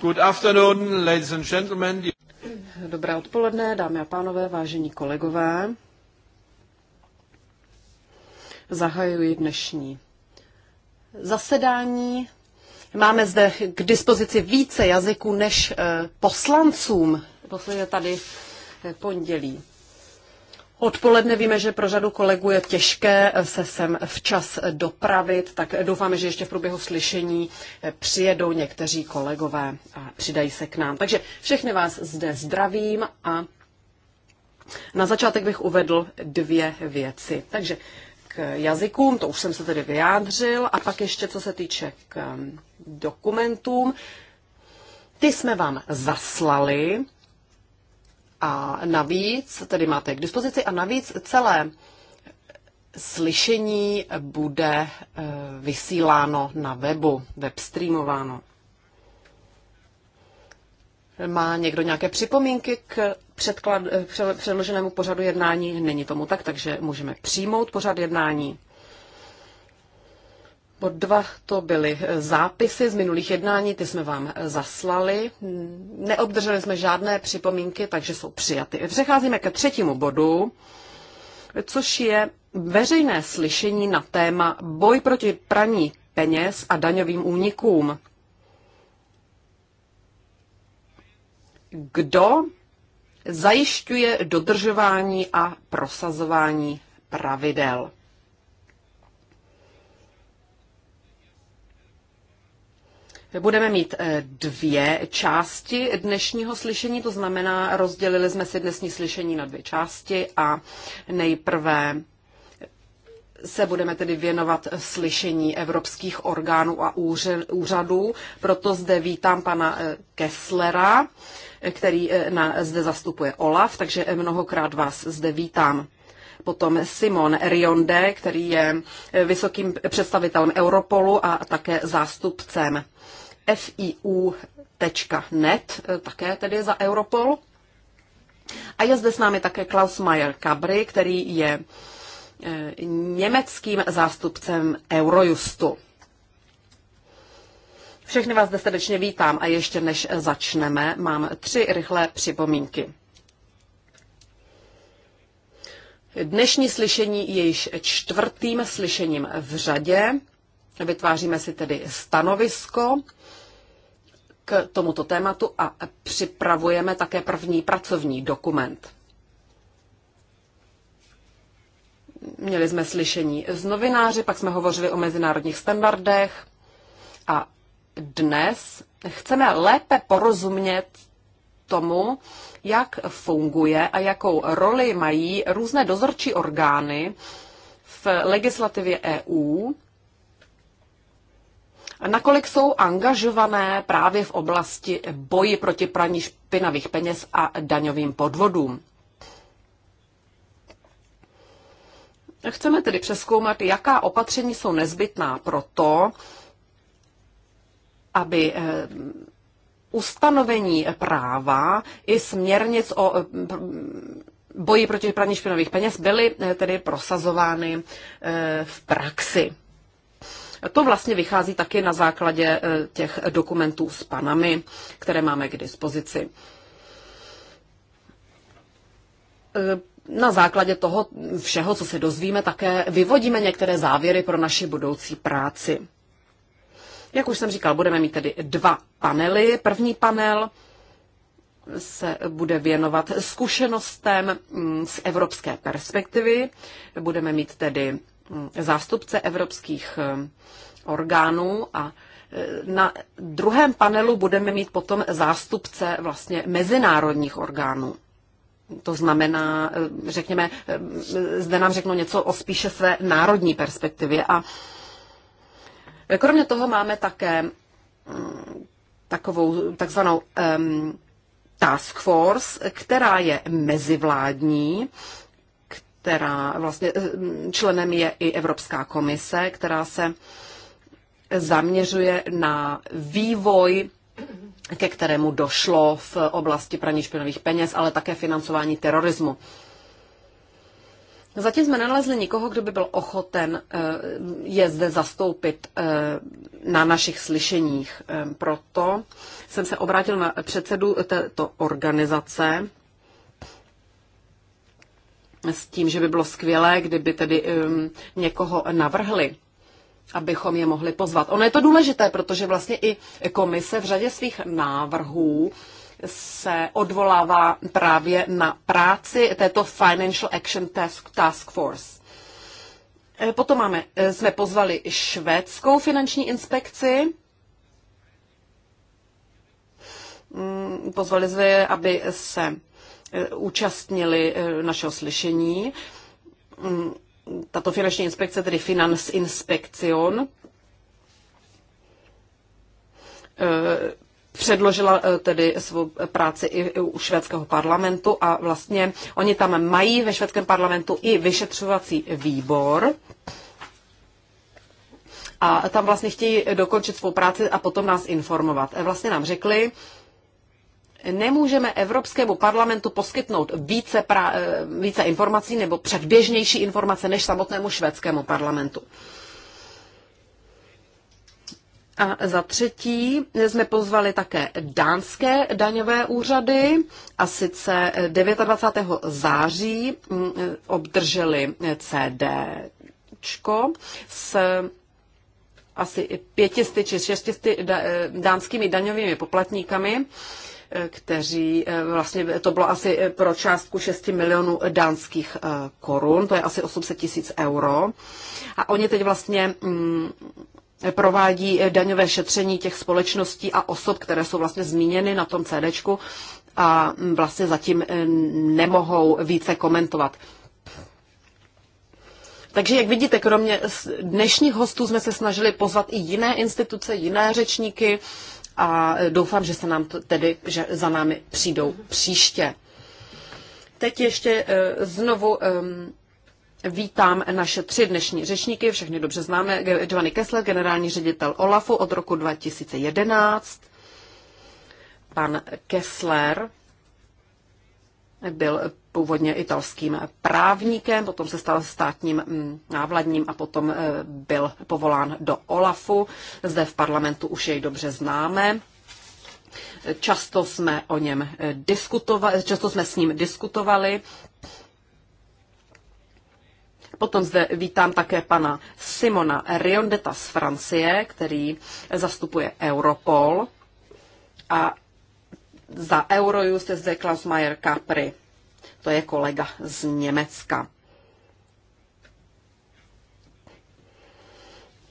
Good afternoon, ladies and gentlemen. Dobré odpoledne, dámy a pánové, vážení kolegové. Zahajuji dnešní zasedání. Máme zde k dispozici více jazyků než eh, poslancům. Posledně tady eh, pondělí. Odpoledne víme, že pro řadu kolegů je těžké se sem včas dopravit, tak doufáme, že ještě v průběhu slyšení přijedou někteří kolegové a přidají se k nám. Takže všechny vás zde zdravím a na začátek bych uvedl dvě věci. Takže k jazykům, to už jsem se tedy vyjádřil, a pak ještě co se týče k mm, dokumentům. Ty jsme vám zaslali a navíc, tedy máte k dispozici, a navíc celé slyšení bude e, vysíláno na webu, webstreamováno. Má někdo nějaké připomínky k předklad, e, předloženému pořadu jednání? Není tomu tak, takže můžeme přijmout pořad jednání. Bod dva to byly eh, zápisy z minulých jednání, ty jsme vám eh, zaslali. Neobdrželi jsme žádné připomínky, takže jsou přijaty. Přecházíme ke třetímu bodu, což je veřejné slyšení na téma boj proti praní peněz a daňovým únikům. Kdo zajišťuje dodržování a prosazování pravidel? Budeme mít eh, dvě části dnešního slyšení, to znamená, rozdělili jsme si dnesní slyšení na dvě části a nejprve se budeme tedy věnovat slyšení evropských orgánů a úřadů. Proto zde vítám pana eh, Kesslera, který eh, na, zde zastupuje OLAF, takže mnohokrát vás zde vítám. Potom Simon Rionde, který je vysokým představitelem Europolu a také zástupcem fiu.net, také tedy za Europol. A je zde s námi také Klaus Mayer Kabry, který je eh, německým zástupcem Eurojustu. Všechny vás zde srdečně vítám a ještě než začneme, mám tři rychlé připomínky. Dnešní slyšení je již čtvrtým slyšením v řadě. Vytváříme si tedy stanovisko k tomuto tématu a připravujeme také první pracovní dokument. Měli jsme slyšení z novináři, pak jsme hovořili o mezinárodních standardech a dnes chceme lépe porozumět tomu, jak funguje a jakou roli mají různé dozorčí orgány v legislativě EU nakolik jsou angažované právě v oblasti boji proti praní špinavých peněz a daňovým podvodům. Chceme tedy přeskoumat, jaká opatření jsou nezbytná pro to, aby eh, ustanovení práva i směrnic o eh, boji proti praní špinavých peněz byly eh, tedy prosazovány v praxi. To vlastně vychází taky na základě eh, těch dokumentů s panami, které máme k dispozici. Eh, na základě toho všeho, co se dozvíme, také vyvodíme některé závěry pro naši budoucí práci. Jak už jsem říkal, budeme mít tedy dva panely. První panel se bude věnovat zkušenostem mm, z evropské perspektivy. Budeme mít tedy zástupce evropských eh, orgánů a eh, na druhém panelu budeme mít potom zástupce vlastně mezinárodních orgánů. To znamená, eh, řekněme, zde nám řeknu něco o spíše své národní perspektivě. A kromě toho máme také mm, takovou takzvanou um, task force, která je mezivládní, která vlastně eh, členem je i Evropská komise, která se zaměřuje na vývoj ke kterému došlo v oblasti praní špinavých peněz, ale také financování terorismu. Zatím jsme nalezli nikoho, kdo by byl ochoten eh, je zde zastoupit eh, na našich slyšeních. Proto jsem se obrátil na předsedu této organizace, s tím, že by bylo skvělé, kdyby tedy um, někoho navrhli abychom je mohli pozvat. Ono je to důležité, protože vlastně i komise v řadě svých návrhů se odvolává právě na práci této Financial Action Task, Task Force. E, potom máme, e, jsme pozvali švédskou finanční inspekci, mm, pozvali jsme aby se Eh, účastnili eh, našeho slyšení. Tato finanční inspekce, tedy Finance eh, předložila tedy svou práci i u švédského parlamentu a vlastně oni tam mají ve švédském parlamentu i vyšetřovací výbor. A tam vlastně chtějí dokončit svou práci a potom nás informovat. Vlastně nám řekli, nemůžeme Evropskému parlamentu poskytnout více, pra, eh, více informací nebo předběžnější informace než samotnému švédskému parlamentu. A za třetí jsme pozvali také dánské daňové úřady a sice 29. září mm, eh, obdrželi eh, CD s asi pětisty či šestisty dánskými daňovými poplatníkami kteří eh, vlastně to bylo asi eh, pro částku 6 milionů dánských eh, korun, to je asi 800 tisíc euro. A oni teď vlastně mm, provádí daňové šetření těch společností a osob, které jsou vlastně zmíněny na tom CDčku a mm, vlastně zatím nemohou více komentovat. Takže jak vidíte, kromě dnešních hostů jsme se snažili pozvat i jiné instituce, jiné řečníky, a doufám, že se nám to tedy, že za námi přijdou příště. Teď ještě eh, znovu ehm, Vítám naše tři dnešní řečníky, všechny dobře známe, Giovanni Kessler, generální ředitel OLAFu od roku 2011. Pan Kessler byl původně italským právníkem, potom se stal státním mm, návladním a potom e, byl povolán do OLAFu. Zde v parlamentu už jej dobře známe. Často jsme o něm e, diskutovali, často jsme s ním diskutovali. Potom zde vítám také pana Simona Riondeta z Francie, který zastupuje Europol. A za Eurojust je zde Klaus Mayer Capri to je kolega z Německa.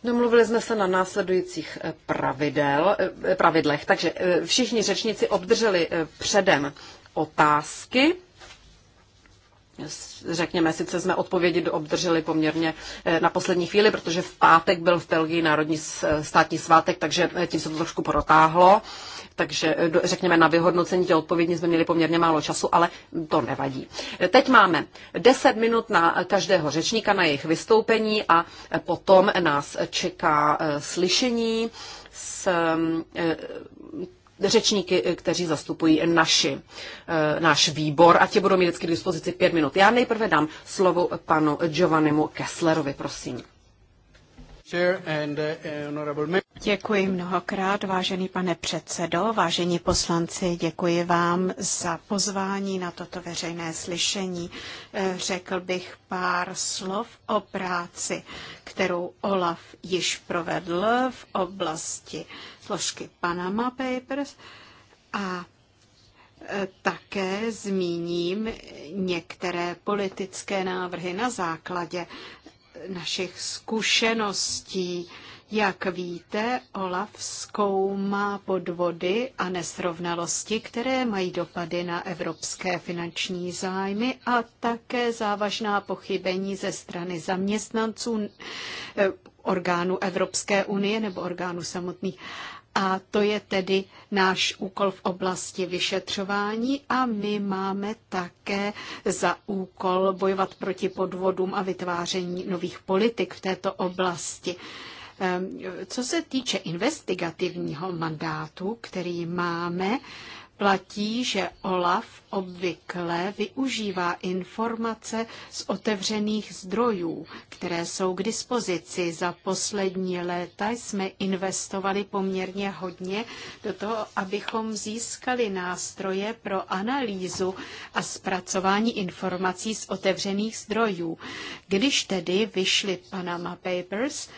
Domluvili no, jsme se na následujících eh, pravidel, eh, pravidlech, takže eh, všichni řečníci obdrželi předem otázky řekněme, sice jsme odpovědi obdrželi poměrně eh, na poslední chvíli, protože v pátek byl v Belgii národní státní svátek, takže eh, tím se to trošku protáhlo. Takže eh, řekněme, na vyhodnocení těch odpovědí jsme měli poměrně málo času, ale to nevadí. Teď máme 10 minut na každého řečníka, na jejich vystoupení a potom nás čeká slyšení s řečníky, eh, kteří zastupují naši, eh, náš výbor a tě budou mít vždycky k dispozici pět minut. Já nejprve dám slovo panu Giovannimu Kesslerovi, prosím. Eh, děkuji mnohokrát, vážený pane předsedo, vážení poslanci, děkuji vám za pozvání na toto veřejné slyšení. Řekl bych pár slov o práci, kterou OLAF již provedl v oblasti složky Panama Papers a e, také zmíním některé politické návrhy na základě našich zkušeností. Jak víte, Olaf zkoumá podvody a nesrovnalosti, které mají dopady na evropské finanční zájmy a také závažná pochybení ze strany zaměstnanců e, orgánů Evropské unie nebo orgánů samotných. A to je tedy náš úkol v oblasti vyšetřování a my máme také za úkol bojovat proti podvodům a vytváření nových politik v této oblasti. Ehm, co se týče investigativního mandátu, který máme, platí, že OLAF obvykle využívá informace z otevřených zdrojů, které jsou k dispozici. Za poslední léta jsme investovali poměrně hodně do toho, abychom získali nástroje pro analýzu a zpracování informací z otevřených zdrojů. Když tedy vyšly Panama Papers,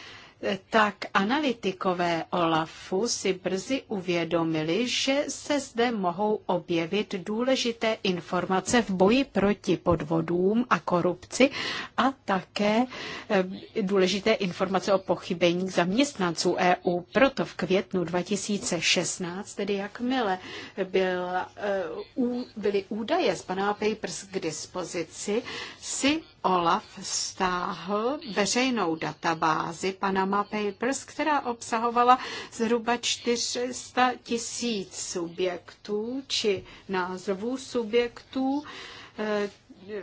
tak analytikové OLAFu si brzy uvědomili, že se zde mohou objevit důležité informace v boji proti podvodům a korupci a také eh, důležité informace o pochybení zaměstnanců EU. Proto v květnu 2016, tedy jakmile byl, eh, byly údaje z Panama Papers k dispozici, si OLAF stáhl veřejnou databázi Panama Panama Papers, která obsahovala zhruba 400 tisíc subjektů či názvů subjektů, eh,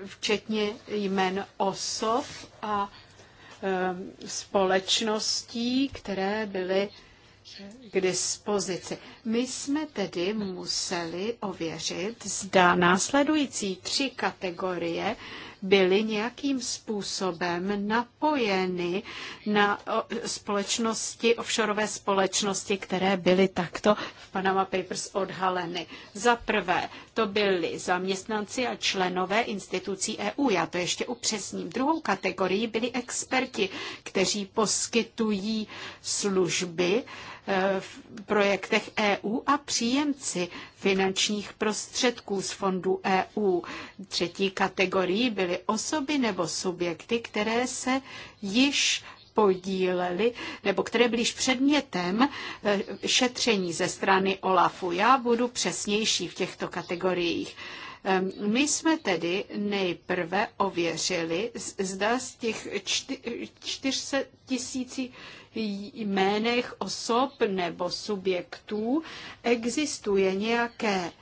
včetně jmen osob a eh, společností, které byly k dispozici. My jsme tedy museli ověřit, zda následující tři kategorie byly nějakým způsobem napojeny na společnosti, offshoreové společnosti, které byly takto v Panama Papers odhaleny. Za prvé, to byli zaměstnanci a členové institucí EU. Já to ještě upřesním. Druhou kategorii byli experti, kteří poskytují služby, Eh, v projektech EU a příjemci finančních prostředků z fondů EU. Třetí kategorií byly osoby nebo subjekty, které se již podíleli, nebo které byly předmětem eh, šetření ze strany OLAFu. Já budu přesnější v těchto kategoriích. Ehm, my jsme tedy nejprve ověřili, zda z těch 400 tisící jménech osob nebo subjektů existuje nějaké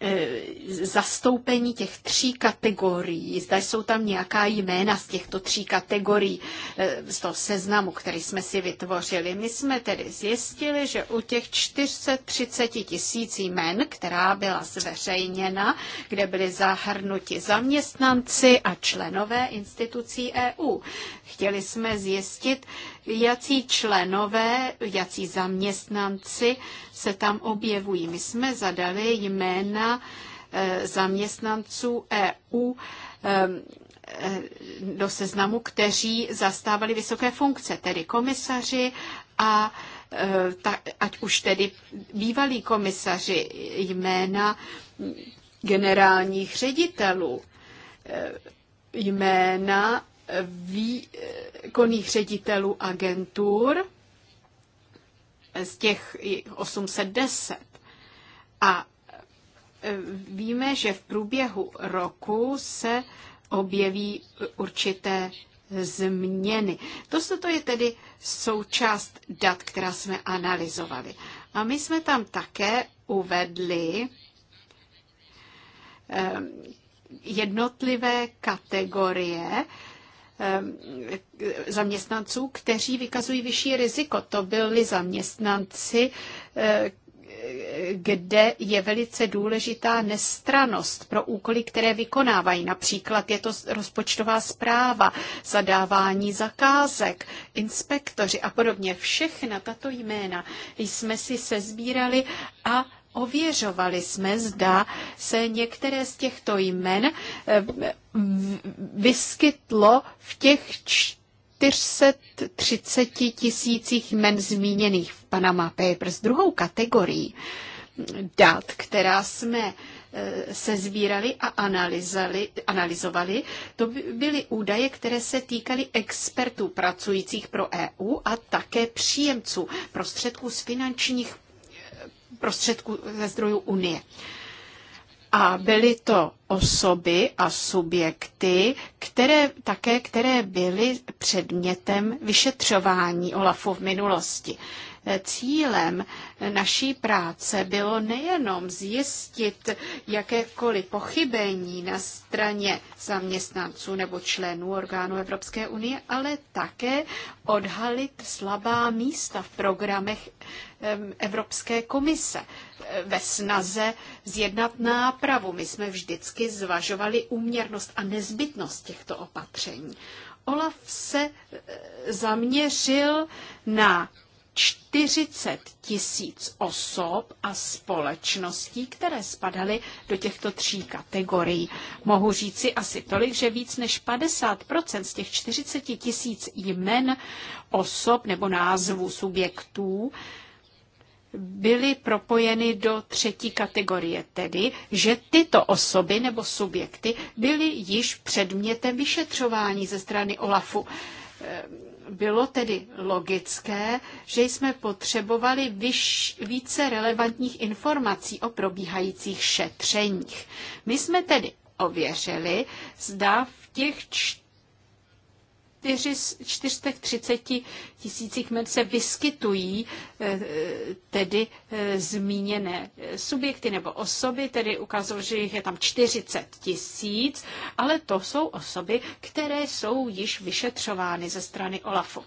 Eh, zastoupení těch tří kategorií. Zda jsou tam nějaká jména z těchto tří kategorií, eh, z toho seznamu, který jsme si vytvořili. My jsme tedy zjistili, že u těch 430 tisíc jmen, která byla zveřejněna, kde byli zahrnuti zaměstnanci a členové institucí EU, chtěli jsme zjistit, jací členové, jací zaměstnanci se tam objevují. My jsme zadali jména eh, zaměstnanců EU eh, eh, do seznamu, kteří zastávali vysoké funkce, tedy komisaři a ta, ať už tedy bývalí komisaři jména generálních ředitelů, jména výkonných ředitelů agentur z těch 810. A e, víme, že v průběhu roku se objeví určité změny. To je tedy součást dat, která jsme analyzovali. A my jsme tam také uvedli e, jednotlivé kategorie Eh, zaměstnanců, kteří vykazují vyšší riziko. To byli zaměstnanci, eh, kde je velice důležitá nestranost pro úkoly, které vykonávají. Například je to rozpočtová zpráva, zadávání zakázek, inspektoři a podobně. Všechna tato jména jsme si sezbírali a ověřovali jsme, zda se některé z těchto jmen eh, vyskytlo v těch 430 tisících jmen zmíněných v Panama Papers. Druhou kategorii. dat, která jsme eh, se sbírali a analyzovali. To byly údaje, které se týkaly expertů pracujících pro EU a také příjemců prostředků z finančních prostředků ze zdrojů Unie. A byly to osoby a subjekty, které také které byly předmětem vyšetřování Olafu v minulosti. Cílem naší práce bylo nejenom zjistit jakékoliv pochybení na straně zaměstnanců nebo členů orgánů Evropské unie, ale také odhalit slabá místa v programech Evropské komise ve snaze zjednat nápravu. My jsme vždycky zvažovali úměrnost a nezbytnost těchto opatření. Olaf se e, zaměřil na 40 tisíc osob a společností, které spadaly do těchto tří kategorií. Mohu říci asi tolik, že víc než 50 z těch 40 tisíc jmen osob nebo názvů subjektů byly propojeny do třetí kategorie, tedy že tyto osoby nebo subjekty byly již předmětem vyšetřování ze strany OLAFu bylo tedy logické, že jsme potřebovali vyš, více relevantních informací o probíhajících šetřeních. My jsme tedy ověřili, zda v těch čtyřech 4, 430 tisících men se vyskytují eh, tedy eh, zmíněné subjekty nebo osoby, tedy ukazují, že jich je tam 40 tisíc, ale to jsou osoby, které jsou již vyšetřovány ze strany OLAFu.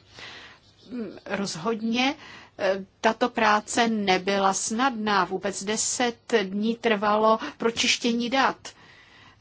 Mm, rozhodně eh, tato práce nebyla snadná. Vůbec deset dní trvalo pročištění dat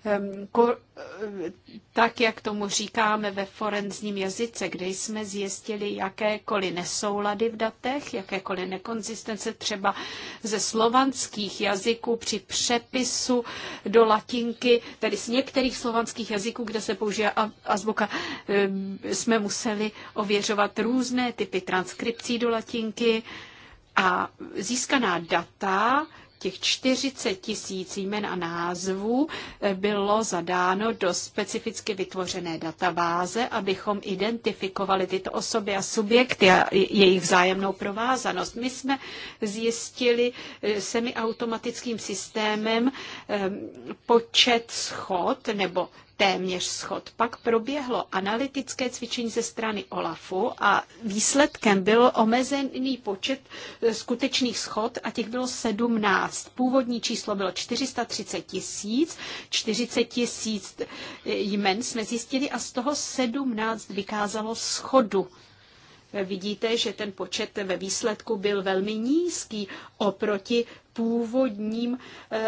Ehm, eh, tak, jak tomu říkáme ve forenzním jazyce, kde jsme zjistili jakékoliv nesoulady v datech, jakékoliv nekonzistence třeba ze slovanských jazyků při přepisu do latinky, tedy z některých slovanských jazyků, kde se používá azbuka, ehm, jsme museli ověřovat různé typy transkripcí do latinky a získaná data Těch 40 tisíc jmen a názvů eh, bylo zadáno do specificky vytvořené databáze, abychom identifikovali tyto osoby a subjekty a jejich vzájemnou provázanost. My jsme zjistili eh, semiautomatickým systémem eh, počet schod nebo téměř schod. Pak proběhlo analytické cvičení ze strany OLAFu a výsledkem byl omezený počet e, skutečných schod a těch bylo 17. Původní číslo bylo 430 tisíc, 40 tisíc e, jmen jsme zjistili a z toho 17 vykázalo schodu e, vidíte, že ten počet ve výsledku byl velmi nízký oproti původním eh,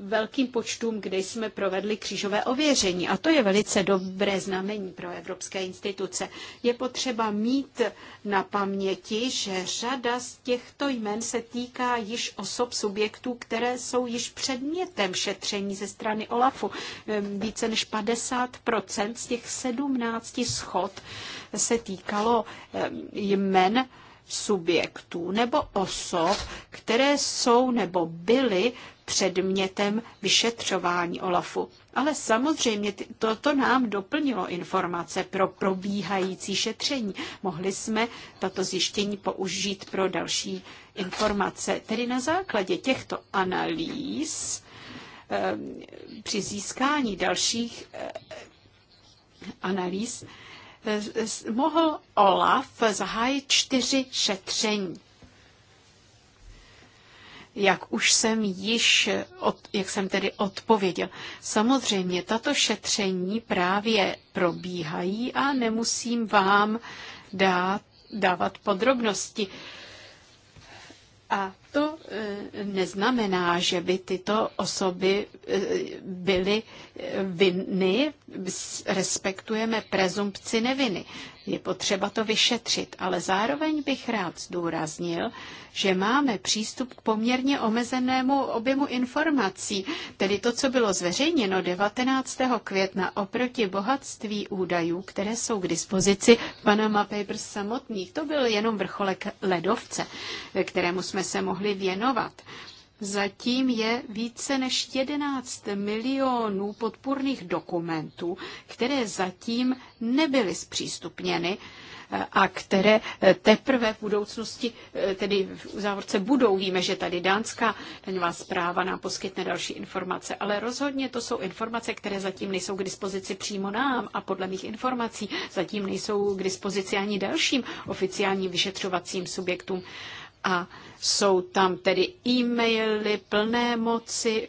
velkým počtům, kde jsme provedli křížové ověření. A to je velice dobré znamení pro evropské instituce. Je potřeba mít na paměti, že řada z těchto jmen se týká již osob subjektů, které jsou již předmětem šetření ze strany OLAFu. Ehm, více než 50 z těch 17 schod se týkalo ehm, jmen subjektů nebo osob, které jsou nebo byly předmětem vyšetřování OLAFu. Ale samozřejmě toto nám doplnilo informace pro probíhající šetření. Mohli jsme tato zjištění použít pro další informace. Tedy na základě těchto analýz eh, při získání dalších eh, analýz Eh, mohl Olaf zahájit čtyři šetření. Jak už jsem již, od, jak jsem tedy odpověděl. Samozřejmě tato šetření právě probíhají a nemusím vám dát, dávat podrobnosti. A to eh, neznamená, že by tyto osoby eh, byly eh, vinny. Respektujeme prezumpci neviny. Je potřeba to vyšetřit, ale zároveň bych rád zdůraznil, že máme přístup k poměrně omezenému objemu informací, tedy to, co bylo zveřejněno 19. května oproti bohatství údajů, které jsou k dispozici Panama Papers samotných. To byl jenom vrcholek ledovce, kterému jsme se mohli měli věnovat. Zatím je více než 11 milionů podpůrných dokumentů, které zatím nebyly zpřístupněny eh, a které eh, teprve v budoucnosti, eh, tedy v závorce budou. Víme, že tady dánská daňová zpráva nám poskytne další informace, ale rozhodně to jsou informace, které zatím nejsou k dispozici přímo nám a podle mých informací zatím nejsou k dispozici ani dalším oficiálním vyšetřovacím subjektům a jsou tam tedy e-maily, plné moci, e,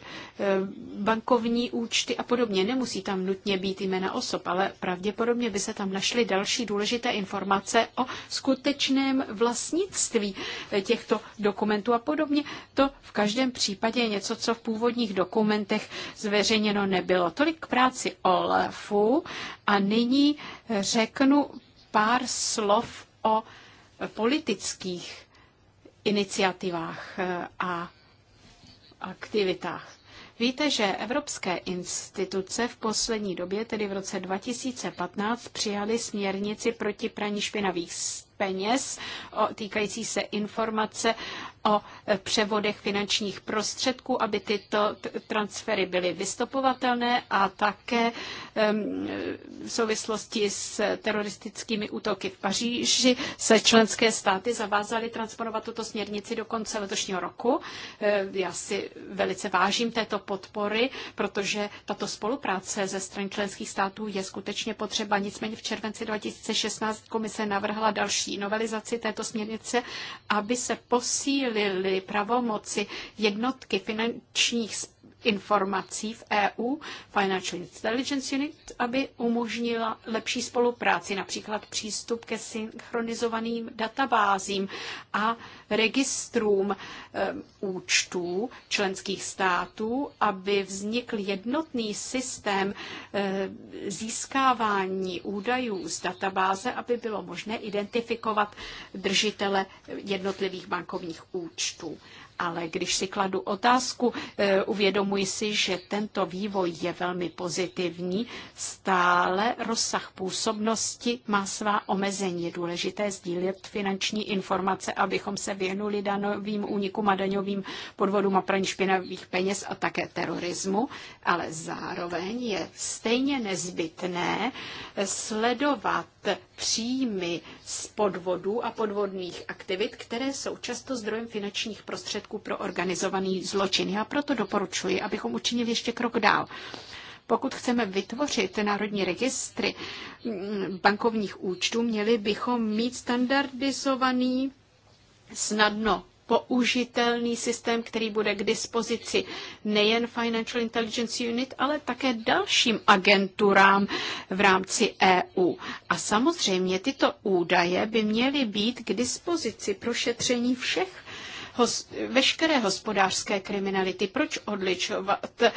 bankovní účty a podobně. Nemusí tam nutně být jména osob, ale pravděpodobně by se tam našly další důležité informace o skutečném vlastnictví těchto dokumentů a podobně. To v každém případě je něco, co v původních dokumentech zveřejněno nebylo. Tolik k práci OLAFu a nyní řeknu pár slov o politických iniciativách eh, a aktivitách. Víte, že evropské instituce v poslední době, tedy v roce 2015, přijaly směrnici proti praní špinavých peněz týkající se informace o převodech finančních prostředků, aby tyto transfery byly vystopovatelné a také v souvislosti s teroristickými útoky v Paříži se členské státy zavázaly transponovat tuto směrnici do konce letošního roku. E, já si velice vážím této podpory, protože tato spolupráce ze strany členských států je skutečně potřeba. Nicméně v červenci 2016 komise navrhla další novelizaci této směrnice, aby se posílil posílili pravomoci jednotky finančních informací v EU, Financial Intelligence Unit, aby umožnila lepší spolupráci, například přístup ke synchronizovaným databázím a registrům e, účtů členských států, aby vznikl jednotný systém e, získávání údajů z databáze, aby bylo možné identifikovat držitele jednotlivých bankovních účtů ale když si kladu otázku, e, uvědomuji si, že tento vývoj je velmi pozitivní. Stále rozsah působnosti má svá omezení. Je důležité sdílet finanční informace, abychom se věnuli danovým únikům a daňovým podvodům a praní špinavých peněz a také terorismu, ale zároveň je stejně nezbytné sledovat příjmy z podvodů a podvodných aktivit, které jsou často zdrojem finančních prostředků prostředků pro organizovaný zločin. Já proto doporučuji, abychom učinili ještě krok dál. Pokud chceme vytvořit národní registry mm, bankovních účtů, měli bychom mít standardizovaný, snadno použitelný systém, který bude k dispozici nejen Financial Intelligence Unit, ale také dalším agenturám v rámci EU. A samozřejmě tyto údaje by měly být k dispozici pro šetření všech hos, veškeré hospodářské kriminality. Proč odličovat um,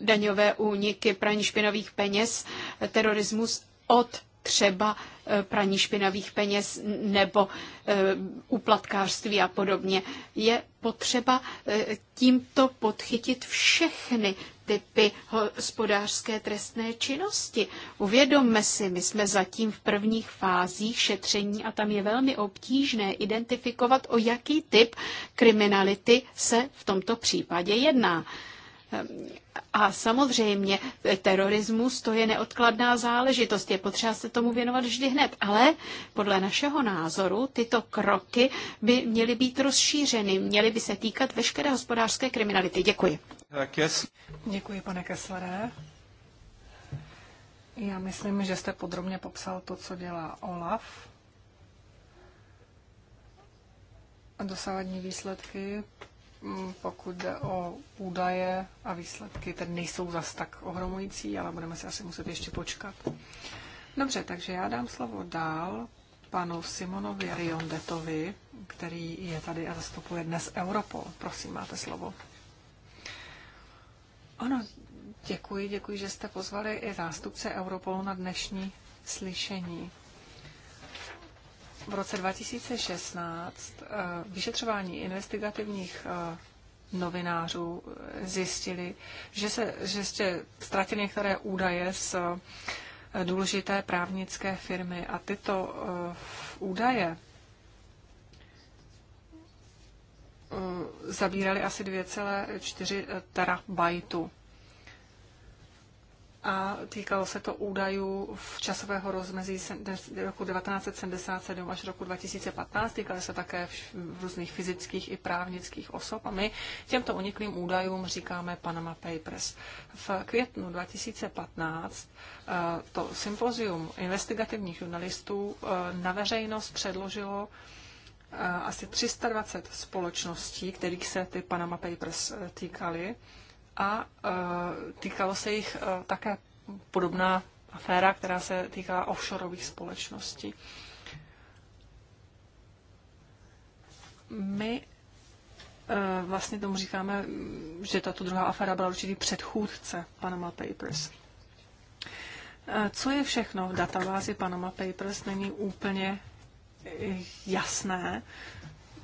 daňové úniky, praní špinavých peněz, terorismus od třeba e, praní špinavých peněz nebo e, uplatkářství a podobně. Je potřeba e, tímto podchytit všechny typy hospodářské trestné činnosti. Uvědomme si, my jsme zatím v prvních fázích šetření a tam je velmi obtížné identifikovat, o jaký typ kriminality se v tomto případě jedná. Ehm, a samozřejmě terorismus to je neodkladná záležitost, je potřeba se tomu věnovat vždy hned, ale podle našeho názoru tyto kroky by měly být rozšířeny, měly by se týkat veškeré hospodářské kriminality. Děkuji. Tak jest. Děkuji, pane Kesslere. Já myslím, že jste podrobně popsal to, co dělá OLAF. A dosávadní výsledky Mm, pokud jde o údaje a výsledky, tedy nejsou zas tak ohromující, ale budeme se asi muset ještě počkat. Dobře, takže já dám slovo dál panu Simonovi Riondetovi, který je tady a zastupuje dnes Europol. Prosím, máte slovo. Ano, děkuji, děkuji, že jste pozvali i zástupce Europolu na dnešní slyšení v roce 2016 eh, vyšetřování investigativních eh, novinářů eh, zjistili, že, se, že jste ztratili některé údaje z důležité právnické firmy a tyto údaje zabírali asi 2,4 terabajtu a týkalo se to údajů v časového rozmezí roku 1977 až roku 2015. Týkalo se také v různých fyzických i právnických osob a my těmto uniklým údajům říkáme Panama Papers. V květnu 2015 eh, to sympozium investigativních žurnalistů eh, na veřejnost předložilo eh, asi 320 společností, kterých se ty Panama Papers týkaly a e, týkalo se jich e, také podobná aféra, která se týkala offshoreových společností. My e, vlastně tomu říkáme, že tato druhá aféra byla určitý předchůdce Panama Papers. Co je všechno v databázi Panama Papers, není úplně jasné,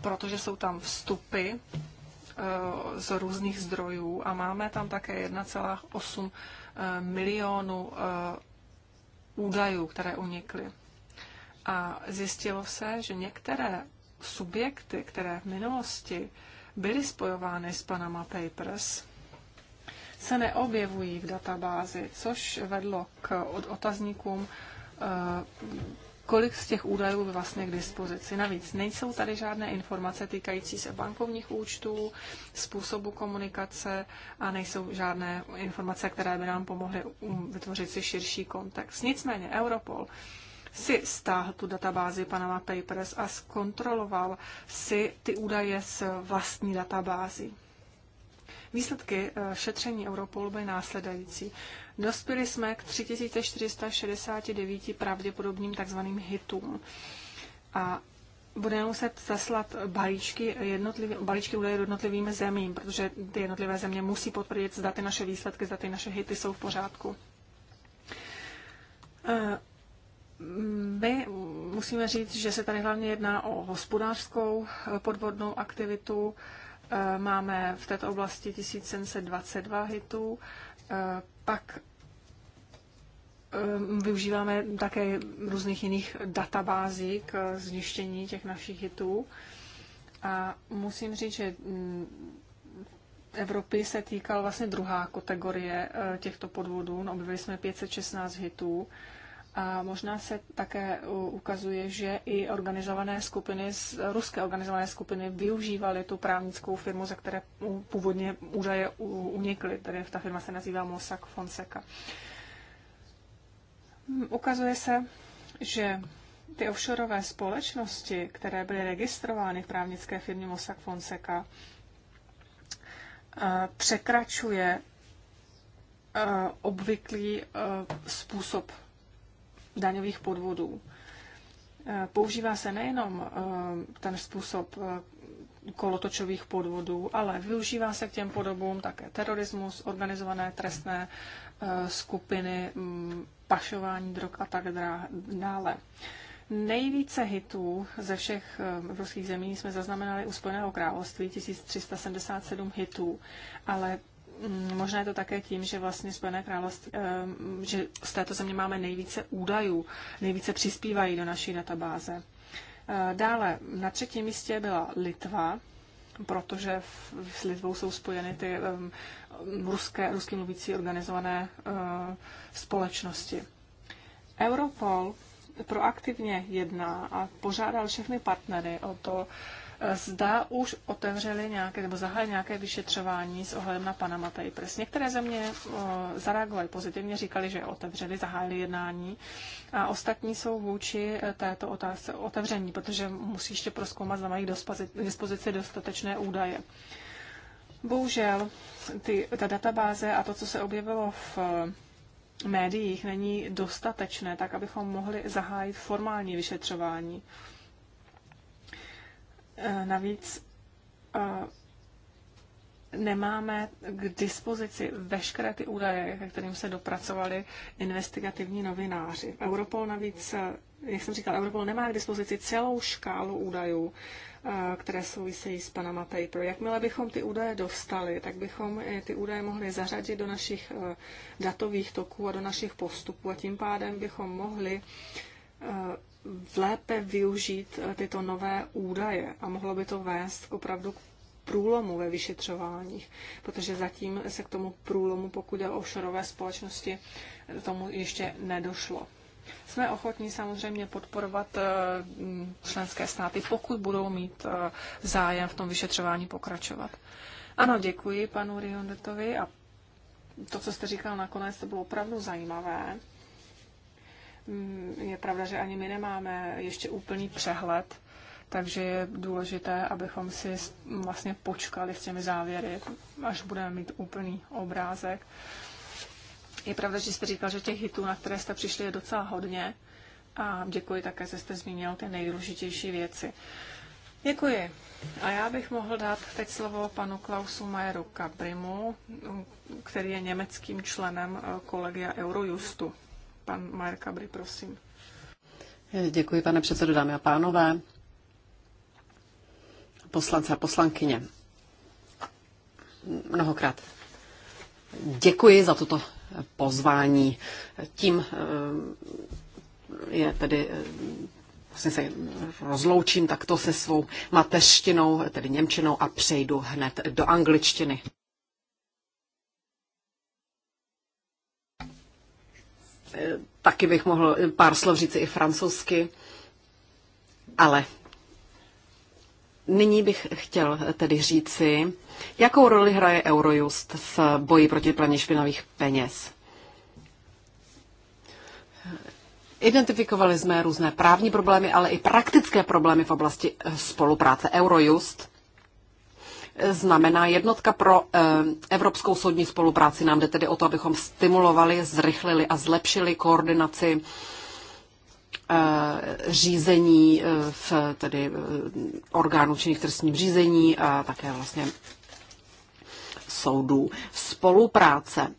protože jsou tam vstupy z různých zdrojů a máme tam také 1,8 eh, milionu eh, údajů, které unikly. A zjistilo se, že některé subjekty, které v minulosti byly spojovány s Panama Papers, se neobjevují v databázi, což vedlo k otazníkům eh, kolik z těch údajů je vlastně k dispozici. Navíc nejsou tady žádné informace týkající se bankovních účtů, způsobu komunikace a nejsou žádné informace, které by nám pomohly um, vytvořit si širší kontext. Nicméně Europol si stáhl tu databázi Panama Papers a zkontroloval si ty údaje z vlastní databázy. Výsledky eh, šetření Europol byly následující. Dospěli jsme k 3469 pravděpodobným takzvaným hitům. A budeme muset zaslat balíčky, jednotlivý, balíčky údaje jednotlivým zemím, protože ty jednotlivé země musí potvrdit, zda ty naše výsledky, zda ty naše hity jsou v pořádku. E, my musíme říct, že se tady hlavně jedná o hospodářskou e, podvodnou aktivitu. E, máme v této oblasti 1722 hitů, pak Ehm, využíváme také různých jiných databází k zjištění těch našich hitů. A musím říct, že mm, Evropy se týkal vlastně druhá kategorie eh, těchto podvodů. No, objevili jsme 516 hitů. A možná se také ukazuje, že i organizované skupiny, ruské organizované skupiny využívaly tu právnickou firmu, ze které původně údaje unikly. Tedy ta firma se nazývá Mossack Fonseca. Ukazuje se, že ty offshoreové společnosti, které byly registrovány v právnické firmě Mossack Fonseca, eh, překračuje eh, obvyklý eh, způsob daňových podvodů. Používá se nejenom ten způsob kolotočových podvodů, ale využívá se k těm podobům také terorismus, organizované trestné skupiny, mm, pašování drog a tak dále. Nejvíce hitů ze všech eh, evropských zemí jsme zaznamenali u Spojeného království 1377 hitů, ale mm, možná je to také tím, že vlastně Spojené království, eh, že z této země máme nejvíce údajů, nejvíce přispívají do naší databáze. Eh, dále na třetím místě byla Litva, protože s Litvou jsou spojeny ty um, ruské, rusky mluvící organizované eh, společnosti. Europol proaktivně jedná a požádal všechny partnery o to, eh, zda už otevřeli nějaké nebo zahájili nějaké vyšetřování s ohledem na Panama Papers. Některé země eh, zareagovaly pozitivně, říkali, že otevřeli, zahájili jednání a ostatní jsou vůči této otázce otevření, protože musí ještě proskoumat, zda mají k dispozici dostatečné údaje. Bohužel ty, ta databáze a to, co se objevilo v eh, médiích, není dostatečné, tak abychom mohli zahájit formální vyšetřování. Eh, navíc eh, nemáme k dispozici veškeré ty údaje, ke kterým se dopracovali investigativní novináři. Europol navíc jak jsem říkal, Europol nemá k dispozici celou škálu údajů, eh, které souvisejí s Panama Paper. Jakmile bychom ty údaje dostali, tak bychom ty údaje mohli zařadit do našich eh, datových toků a do našich postupů a tím pádem bychom mohli eh, lépe využít tyto nové údaje a mohlo by to vést k opravdu průlomu ve vyšetřováních, protože zatím se k tomu průlomu, pokud je o offshoreové společnosti, tomu ještě nedošlo. Jsme ochotní samozřejmě podporovat eh, členské státy, pokud budou mít eh, zájem v tom vyšetřování pokračovat. Ano, děkuji panu Riondetovi a to, co jste říkal nakonec, to bylo opravdu zajímavé. Mm, je pravda, že ani my nemáme ještě úplný přehled, takže je důležité, abychom si vlastně počkali s těmi závěry, až budeme mít úplný obrázek. Je pravda, že jste říkal, že těch hitů, na které jste přišli, je docela hodně. A děkuji také, že jste zmínil ty nejdůležitější věci. Děkuji. A já bych mohl dát teď slovo panu Klausu Majeru Kabrimu, který je německým členem eh, kolegia Eurojustu. Pan Majer Kabry, prosím. Děkuji, pane předsedo, dámy a pánové, poslance a poslankyně. Mnohokrát děkuji za tuto pozvání. Tím eh, je tedy eh, vlastně se rozloučím takto se svou mateřštinou, tedy němčinou a přejdu hned do angličtiny. Eh, taky bych mohl pár slov říct i francouzsky, ale nyní bych chtěl tedy říci, Jakou roli hraje Eurojust v boji proti praní špinavých peněz? Identifikovali jsme různé právní problémy, ale i praktické problémy v oblasti eh, spolupráce. Eurojust eh, znamená jednotka pro eh, evropskou soudní spolupráci. Nám jde tedy o to, abychom stimulovali, zrychlili a zlepšili koordinaci řízení v tedy orgánu činných trestním řízení a také vlastně soudů spolupráce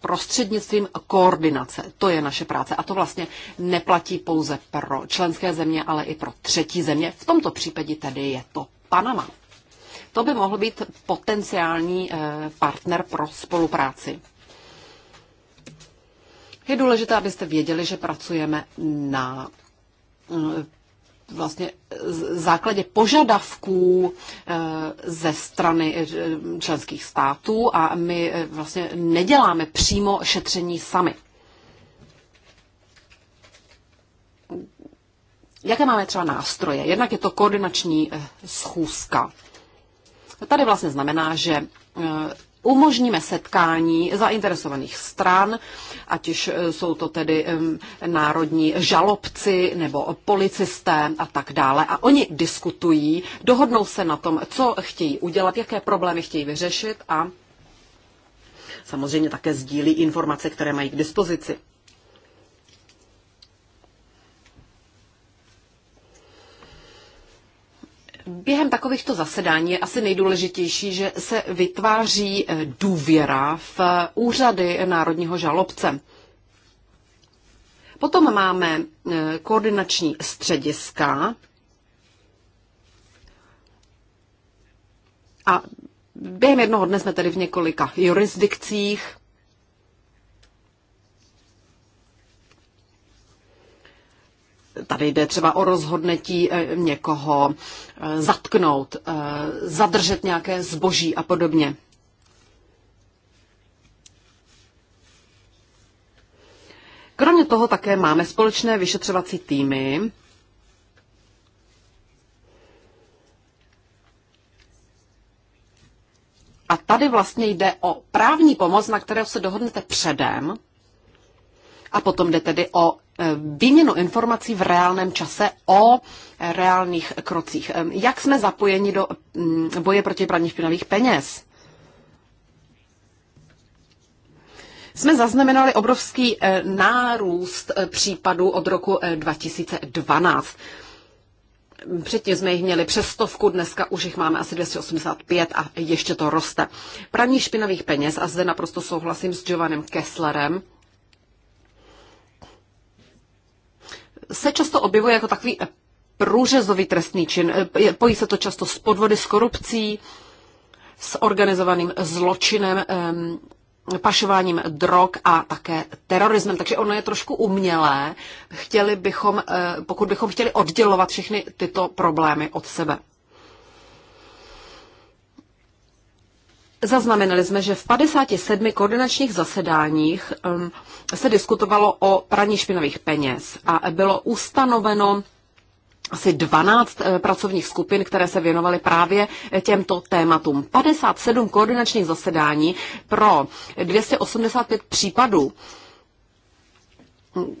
prostřednictvím koordinace. To je naše práce. A to vlastně neplatí pouze pro členské země, ale i pro třetí země. V tomto případě tedy je to Panama. To by mohl být potenciální eh, partner pro spolupráci. Je důležité, abyste věděli, že pracujeme na eh, vlastně základě požadavků eh, ze strany eh, členských států a my eh, vlastně neděláme přímo šetření sami. Jaké máme třeba nástroje? Jednak je to koordinační schůzka. Tady vlastně znamená, že umožníme setkání zainteresovaných stran, ať už eh, jsou to tedy národní žalobci nebo policisté a tak dále. A oni diskutují, dohodnou se na tom, co chtějí udělat, jaké problémy chtějí vyřešit a samozřejmě také sdílí informace, které mají k dispozici. během takovýchto zasedání je asi nejdůležitější, že se vytváří eh, důvěra v eh, úřady národního žalobce. Potom máme eh, koordinační střediska a během jednoho dne jsme tedy v několika jurisdikcích Tady jde třeba o rozhodnutí eh, někoho eh, zatknout, eh, zadržet nějaké zboží a podobně. Kromě toho také máme společné vyšetřovací týmy, A tady vlastně jde o právní pomoc, na kterou se dohodnete předem, a potom jde tedy o výměnu informací v reálném čase o reálných krocích. Jak jsme zapojeni do mm, boje proti praní špinavých peněz? Jsme zaznamenali obrovský e, nárůst e, případů od roku 2012. E, Předtím jsme jich měli přes stovku, dneska už jich máme asi 285 a ještě to roste. Praní špinavých peněz, a zde naprosto souhlasím s Giovanem Kesslerem, se často objevuje jako takový průřezový trestný čin. Pojí se to často s podvody, s korupcí, s organizovaným zločinem, pašováním drog a také terorismem. Takže ono je trošku umělé, chtěli bychom, eh, pokud bychom chtěli oddělovat všechny tyto problémy od sebe. Zaznamenali jsme, že v 57 koordinačních zasedáních um, se diskutovalo o praní špinavých peněz a bylo ustanoveno asi 12 eh, pracovních skupin, které se věnovaly právě eh, těmto tématům. 57 koordinačních zasedání pro 285 případů. Mm,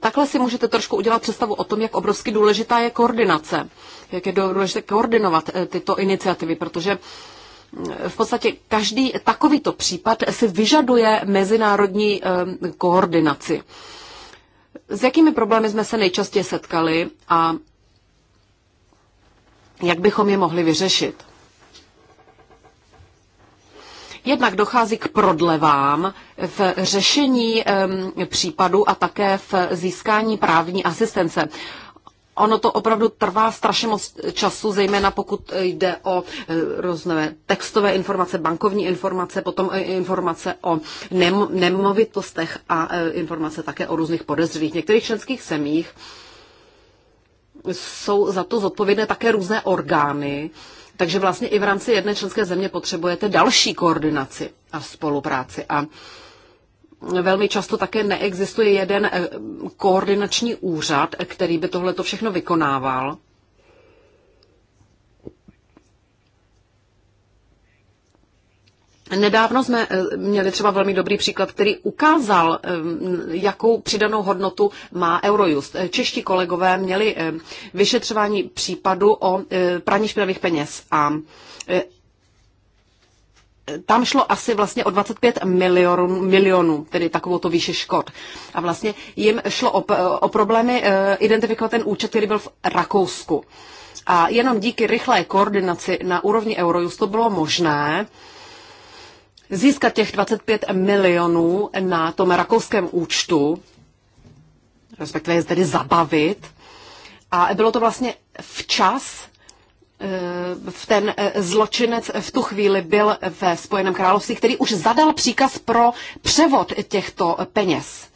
takhle si můžete trošku udělat představu o tom, jak obrovsky důležitá je koordinace, jak je důležité koordinovat eh, tyto iniciativy, protože v podstatě každý takovýto případ si vyžaduje mezinárodní eh, koordinaci. S jakými problémy jsme se nejčastěji setkali a jak bychom je mohli vyřešit? Jednak dochází k prodlevám v řešení ehm, případu a také v získání právní asistence ono to opravdu trvá strašně moc času, zejména pokud jde o e, různé textové informace, bankovní informace, potom informace o nemovitostech a e, informace také o různých podezřelých. V některých členských semích jsou za to zodpovědné také různé orgány, takže vlastně i v rámci jedné členské země potřebujete další koordinaci a spolupráci. A velmi často také neexistuje jeden eh, koordinační úřad, který by tohle to všechno vykonával. Nedávno jsme eh, měli třeba velmi dobrý příklad, který ukázal, eh, jakou přidanou hodnotu má Eurojust. Čeští kolegové měli vyšetřování případu o praní špinavých peněz a tam šlo asi vlastně o 25 milionů, milionů tedy takovou to výše škod. A vlastně jim šlo o, o problémy eh, identifikovat ten účet, který byl v Rakousku. A jenom díky rychlé koordinaci na úrovni Eurojustu bylo možné získat těch 25 milionů na tom rakouském účtu, respektive je tedy zabavit. A bylo to vlastně včas v ten eh, zločinec v tu chvíli byl ve Spojeném království, který už zadal příkaz pro převod těchto peněz.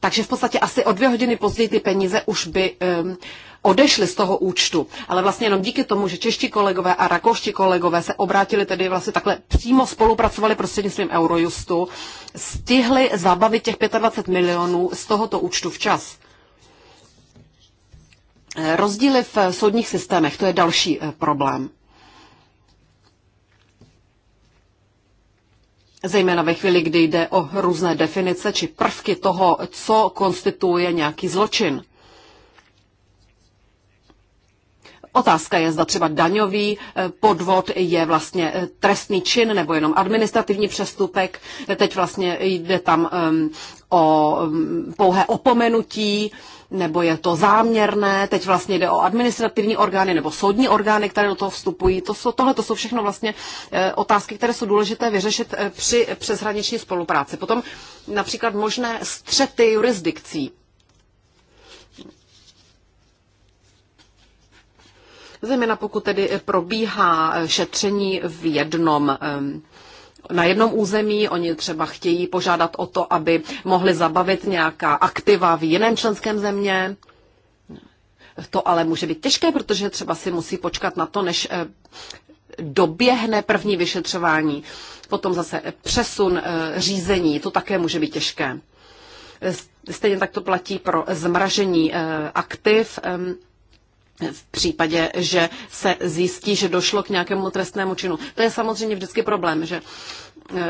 Takže v podstatě asi o dvě hodiny později ty peníze už by um, odešly z toho účtu. Ale vlastně jenom díky tomu, že čeští kolegové a rakouští kolegové se obrátili tedy vlastně takhle přímo spolupracovali prostřednictvím Eurojustu, stihli zabavit těch 25 milionů z tohoto účtu včas. Rozdíly v soudních systémech, to je další eh, problém. Zejména ve chvíli, kdy jde o různé definice či prvky toho, co konstituuje nějaký zločin. Otázka je, zda třeba daňový eh, podvod je vlastně eh, trestný čin nebo jenom administrativní přestupek. Teď vlastně jde tam ehm, o mm, pouhé opomenutí nebo je to záměrné, teď vlastně jde o administrativní orgány nebo soudní orgány, které do toho vstupují. To jsou, tohle to jsou všechno vlastně eh, otázky, které jsou důležité vyřešit eh, při přeshraniční spolupráci. Potom například možné střety jurisdikcí. Zejména pokud tedy probíhá eh, šetření v jednom ehm, na jednom území, oni třeba chtějí požádat o to, aby mohli zabavit nějaká aktiva v jiném členském země. To ale může být těžké, protože třeba si musí počkat na to, než eh, doběhne první vyšetřování. Potom zase přesun eh, řízení, to také může být těžké. Eh, stejně tak to platí pro zmražení aktiv v případě, že se zjistí, že došlo k nějakému trestnému činu. To je samozřejmě vždycky problém, že eh,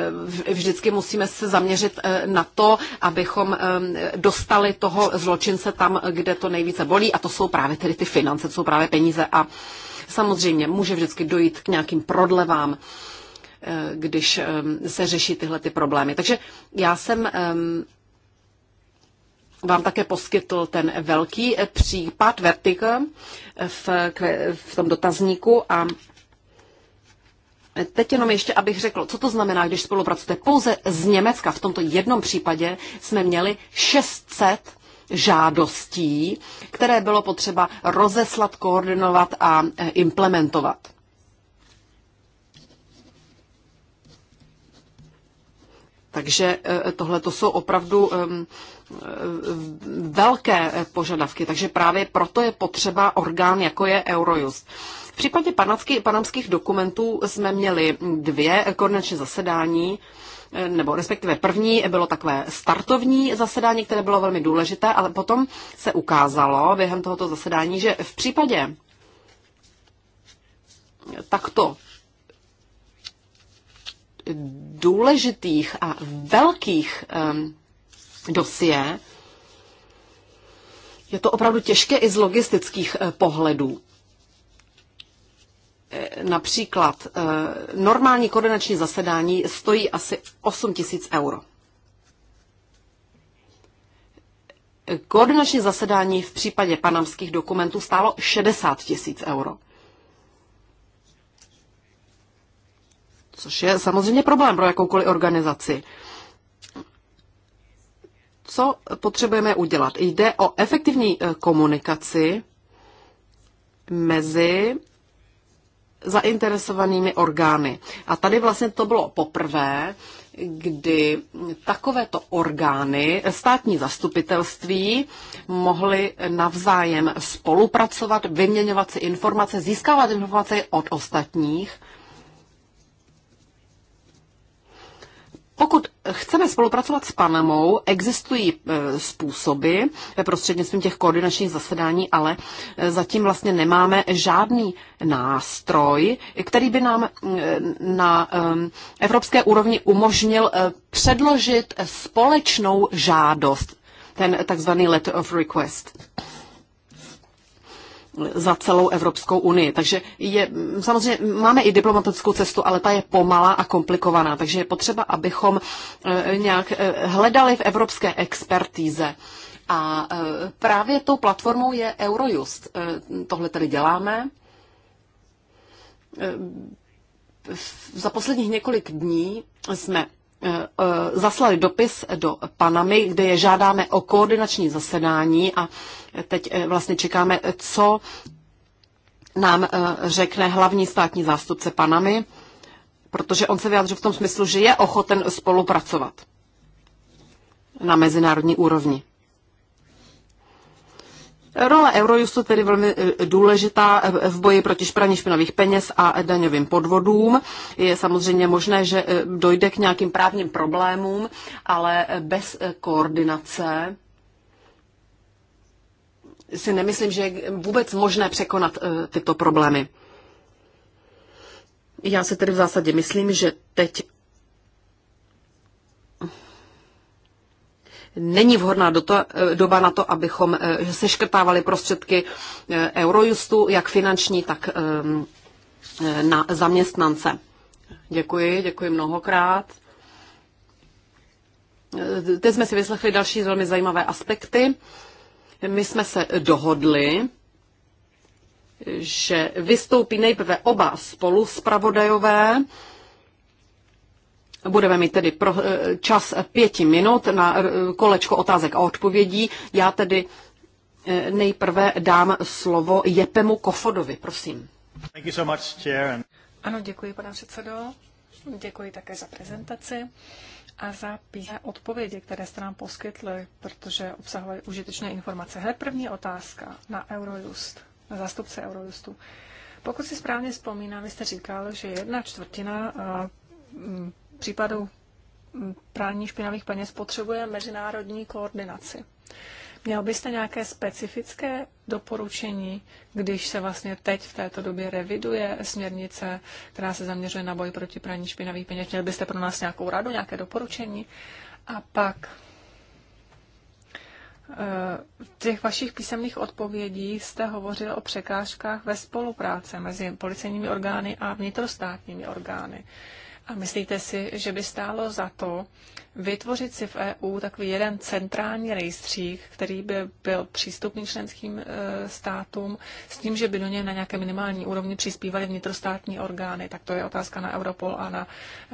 vždycky musíme se zaměřit eh, na to, abychom eh, dostali toho zločince tam, kde to nejvíce bolí a to jsou právě tedy ty finance, to jsou právě peníze a samozřejmě může vždycky dojít k nějakým prodlevám, když se řeší tyhle ty problémy. Takže já jsem vám také poskytl ten velký eh, případ Vertigo eh, v, v tom dotazníku a eh, Teď jenom ještě, abych řekl, co to znamená, když spolupracujete pouze z Německa. V tomto jednom případě jsme měli 600 žádostí, které bylo potřeba rozeslat, koordinovat a implementovat. Takže tohle to jsou opravdu ehm, velké požadavky, takže právě proto je potřeba orgán, jako je Eurojust. V případě panacky, panamských dokumentů jsme měli dvě koordinační zasedání, nebo respektive první bylo takové startovní zasedání, které bylo velmi důležité, ale potom se ukázalo během tohoto zasedání, že v případě takto důležitých a velkých um, dosie. Je to opravdu těžké i z logistických eh, pohledů. Eh, například eh, normální koordinační zasedání stojí asi 8 tisíc euro. Koordinační zasedání v případě panamských dokumentů stálo 60 tisíc euro. Což je samozřejmě problém pro jakoukoliv organizaci co potřebujeme udělat? Jde o efektivní eh, komunikaci mezi zainteresovanými orgány. A tady vlastně to bylo poprvé, kdy takovéto orgány, státní zastupitelství, mohly navzájem spolupracovat, vyměňovat si informace, získávat informace od ostatních Pokud chceme spolupracovat s Panamou, existují e, způsoby ve prostřednictvím těch koordinačních zasedání, ale e, zatím vlastně nemáme žádný nástroj, který by nám e, na evropské úrovni umožnil předložit společnou žádost, ten takzvaný letter of request za celou Evropskou unii. Takže je, samozřejmě máme i diplomatickou cestu, ale ta je pomalá a komplikovaná, takže je potřeba, abychom e, nějak e, hledali v evropské expertíze. A e, právě tou platformou je Eurojust. Tohle tedy děláme. Za posledních několik dní jsme Eh, eh, zaslali dopis do Panamy, kde je žádáme o koordinační zasedání a teď eh, vlastně čekáme, co nám řekne hlavní státní zástupce Panamy, protože on se vyjádřil v tom smyslu, že je ochoten spolupracovat na mezinárodní úrovni. Role Eurojustu tedy velmi e, důležitá e, v boji proti špraní špinavých peněz a daňovým podvodům. Je samozřejmě možné, že e, dojde k nějakým právním problémům, ale bez koordinace si nemyslím, že je vůbec možné překonat tyto problémy. Já si tedy v zásadě myslím, že teď není vhodná do to, doba na to, abychom eh, seškrtávali prostředky eh, Eurojustu, jak finanční, tak ehm, eh, na zaměstnance. Děkuji, děkuji mnohokrát. Teď jsme si vyslechli další velmi zajímavé aspekty. My jsme se dohodli, že vystoupí nejprve oba spolu zpravodajové Budeme mít tedy pro, eh, čas pěti minut na eh, kolečko otázek a odpovědí. Já tedy eh, nejprve dám slovo Jepemu Kofodovi, prosím. Thank you so much, chair. Ano, děkuji, pane předsedo. Děkuji také za prezentaci a za písemné odpovědi, které jste nám poskytli, protože obsahovaly užitečné informace. Hned první otázka na Eurojust, na zástupce Eurojustu. Pokud si správně vzpomínám, vy jste říkal, že jedna čtvrtina případu mm, prání špinavých peněz potřebuje mezinárodní koordinaci. Měl byste nějaké specifické doporučení, když se vlastně teď v této době reviduje směrnice, která se zaměřuje na boj proti praní špinavých peněz? Měl byste pro nás nějakou radu, nějaké doporučení? A pak eh, v těch vašich písemných odpovědí jste hovořil o překážkách ve spolupráci mezi policejními orgány a vnitrostátními orgány. A myslíte si, že by stálo za to vytvořit si v EU takový jeden centrální rejstřík, který by byl přístupný členským e, státům, s tím, že by do něj na nějaké minimální úrovni přispívaly vnitrostátní orgány? Tak to je otázka na Europol a na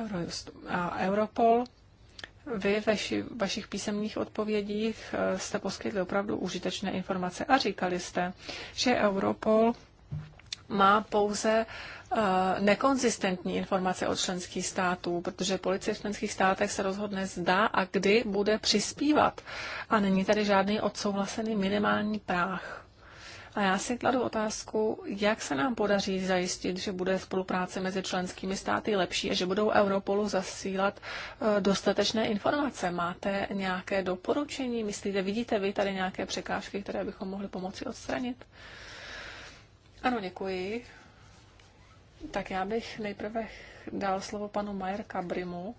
Eurojust. A Europol vy ve vaši, vašich písemných odpovědích e, jste poskytli opravdu užitečné informace a říkali jste, že Europol má pouze eh, nekonzistentní informace od členských států, protože policie v členských státech se rozhodne zda a kdy bude přispívat. A není tady žádný odsouhlasený minimální práh. A já si kladu otázku, jak se nám podaří zajistit, že bude spolupráce mezi členskými státy lepší a že budou Europolu zasílat eh, dostatečné informace. Máte nějaké doporučení? Myslíte, vidíte vy tady nějaké překážky, které bychom mohli pomoci odstranit? Ano, děkuji. Tak já bych nejprve dal slovo panu Majer Kabrimu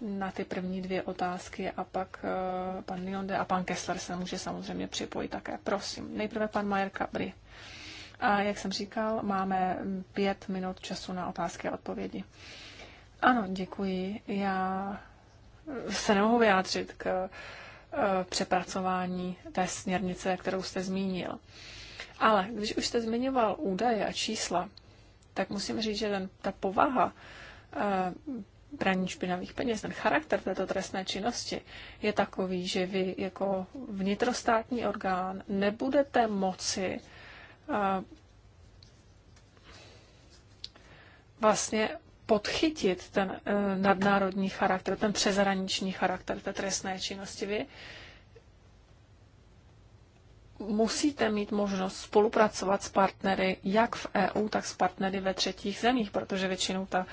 na ty první dvě otázky a pak eh, pan Nionde a pan Kessler se může samozřejmě připojit také. Prosím, nejprve pan Majer Kabry. A jak jsem říkal, máme pět minut času na otázky a odpovědi. Ano, děkuji. Já se nemohu vyjádřit k eh, přepracování té směrnice, kterou jste zmínil. Ale když už jste zmiňoval údaje a čísla, tak musím říct, že ten, ta povaha e, eh, braní špinavých peněz, ten charakter této trestné činnosti je takový, že vy jako vnitrostátní orgán nebudete moci e, vlastně podchytit ten e, nadnárodní charakter, ten přezraniční charakter té trestné činnosti. Vy musíte mít možnost spolupracovat s partnery jak v EU, tak s partnery ve třetích zemích, protože většinou ta,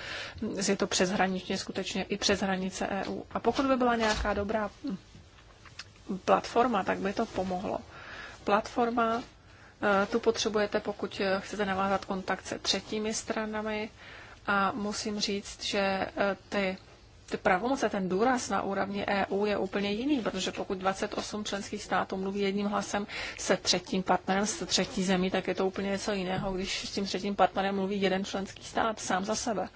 je to přeshraničně skutečně i přes hranice EU. A pokud by byla nějaká dobrá platforma, tak by to pomohlo. Platforma eh, tu potřebujete, pokud eh, chcete navázat kontakt se třetími stranami a musím říct, že eh, ty ty pravomoce, ten důraz na úrovni EU je úplně jiný, protože pokud 28 členských států mluví jedním hlasem se třetím partnerem, se třetí zemí, tak je to úplně něco jiného, když s tím třetím partnerem mluví jeden členský stát sám za sebe.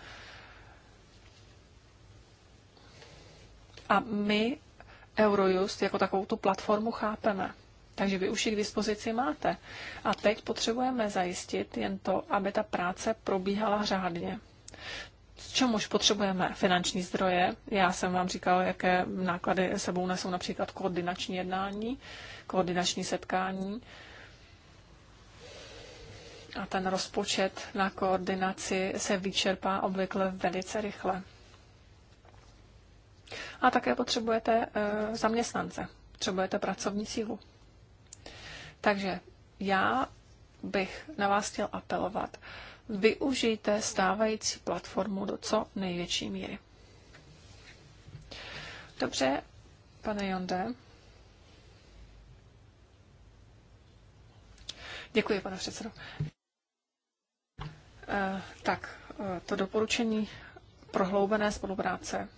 A my Eurojust jako takovou tu platformu chápeme. Takže vy už ji k dispozici máte. A teď potřebujeme zajistit jen to, aby ta práce probíhala řádně čemuž potřebujeme finanční zdroje. Já jsem vám říkal, jaké náklady sebou nesou například koordinační jednání, koordinační setkání. A ten rozpočet na koordinaci se vyčerpá obvykle velice rychle. A také potřebujete e, zaměstnance, potřebujete pracovní sílu. Takže já bych na vás chtěl apelovat využijte stávající platformu do co největší míry. Dobře, pane Jonde. Děkuji, pane předsedo. Eh, tak, eh, to doporučení prohloubené spolupráce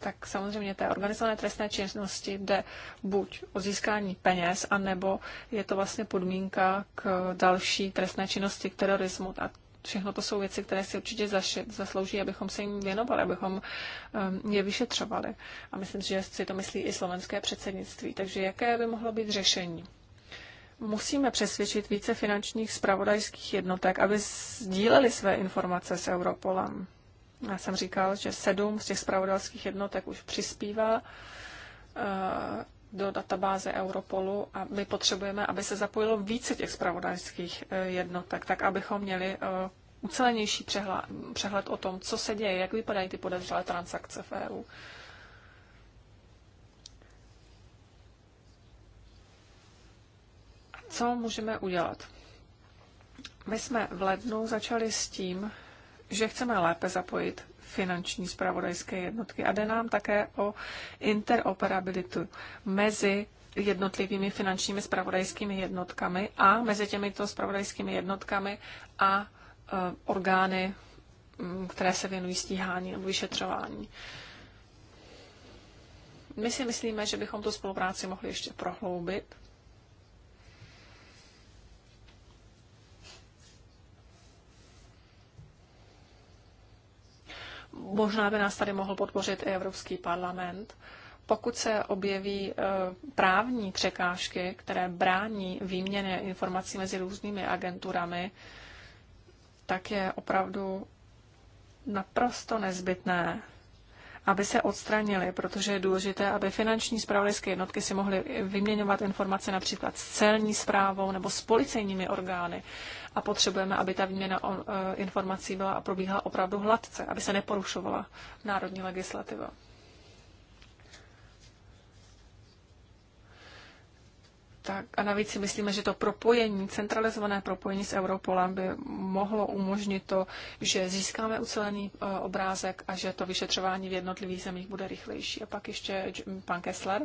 tak samozřejmě té organizované trestné činnosti jde buď o získání peněz, anebo je to vlastně podmínka k další trestné činnosti, k terorismu. A všechno to jsou věci, které si určitě zaslouží, abychom se jim věnovali, abychom um, je vyšetřovali. A myslím, že si to myslí i slovenské předsednictví. Takže jaké by mohlo být řešení? Musíme přesvědčit více finančních spravodajských jednotek, aby sdíleli své informace s Europolem já jsem říkal, že sedm z těch spravodajských jednotek už přispívá eh, do databáze Europolu a my potřebujeme, aby se zapojilo více těch spravodajských eh, jednotek, tak abychom měli eh, ucelenější přehled, o tom, co se děje, jak vypadají ty podezřelé transakce v EU. co můžeme udělat? My jsme v lednu začali s tím, že chceme lépe zapojit finanční spravodajské jednotky a jde nám také o interoperabilitu mezi jednotlivými finančními spravodajskými jednotkami a mezi těmito spravodajskými jednotkami a e, orgány, které se věnují stíhání nebo vyšetřování. My si myslíme, že bychom tu spolupráci mohli ještě prohloubit možná by nás tady mohl podpořit i Evropský parlament. Pokud se objeví e, právní překážky, které brání výměně informací mezi různými agenturami, tak je opravdu naprosto nezbytné aby se odstranili, protože je důležité, aby finanční zpravodajské jednotky si mohly vyměňovat informace například s celní zprávou nebo s policejními orgány. A potřebujeme, aby ta výměna e, informací byla a probíhala opravdu hladce, aby se neporušovala národní legislativa. tak, a navíc si myslíme, že to propojení, centralizované propojení s Europolem by mohlo umožnit to, že získáme ucelený e, obrázek a že to vyšetřování v jednotlivých zemích bude rychlejší. A pak ještě pan Kessler.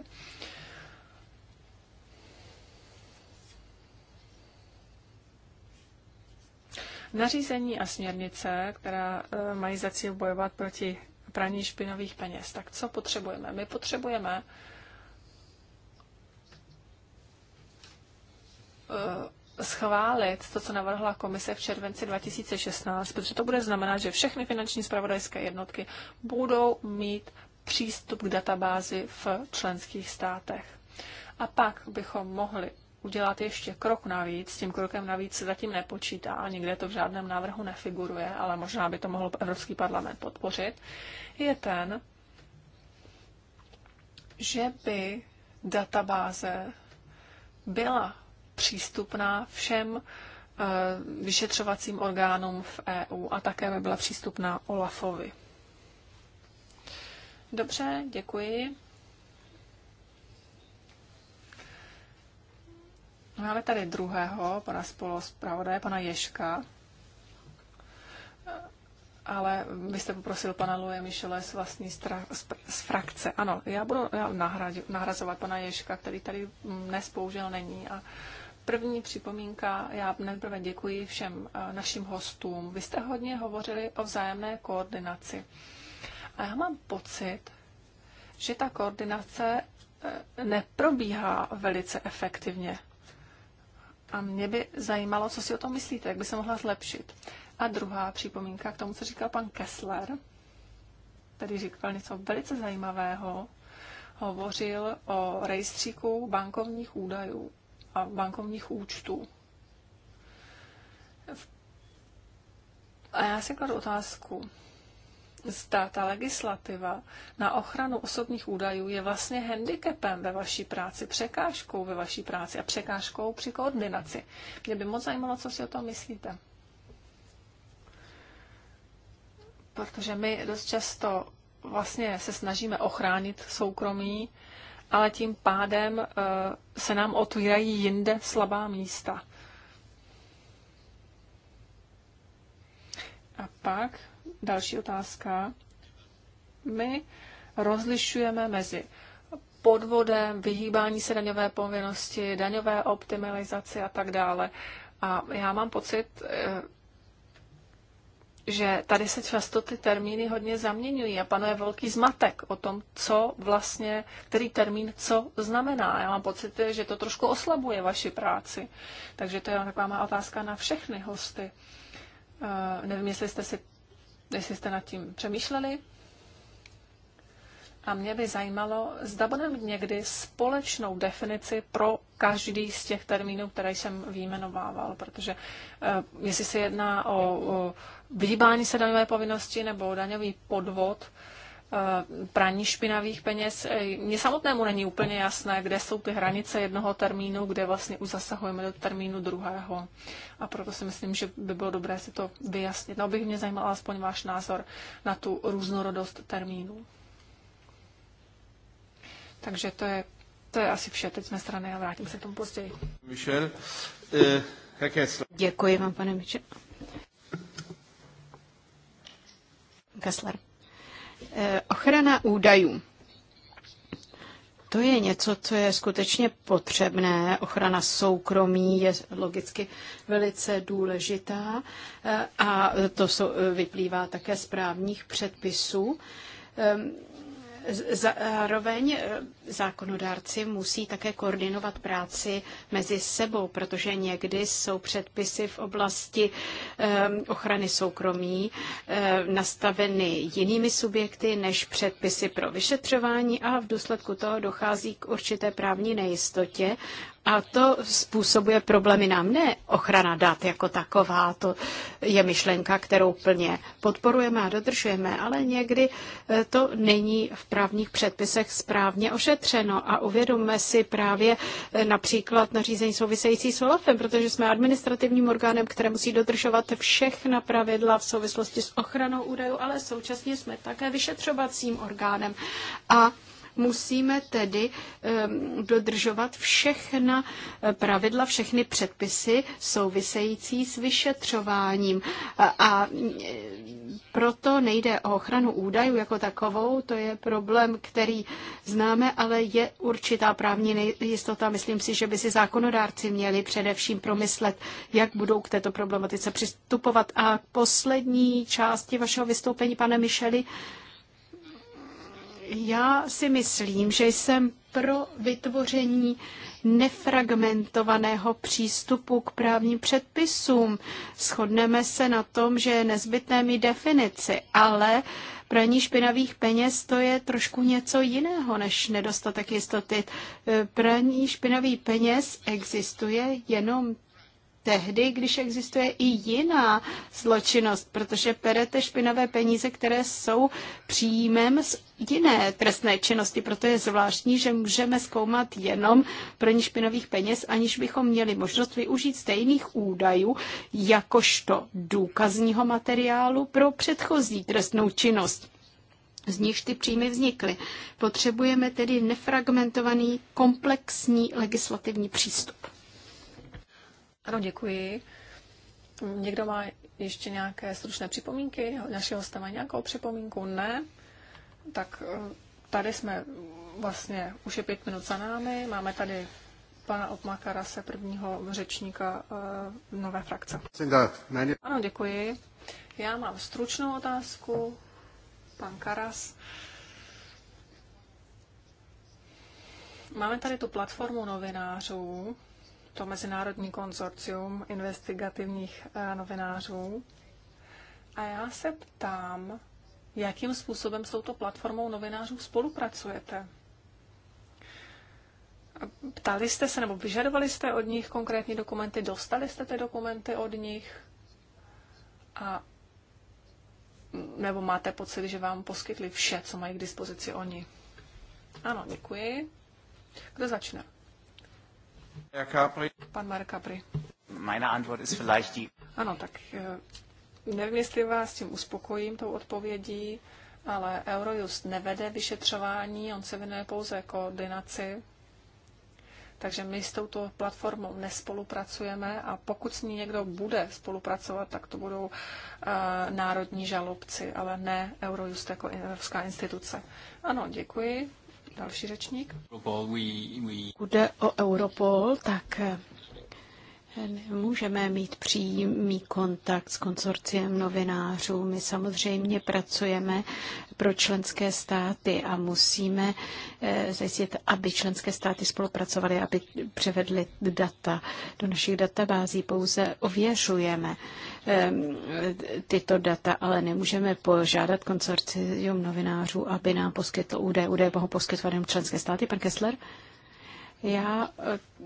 Nařízení a směrnice, která e, mají za cíl bojovat proti praní špinavých peněz. Tak co potřebujeme? My potřebujeme uh, Eh, schválit to, co navrhla komise v červenci 2016, protože to bude znamenat, že všechny finanční spravodajské jednotky budou mít přístup k databázi v členských státech. A pak bychom mohli udělat ještě krok navíc. S tím krokem navíc se zatím nepočítá nikde to v žádném návrhu nefiguruje, ale možná by to mohl Evropský parlament podpořit, je ten, že by databáze byla přístupná všem eh, vyšetřovacím orgánům v EU a také by byla přístupná OLAFovi. Dobře, děkuji. Máme tady druhého, pana spolozpravodaje, pana Ješka. Ale vy jste poprosil pana Luje Michele z vlastní stra- z frakce. Ano, já budu já nahrazovat pana Ješka, který tady dnes bohužel není a První připomínka, já nejprve děkuji všem eh, našim hostům. Vy jste hodně hovořili o vzájemné koordinaci. A já mám pocit, že ta koordinace eh, neprobíhá velice efektivně. A mě by zajímalo, co si o tom myslíte, jak by se mohla zlepšit. A druhá připomínka k tomu, co říkal pan Kessler, který říkal něco velice zajímavého, hovořil o rejstříku bankovních údajů a bankovních účtů. A já si kladu otázku, zda ta legislativa na ochranu osobních údajů je vlastně handicapem ve vaší práci, překážkou ve vaší práci a překážkou při koordinaci. Mě by moc zajímalo, co si o tom myslíte. Protože my dost často vlastně se snažíme ochránit soukromí ale tím pádem eh, se nám otvírají jinde slabá místa. A pak další otázka. My rozlišujeme mezi podvodem, vyhýbání se daňové povinnosti, daňové optimalizaci a tak dále. A já mám pocit, eh, že tady se často ty termíny hodně zaměňují a panuje velký zmatek o tom, co vlastně, který termín co znamená. Já mám pocit, že to trošku oslabuje vaši práci. Takže to je taková má otázka na všechny hosty. Uh, nevím, jestli jste, si, jestli jste nad tím přemýšleli. A mě by zajímalo, zda budeme mít někdy společnou definici pro každý z těch termínů, které jsem vyjmenovával, protože uh, jestli se jedná o, o vyhýbání se daňové povinnosti nebo daňový podvod, eh, praní špinavých peněz. Eh, mně samotnému není úplně jasné, kde jsou ty hranice jednoho termínu, kde vlastně už zasahujeme do termínu druhého. A proto si myslím, že by bylo dobré si to vyjasnit. No bych mě zajímal alespoň váš názor na tu různorodost termínů. Takže to je, to je asi vše teď z mé strany a vrátím se k tomu později. Michel, eh, slovo? Děkuji vám, pane Michel. Kessler. Eh, ochrana údajů. To je něco, co je skutečně potřebné. Ochrana soukromí je logicky velice důležitá eh, a to vyplývá také z právních předpisů. Ehm, Zároveň eh, zákonodárci musí také koordinovat práci mezi sebou, protože někdy jsou předpisy v oblasti eh, ochrany soukromí eh, nastaveny jinými subjekty než předpisy pro vyšetřování a v důsledku toho dochází k určité právní nejistotě a to způsobuje problémy nám. Ne ochrana dat jako taková, to je myšlenka, kterou plně podporujeme a dodržujeme, ale někdy eh, to není v právních předpisech správně ošetřeno. A uvědomme si právě eh, například nařízení související s OLAFem, protože jsme administrativním orgánem, které musí dodržovat všechna pravidla v souvislosti s ochranou údajů, ale současně jsme také vyšetřovacím orgánem. A Musíme tedy ehm, dodržovat všechna eh, pravidla, všechny předpisy související s vyšetřováním. A eh, proto nejde o ochranu údajů jako takovou, to je problém, který známe, ale je určitá právní nejistota. Myslím si, že by si zákonodárci měli především promyslet, jak budou k této problematice přistupovat. A poslední části vašeho vystoupení, pane Micheli, já si myslím, že jsem pro vytvoření nefragmentovaného přístupu k právním předpisům. Shodneme se na tom, že je nezbytné mít definici, ale praní špinavých peněz to je trošku něco jiného než nedostatek jistoty. E, praní špinavých peněz existuje jenom tehdy, když existuje i jiná zločinnost, protože perete špinavé peníze, které jsou příjmem z jiné trestné činnosti. Proto je zvláštní, že můžeme zkoumat jenom praní špinavých peněz, aniž bychom měli možnost využít stejných údajů jakožto důkazního materiálu pro předchozí trestnou činnost z nichž ty příjmy vznikly. Potřebujeme tedy nefragmentovaný komplexní legislativní přístup. Ano, děkuji. Někdo má ještě nějaké stručné připomínky? Našeho hosta má nějakou připomínku? Ne? Tak eh, tady jsme vlastně, už je pět minut za námi, máme tady pana Opmakarase, prvního řečníka uh, nové frakce. Ano, děkuji. Já mám stručnou otázku. Pan Karas. Máme tady tu platformu novinářů, to Mezinárodní konzorcium investigativních eh, novinářů. A já se ptám, jakým způsobem s touto platformou novinářů spolupracujete? Ptali jste se nebo vyžadovali jste od nich konkrétní dokumenty, dostali jste ty dokumenty od nich? A nebo máte pocit, že vám poskytli vše, co mají k dispozici oni? Ano, děkuji. Kdo začne? Pan Marek Capri. Meine Antwort ist vielleicht die... Ano, tak eh, nevím, jestli vás tím uspokojím, tou odpovědí, ale Eurojust nevede vyšetřování, on se věnuje pouze koordinaci. Takže my s touto platformou nespolupracujeme a pokud s ní někdo bude spolupracovat, tak to budou uh, národní žalobci, ale ne Eurojust jako evropská instituce. Ano, děkuji. Další řečník. Kde o Europol, tak eh, Můžeme mít přímý kontakt s konsorciem novinářů. My samozřejmě pracujeme pro členské státy a musíme eh, zajistit, aby členské státy spolupracovaly, aby převedly data do našich databází. Pouze ověřujeme Ehm, tyto data, ale nemůžeme požádat konsorcium novinářů, aby nám poskytlo údaje. Údaje mohou poskytovat jenom členské státy. Pan Kessler? Já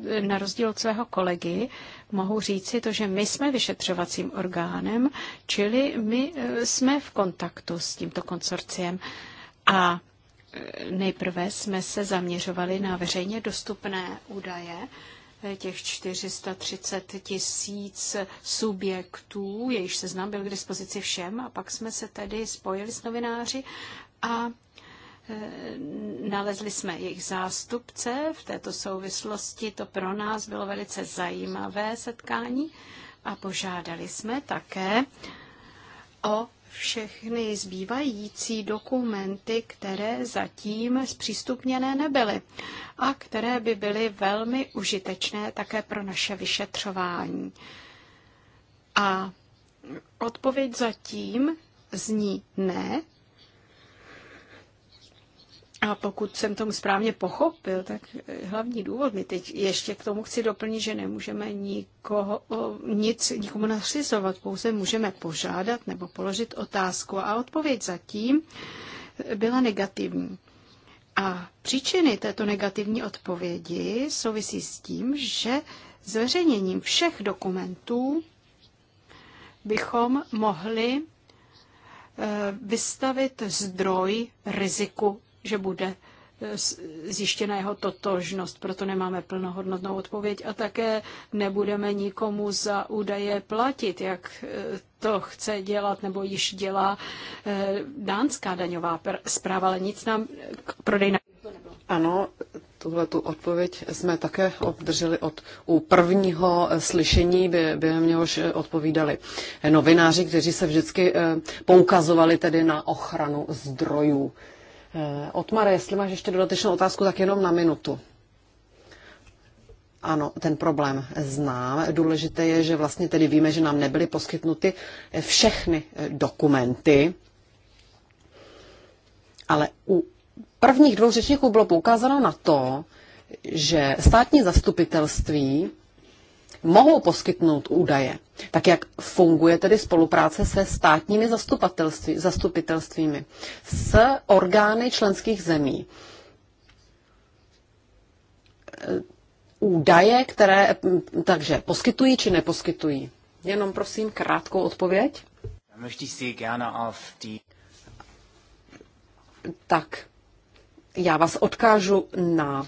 eh, na rozdíl od svého kolegy mohu říci to, že my jsme vyšetřovacím orgánem, čili my eh, jsme v kontaktu s tímto konsorciem a eh, nejprve jsme se zaměřovali na veřejně dostupné údaje, těch 430 tisíc subjektů, jejichž seznam byl k dispozici všem a pak jsme se tedy spojili s novináři a e, Nalezli jsme jejich zástupce. V této souvislosti to pro nás bylo velice zajímavé setkání a požádali jsme také o všechny zbývající dokumenty, které zatím zpřístupněné nebyly a které by byly velmi užitečné také pro naše vyšetřování. A odpověď zatím zní ne, a pokud jsem tomu správně pochopil, tak eh, hlavní důvod mi teď ještě k tomu chci doplnit, že nemůžeme nikoho, nic nikomu nařizovat, pouze můžeme požádat nebo položit otázku a odpověď zatím eh, byla negativní. A příčiny této negativní odpovědi souvisí s tím, že zveřejněním všech dokumentů bychom mohli eh, vystavit zdroj riziku že bude eh, zjištěna jeho totožnost, proto nemáme plnohodnotnou odpověď a také nebudeme nikomu za údaje platit, jak eh, to chce dělat nebo již dělá eh, dánská daňová zpráva, ale nic nám k prodej na... Ano, tuhle tu odpověď jsme také obdrželi od u prvního slyšení, během něhož odpovídali novináři, kteří se vždycky poukazovali tedy na ochranu zdrojů. Eh, Otmare, jestli máš ještě dodatečnou otázku, tak jenom na minutu. Ano, ten problém znám. Důležité je, že vlastně tedy víme, že nám nebyly poskytnuty eh, všechny eh, dokumenty, ale u prvních dvou řečníků bylo poukázáno na to, že státní zastupitelství mohou poskytnout údaje. Tak jak funguje tedy spolupráce se státními zastupitelství, zastupitelstvími, s orgány členských zemí? E, údaje, které takže poskytují či neposkytují? Jenom prosím krátkou odpověď. Tak, já vás odkážu na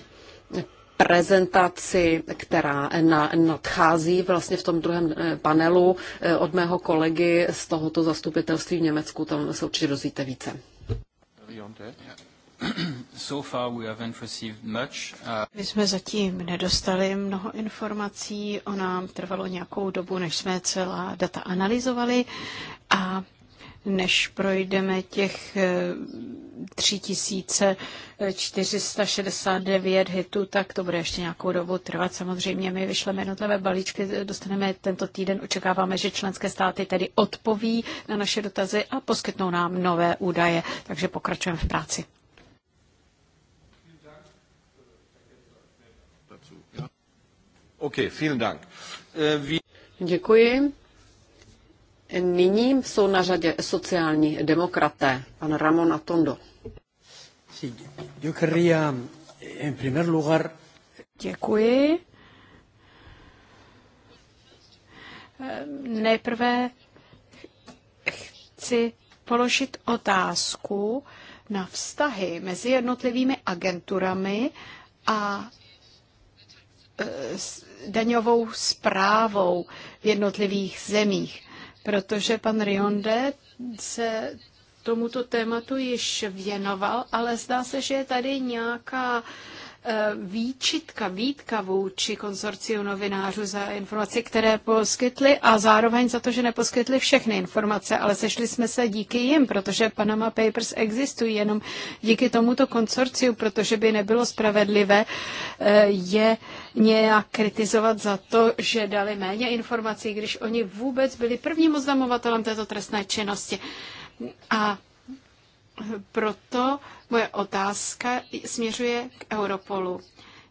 prezentaci, která na, nadchází vlastně v tom druhém eh, panelu eh, od mého kolegy z tohoto zastupitelství v Německu. Tam se určitě dozvíte více. Uh, My jsme zatím nedostali mnoho informací, o nám trvalo nějakou dobu, než jsme celá data analyzovali a než projdeme těch 3469 eh, eh, hitů, tak to bude ještě nějakou dobu trvat. Samozřejmě my vyšleme jednotlivé balíčky, dostaneme tento týden, očekáváme, že členské státy tedy odpoví na naše dotazy a poskytnou nám nové údaje, takže pokračujeme v práci. Okay, vielen Dank. Eh, Děkuji. Nyní jsou na řadě sociální demokraté, pan Ramon Atondo. Děkuji. Nejprve chci položit otázku na vztahy mezi jednotlivými agenturami a e, daňovou zprávou v jednotlivých zemích protože pan Rionde se tomuto tématu již věnoval, ale zdá se, že je tady nějaká Eh, výčitka, výtka vůči konzorciu novinářů za informace, které poskytli a zároveň za to, že neposkytli všechny informace, ale sešli jsme se díky jim, protože Panama Papers existují jenom díky tomuto konzorciu, protože by nebylo spravedlivé eh, je nějak kritizovat za to, že dali méně informací, když oni vůbec byli prvním oznamovatelem této trestné činnosti. A proto Moje otázka směřuje k Europolu.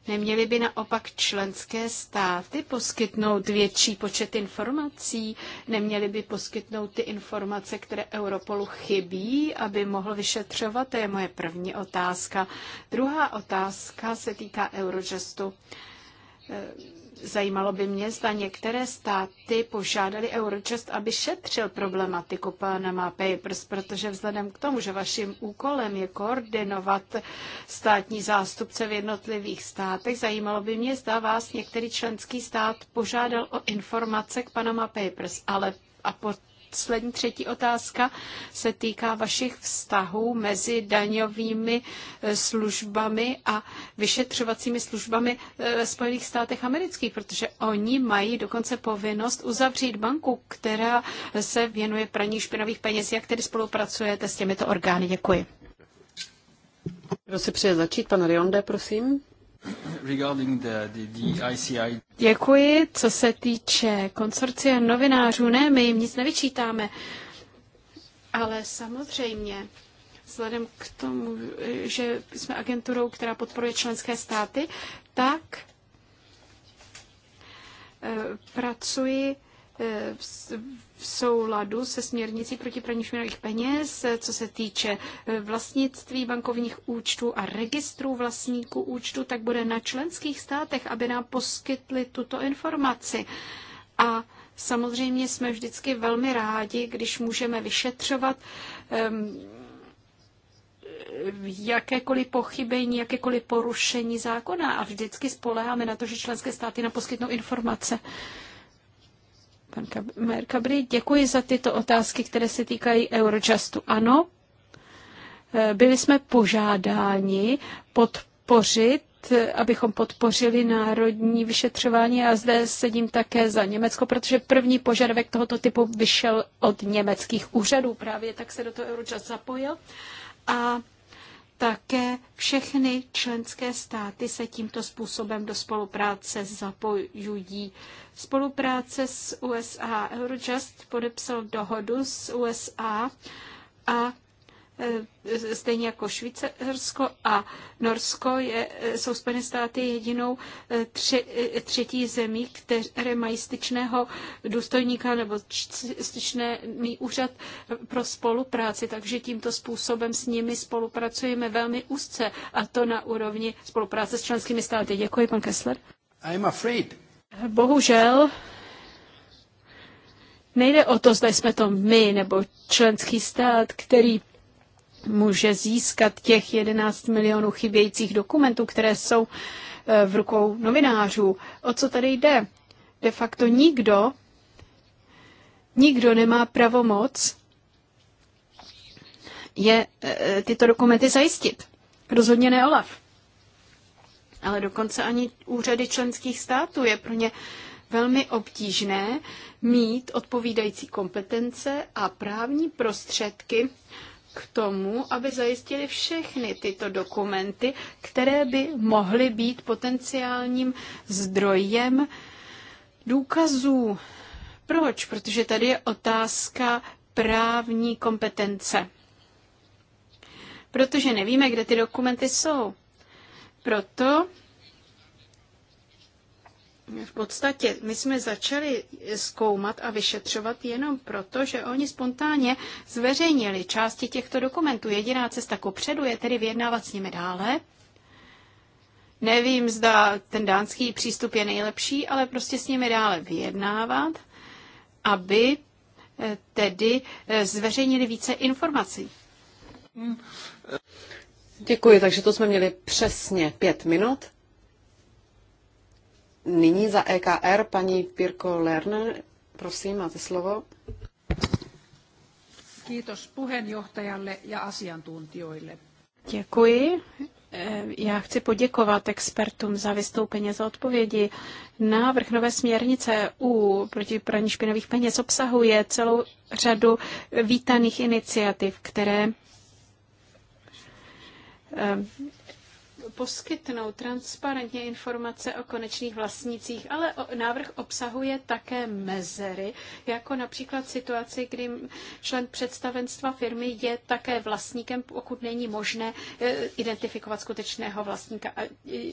Neměly by naopak členské státy poskytnout větší počet informací? Neměly by poskytnout ty informace, které Europolu chybí, aby mohl vyšetřovat? To je moje první otázka. Druhá otázka se týká Eurojustu. Zajímalo by mě, zda některé státy požádali Eurojust, aby šetřil problematiku Panama Papers, protože vzhledem k tomu, že vaším úkolem je koordinovat státní zástupce v jednotlivých státech, zajímalo by mě, zda vás některý členský stát požádal o informace k Panama Papers, ale a pod poslední třetí otázka se týká vašich vztahů mezi daňovými eh, službami a vyšetřovacími službami eh, ve Spojených státech amerických, protože oni mají dokonce povinnost uzavřít banku, která se věnuje praní špinavých peněz. Jak tedy spolupracujete s těmito orgány? Děkuji. Kdo si přeje začít? Pan Rionde, prosím. Děkuji, co se týče konsorcia novinářů. Ne, my jim nic nevyčítáme, ale samozřejmě vzhledem k tomu, že jsme agenturou, která podporuje členské státy, tak eh, pracuji Eh, v souladu se směrnicí proti praní špinavých peněz, co se týče eh, vlastnictví bankovních účtů a registrů vlastníků účtu, tak bude na členských státech, aby nám poskytli tuto informaci. A samozřejmě jsme vždycky velmi rádi, když můžeme vyšetřovat ehm, jakékoliv pochybení, jakékoliv porušení zákona a vždycky spoleháme na to, že členské státy nám poskytnou informace. Pan Majer Kabry, děkuji za tyto otázky, které se týkají Eurojustu. Ano, eh, byli jsme požádáni podpořit eh, abychom podpořili národní vyšetřování a zde sedím také za Německo, protože první požadavek tohoto typu vyšel od německých úřadů, právě tak se do toho Eurojust zapojil. A také všechny členské státy se tímto způsobem do spolupráce zapojují. Spolupráce s USA. Eurojust podepsal dohodu s USA a Eh, stejně jako Švýcarsko a Norsko, je, eh, jsou Spojené státy jedinou eh, tři, třetí zemí, které mají styčného důstojníka nebo styčný úřad pro spolupráci, takže tímto způsobem s nimi spolupracujeme velmi úzce a to na úrovni spolupráce s členskými státy. Děkuji, pan Kessler. I'm afraid. Bohužel, Nejde o to, zda jsme to my nebo členský stát, který může získat těch 11 milionů chybějících dokumentů, které jsou eh, v rukou novinářů. O co tady jde? De facto nikdo, nikdo nemá pravomoc je eh, tyto dokumenty zajistit. Rozhodně ne OLAF. Ale dokonce ani úřady členských států je pro ně velmi obtížné mít odpovídající kompetence a právní prostředky k tomu, aby zajistili všechny tyto dokumenty, které by mohly být potenciálním zdrojem důkazů. Proč? Protože tady je otázka právní kompetence. Protože nevíme, kde ty dokumenty jsou. Proto v podstatě my jsme začali zkoumat a vyšetřovat jenom proto, že oni spontánně zveřejnili části těchto dokumentů. Jediná cesta kopředu je tedy vyjednávat s nimi dále. Nevím, zda ten dánský přístup je nejlepší, ale prostě s nimi dále vyjednávat, aby eh, tedy eh, zveřejnili více informací. Děkuji, takže to jsme měli přesně pět minut. Nyní za EKR paní Pirko Lerner. Prosím, máte slovo. Kiitos puheenjohtajalle ja asiantuntijoille. Děkuji. Eh, já chci poděkovat expertům za vystoupení, za odpovědi. Návrh nové směrnice EU proti praní špinavých peněz obsahuje celou řadu vítaných iniciativ, které poskytnout transparentně informace o konečných vlastnících, ale návrh obsahuje také mezery, jako například situaci, kdy člen představenstva firmy je také vlastníkem, pokud není možné e, identifikovat skutečného vlastníka. A e,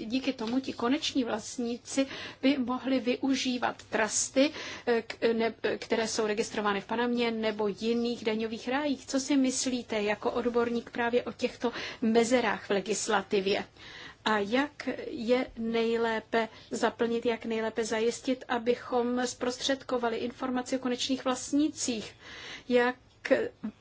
díky tomu ti koneční vlastníci by mohli využívat trusty, e, které jsou registrovány v Panamě nebo jiných daňových rájích. Co si myslíte jako odborník právě o těchto mezerách v legislativě a jak je nejlépe zaplnit, jak nejlépe zajistit, abychom zprostředkovali informaci o konečných vlastnících, jak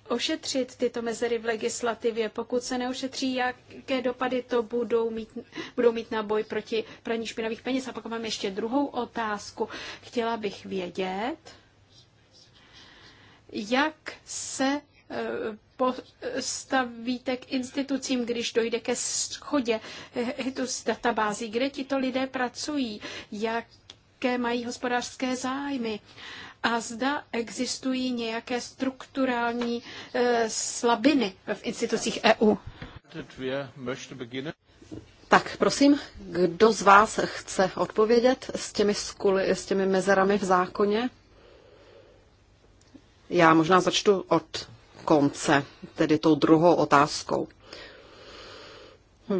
ošetřit tyto mezery v legislativě. Pokud se neošetří, jaké dopady to budou mít, budou mít na boj proti praní špinavých peněz. A pak mám ještě druhou otázku. Chtěla bych vědět, jak se eh, postavíte k institucím, když dojde ke schodě hitu z databází, kde tito lidé pracují, jaké mají hospodářské zájmy a zda existují nějaké strukturální eh, slabiny v institucích EU. Tak, prosím, kdo z vás chce odpovědět s těmi, skuli, s těmi mezerami v zákoně? Já možná začtu od konce, tedy tou druhou otázkou.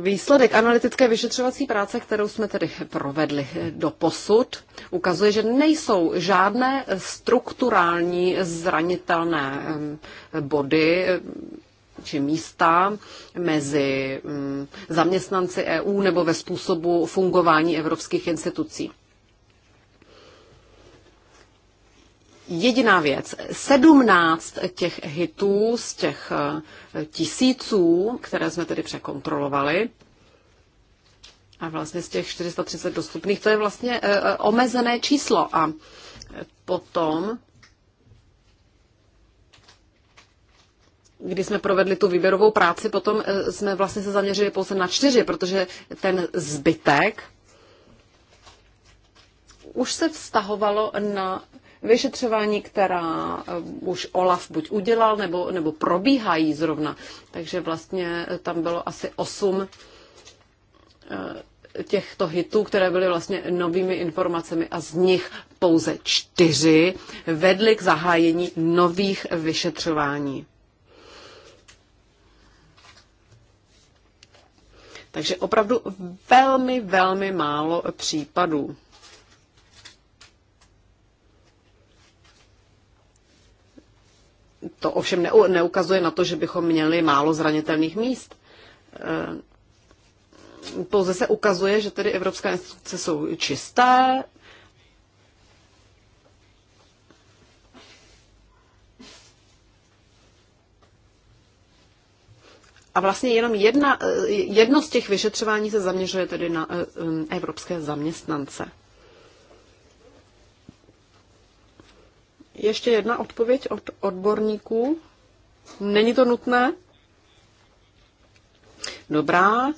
Výsledek analytické vyšetřovací práce, kterou jsme tedy provedli do posud, ukazuje, že nejsou žádné strukturální zranitelné body či místa mezi zaměstnanci EU nebo ve způsobu fungování evropských institucí. jediná věc. Sedmnáct těch hitů z těch eh, tisíců, které jsme tedy překontrolovali, a vlastně z těch 430 dostupných, to je vlastně eh, eh, omezené číslo. A potom, kdy jsme provedli tu výběrovou práci, potom jsme vlastně se zaměřili pouze na čtyři, protože ten zbytek už se vztahovalo na vyšetřování, která eh, už Olaf buď udělal, nebo, nebo probíhají zrovna. Takže vlastně eh, tam bylo asi osm eh, těchto hitů, které byly vlastně novými informacemi a z nich pouze čtyři vedly k zahájení nových vyšetřování. Takže opravdu velmi, velmi málo případů. To ovšem neukazuje na to, že bychom měli málo zranitelných míst. E, pouze se ukazuje, že tedy evropské instituce jsou čisté, A vlastně jenom jedna, e, jedno z těch vyšetřování se zaměřuje tedy na e, evropské zaměstnance. ještě jedna odpověď od odborníků. Není to nutné? Dobrá,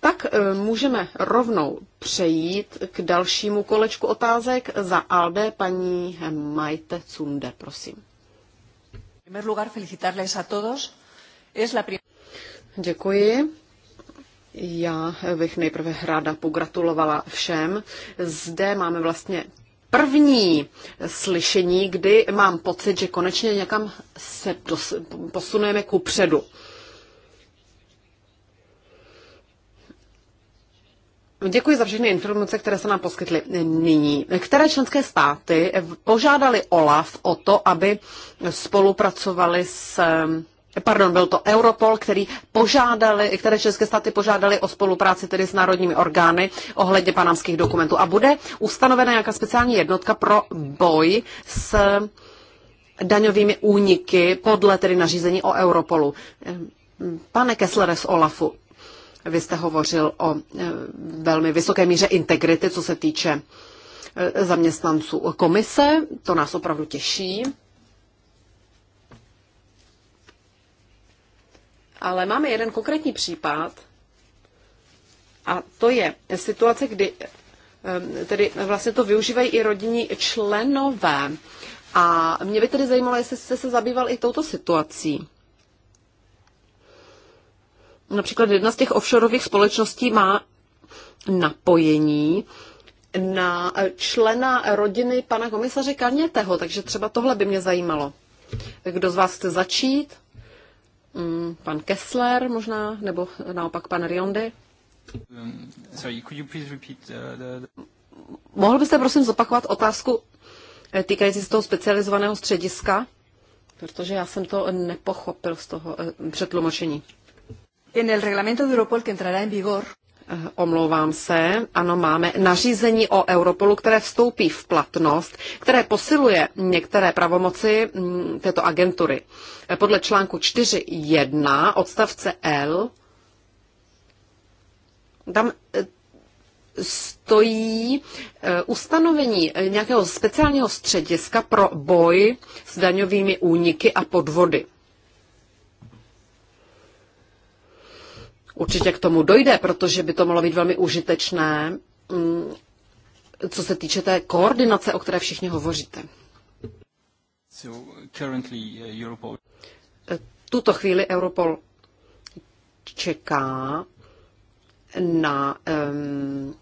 tak e, můžeme rovnou přejít k dalšímu kolečku otázek. Za ALDE paní Majte Cunde, prosím. Děkuji. Já bych nejprve ráda pogratulovala všem. Zde máme vlastně první slyšení, kdy mám pocit, že konečně někam se posuneme ku předu. Děkuji za všechny informace, které se nám poskytly nyní. Které členské státy požádali OLAF o to, aby spolupracovali s pardon, byl to Europol, který požádali, které české státy požádali o spolupráci tedy s národními orgány ohledně panamských dokumentů. A bude ustanovena nějaká speciální jednotka pro boj s daňovými úniky podle tedy nařízení o Europolu. Pane Kesslere z Olafu, vy jste hovořil o eh, velmi vysoké míře integrity, co se týče eh, zaměstnanců komise. To nás opravdu těší. ale máme jeden konkrétní případ a to je situace, kdy tedy vlastně to využívají i rodinní členové. A mě by tedy zajímalo, jestli jste se zabýval i touto situací. Například jedna z těch offshoreových společností má napojení na člena rodiny pana komisaře Kaněteho, takže třeba tohle by mě zajímalo. Kdo z vás chce začít? Mm, pan Kessler možná, nebo naopak pan Riondy. Um, uh, Mohl byste prosím zopakovat otázku eh, týkající se toho specializovaného střediska? Protože já jsem to nepochopil z toho eh, přetlumočení. En el reglamento de Europol que entrará en vigor. Eh, omlouvám se. Ano, máme nařízení o Europolu, které vstoupí v platnost, které posiluje některé pravomoci mm, této agentury. Eh, podle článku 4.1 odstavce L tam eh, stojí ustanovení nějakého speciálního střediska pro boj s daňovými úniky a podvody. určitě k tomu dojde, protože by to mohlo být velmi užitečné, mm, co se týče té koordinace, o které všichni hovoříte. Uh, Tuto chvíli Europol čeká na um,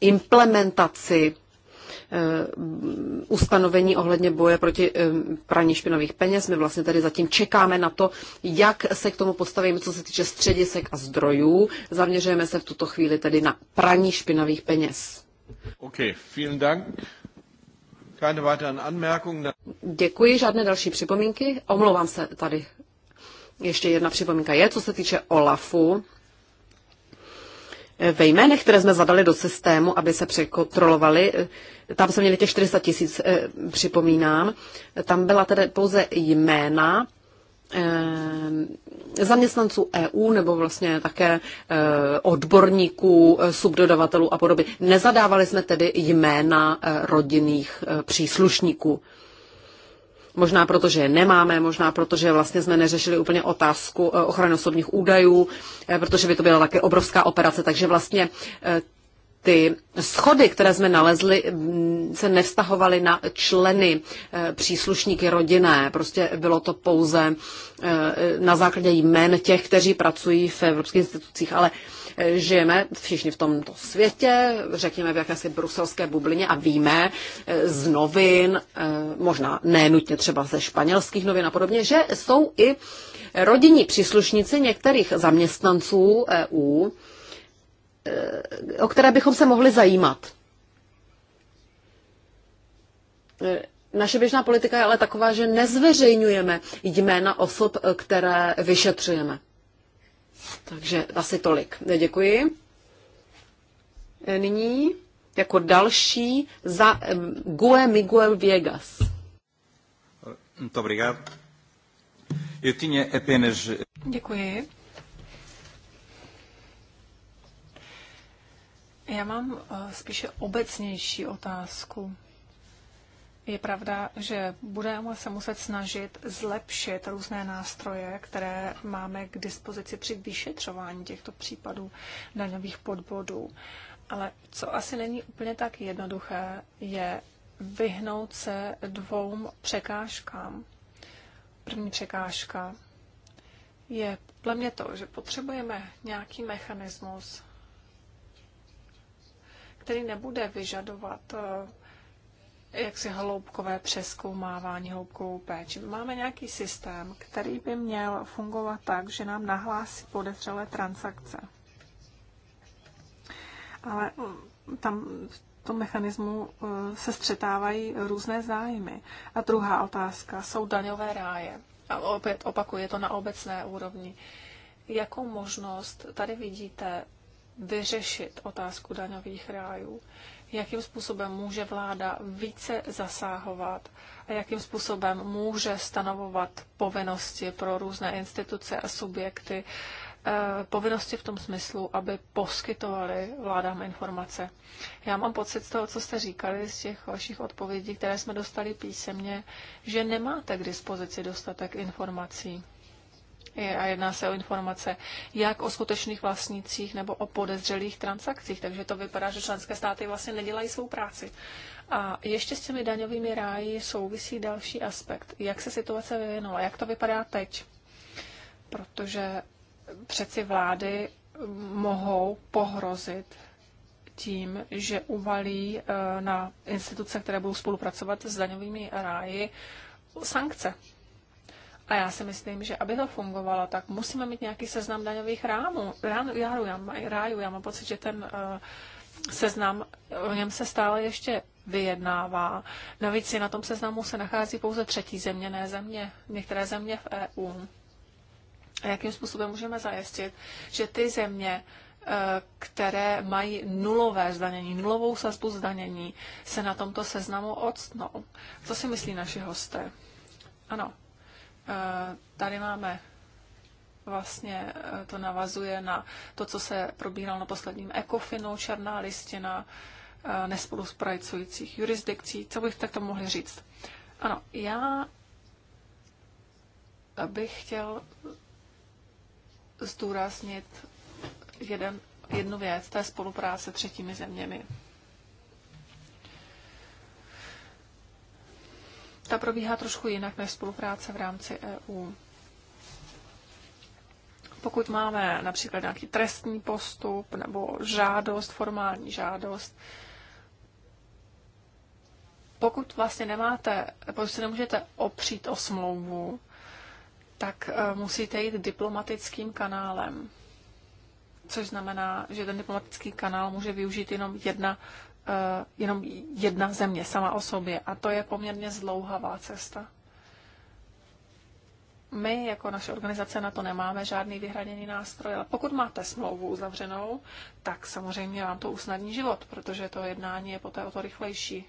implementaci Eh, ustanovení ohledně boje proti eh, praní špinavých peněz. My vlastně tady zatím čekáme na to, jak se k tomu postavíme, co se týče středisek a zdrojů. Zaměřujeme se v tuto chvíli tedy na praní špinavých peněz. OK, vielen Dank. Keine weiteren Anmerkungen. Děkuji, žádné další připomínky. Omlouvám se tady. Ještě jedna připomínka je, co se týče OLAFu ve jménech, které jsme zadali do systému, aby se překontrolovali. Tam jsme měli těch 400 tisíc, eh, připomínám. Tam byla tedy pouze jména eh, zaměstnanců EU nebo vlastně také eh, odborníků, subdodavatelů a podobně. Nezadávali jsme tedy jména rodinných příslušníků. Možná proto, že je nemáme, možná proto, že vlastně jsme neřešili úplně otázku eh, ochrany osobních údajů, eh, protože by to byla také obrovská operace, takže vlastně eh, ty schody, které jsme nalezli, mm, se nevztahovaly na členy, příslušníky rodinné. Prostě bylo to pouze na základě jmen těch, kteří pracují v evropských institucích. Ale Žijeme všichni v tomto světě, řekněme v jakési bruselské bublině a víme eh, z novin, eh, možná nenutně třeba ze španělských novin a podobně, že jsou i rodinní příslušníci některých zaměstnanců EU, eh, o které bychom se mohli zajímat. Naše běžná politika je ale taková, že nezveřejňujeme jména osob, které vyšetřujeme. Takže asi tolik. Děkuji. Nyní jako další za Gue Miguel Viegas. Muito obrigado. Eh, Děkuji. Já mám eh, spíše obecnější otázku. Je pravda, že budeme se muset snažit zlepšit různé nástroje, které máme k dispozici při vyšetřování těchto případů daňových podvodů. Ale co asi není úplně tak jednoduché, je vyhnout se dvou překážkám. První překážka je podle mě to, že potřebujeme nějaký mechanismus, který nebude vyžadovat eh, jak si hloubkové přeskoumávání, hloubkovou péči. Máme nějaký systém, který by měl fungovat tak, že nám nahlásí podezřelé transakce. Ale mm, tam v tom mechanismu e, se střetávají různé zájmy. A druhá otázka jsou daňové ráje. A opět opakuje to na obecné úrovni. Jakou možnost tady vidíte vyřešit otázku daňových rájů? Jakým způsobem může vláda více zasáhovat a jakým způsobem může stanovovat povinnosti pro různé instituce a subjekty, eh, povinnosti v tom smyslu, aby poskytovali vládám informace. Já mám pocit z toho, co jste říkali, z těch vašich odpovědí, které jsme dostali písemně, že nemáte k dispozici dostatek informací a jedná se o informace jak o skutečných vlastnících nebo o podezřelých transakcích. Takže to vypadá, že členské státy vlastně nedělají svou práci. A ještě s těmi daňovými ráji souvisí další aspekt. Jak se situace vyvinula? Jak to vypadá teď? Protože přeci vlády mohou pohrozit tím, že uvalí eh, na instituce, které budou spolupracovat s daňovými ráji, sankce. A já si myslím, že aby to fungovalo, tak musíme mít nějaký seznam daňových rámů, rán, járu, já, rájů. Já mám pocit, že ten uh, seznam, o něm se stále ještě vyjednává. Navíc je na tom seznamu se nachází pouze třetí země, ne země, některé země v EU. A jakým způsobem můžeme zajistit, že ty země, eh, které mají nulové zdanění, nulovou sazbu zdanění, se na tomto seznamu odstnou. Co si myslí naši hosté? Ano. Eh, tady máme vlastně eh, to navazuje na to, co se probíralo na posledním ECOFINu, černá listina eh, nespoluspracujících jurisdikcí. Co bych takto mohli říct? Ano, já bych chtěl zdůraznit jeden, jednu věc, to je spolupráce třetími zeměmi. ta probíhá trošku jinak než spolupráce v rámci EU. Pokud máme například nějaký trestní postup nebo žádost, formální žádost, pokud vlastně nemáte, pokud se nemůžete opřít o smlouvu, tak e, musíte jít diplomatickým kanálem. Což znamená, že ten diplomatický kanál může využít jenom jedna Eh, jenom jedna země sama o sobě a to je poměrně zlouhavá cesta. My jako naše organizace na to nemáme žádný vyhraněný nástroj, ale pokud máte smlouvu uzavřenou, tak samozřejmě vám to usnadní život, protože to jednání je poté o to rychlejší.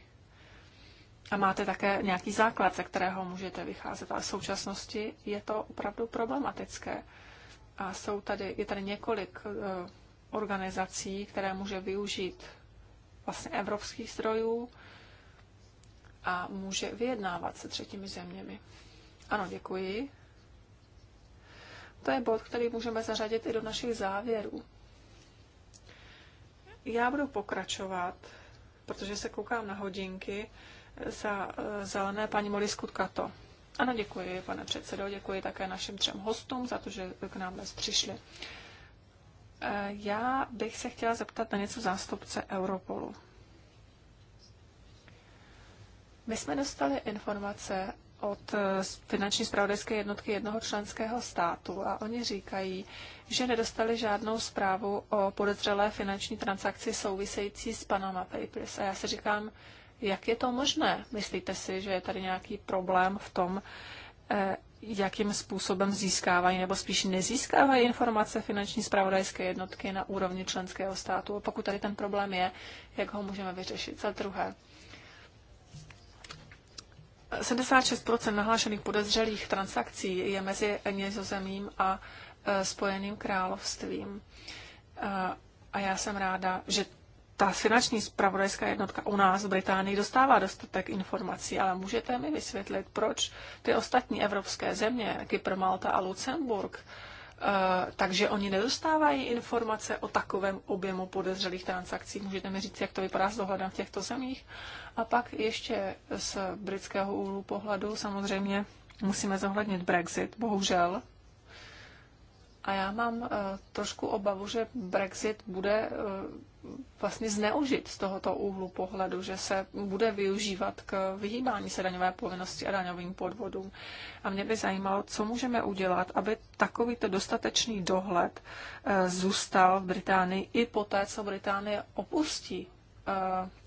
A máte také nějaký základ, ze kterého můžete vycházet, ale v současnosti je to opravdu problematické. A jsou tady, je tady několik eh, organizací, které může využít vlastně evropských zdrojů a může vyjednávat se třetími zeměmi. Ano, děkuji. To je bod, který můžeme zařadit i do našich závěrů. Já budu pokračovat, protože se koukám na hodinky za eh, zelené paní Moli Skutkato. Ano, děkuji, pane předsedo, děkuji také našim třem hostům za to, že k nám dnes přišli. Eh, já bych se chtěla zeptat na něco zástupce Europolu. My jsme dostali informace od eh, finanční zpravodajské jednotky jednoho členského státu a oni říkají, že nedostali žádnou zprávu o podezřelé finanční transakci související s Panama Papers. A já se říkám, jak je to možné? Myslíte si, že je tady nějaký problém v tom, eh, jakým způsobem získávají nebo spíš nezískávají informace finanční zpravodajské jednotky na úrovni členského státu. A pokud tady ten problém je, jak ho můžeme vyřešit. Za druhé, 76 nahlášených podezřelých transakcí je mezi Nězozemím a e, Spojeným královstvím. A já jsem ráda, že ta finanční spravodajská jednotka u nás v Británii dostává dostatek informací, ale můžete mi vysvětlit, proč ty ostatní evropské země, Kypr, Malta a Lucemburg, eh, takže oni nedostávají informace o takovém objemu podezřelých transakcí. Můžete mi říct, jak to vypadá s dohledem v těchto zemích? A pak ještě z britského úhlu pohledu samozřejmě musíme zohlednit Brexit, bohužel. A já mám eh, trošku obavu, že Brexit bude eh, vlastně zneužit z tohoto úhlu pohledu, že se bude využívat k vyhýbání se daňové povinnosti a daňovým podvodům. A mě by zajímalo, co můžeme udělat, aby takovýto dostatečný dohled eh, zůstal v Británii i poté, co Británie opustí eh,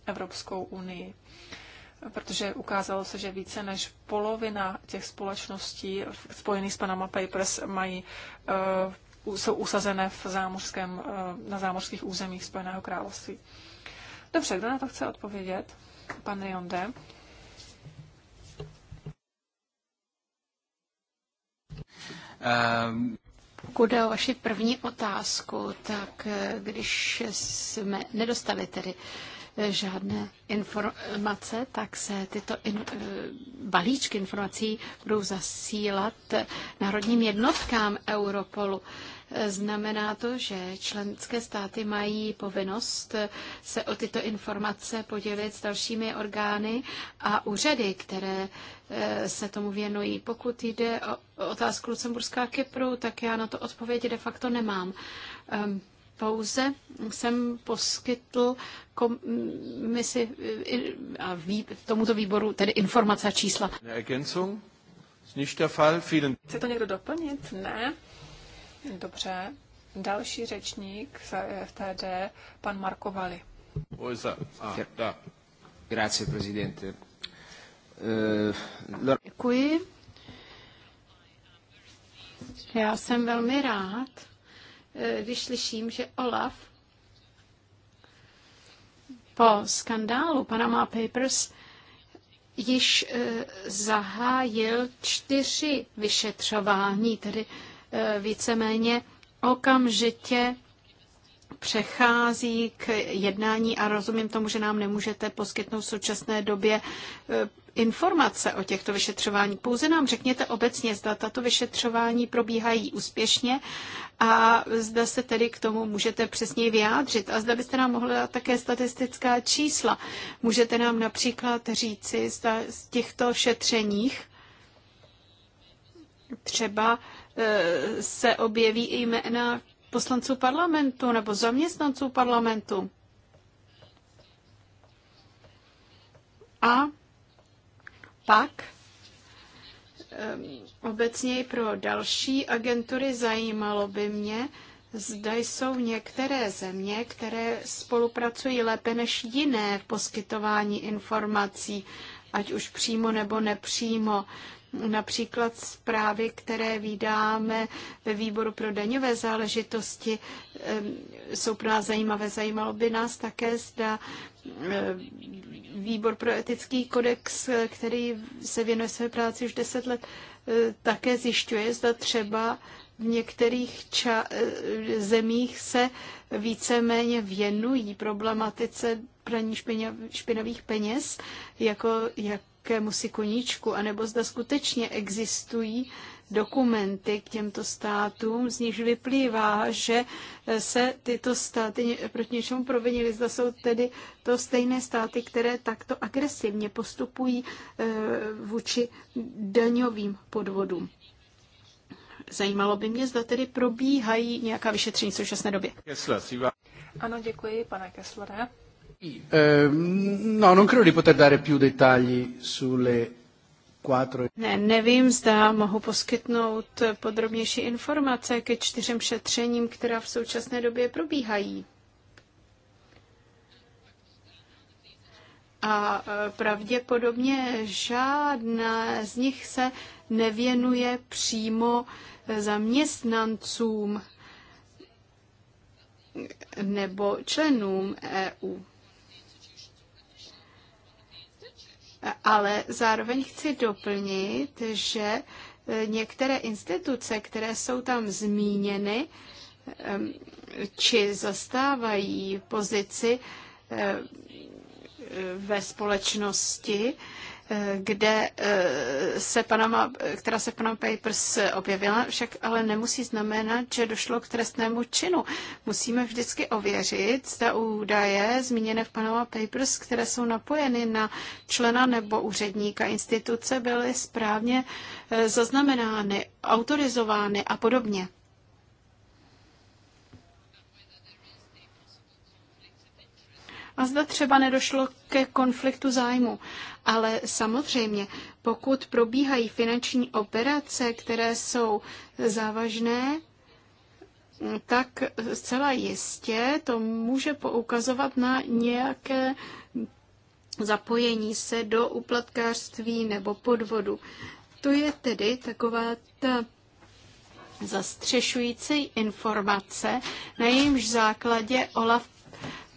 Evropskou unii. Protože ukázalo se, že více než polovina těch společností spojených s Panama Papers mají eh, jsou usazené v zámořském, eh, na zámořských územích Spojeného království. Dobře, kdo na to chce odpovědět? Pan Rionde. Um... Pokud jde o vaši první otázku, tak eh, když jsme nedostali tedy eh, žádné informace, tak se tyto in, balíčky informací budou zasílat národním jednotkám Europolu. Znamená to, že členské státy mají povinnost se o tyto informace podělit s dalšími orgány a úřady, které eh, se tomu věnují. Pokud jde o otázku Lucemburská Kypru, tak já na to odpověď de facto nemám. Ehm, pouze jsem poskytl komisi eh, a vý, tomuto výboru tedy informace a čísla. Chce to někdo doplnit? Ne. Dobře. Další řečník z FTD, pan Marko Vali. Grazie, prezidente. Eh, Děkuji. Já jsem velmi rád, eh, když slyším, že Olaf po skandálu Panama Papers již eh, zahájil čtyři vyšetřování, tedy Eh, víceméně okamžitě přechází k jednání a rozumím tomu, že nám nemůžete poskytnout v současné době eh, informace o těchto vyšetřování. Pouze nám řekněte obecně, zda tato vyšetřování probíhají úspěšně a zda se tedy k tomu můžete přesněji vyjádřit. A zda byste nám mohli dát také statistická čísla. Můžete nám například říci, zda z těchto šetřeních třeba Eh, se objeví i jména poslanců parlamentu nebo zaměstnanců parlamentu. A pak eh, obecně i pro další agentury zajímalo by mě, zda jsou některé země, které spolupracují lépe než jiné v poskytování informací, ať už přímo nebo nepřímo. Například zprávy, které vydáme ve výboru pro daňové záležitosti, eh, jsou pro nás zajímavé. Zajímalo by nás také, zda eh, výbor pro etický kodex, eh, který se věnuje své práci už deset let, také zjišťuje, zda třeba v některých ča- zemích se víceméně věnují problematice praní špinavých peněz, jako, jak jakémusi koníčku, anebo zda skutečně existují dokumenty k těmto státům, z nichž vyplývá, že se tyto státy proti něčemu provinily. Zda jsou tedy to stejné státy, které takto agresivně postupují eh, vůči daňovým podvodům. Zajímalo by mě, zda tedy probíhají nějaká vyšetření v současné době. Ano, děkuji, pane Kesslere. Eh, no, non credo di poter dare più dettagli sulle ne, nevím, zda mohu poskytnout podrobnější informace ke čtyřem šetřením, která v současné době probíhají. A eh, pravděpodobně žádná z nich se nevěnuje přímo eh, zaměstnancům nebo členům EU. Ale zároveň chci doplnit, že eh, některé instituce, které jsou tam zmíněny, ehm, či zastávají pozici eh, ve společnosti, kde eh, se Panama, která se v Panama Papers objevila, však ale nemusí znamenat, že došlo k trestnému činu. Musíme vždycky ověřit, zda údaje zmíněné v Panama Papers, které jsou napojeny na člena nebo úředníka instituce, byly správně eh, zaznamenány, autorizovány a podobně. a zda třeba nedošlo ke konfliktu zájmu. Ale samozřejmě, pokud probíhají finanční operace, které jsou závažné, tak zcela jistě to může poukazovat na nějaké zapojení se do uplatkářství nebo podvodu. To je tedy taková ta zastřešující informace, na jejímž základě OLAF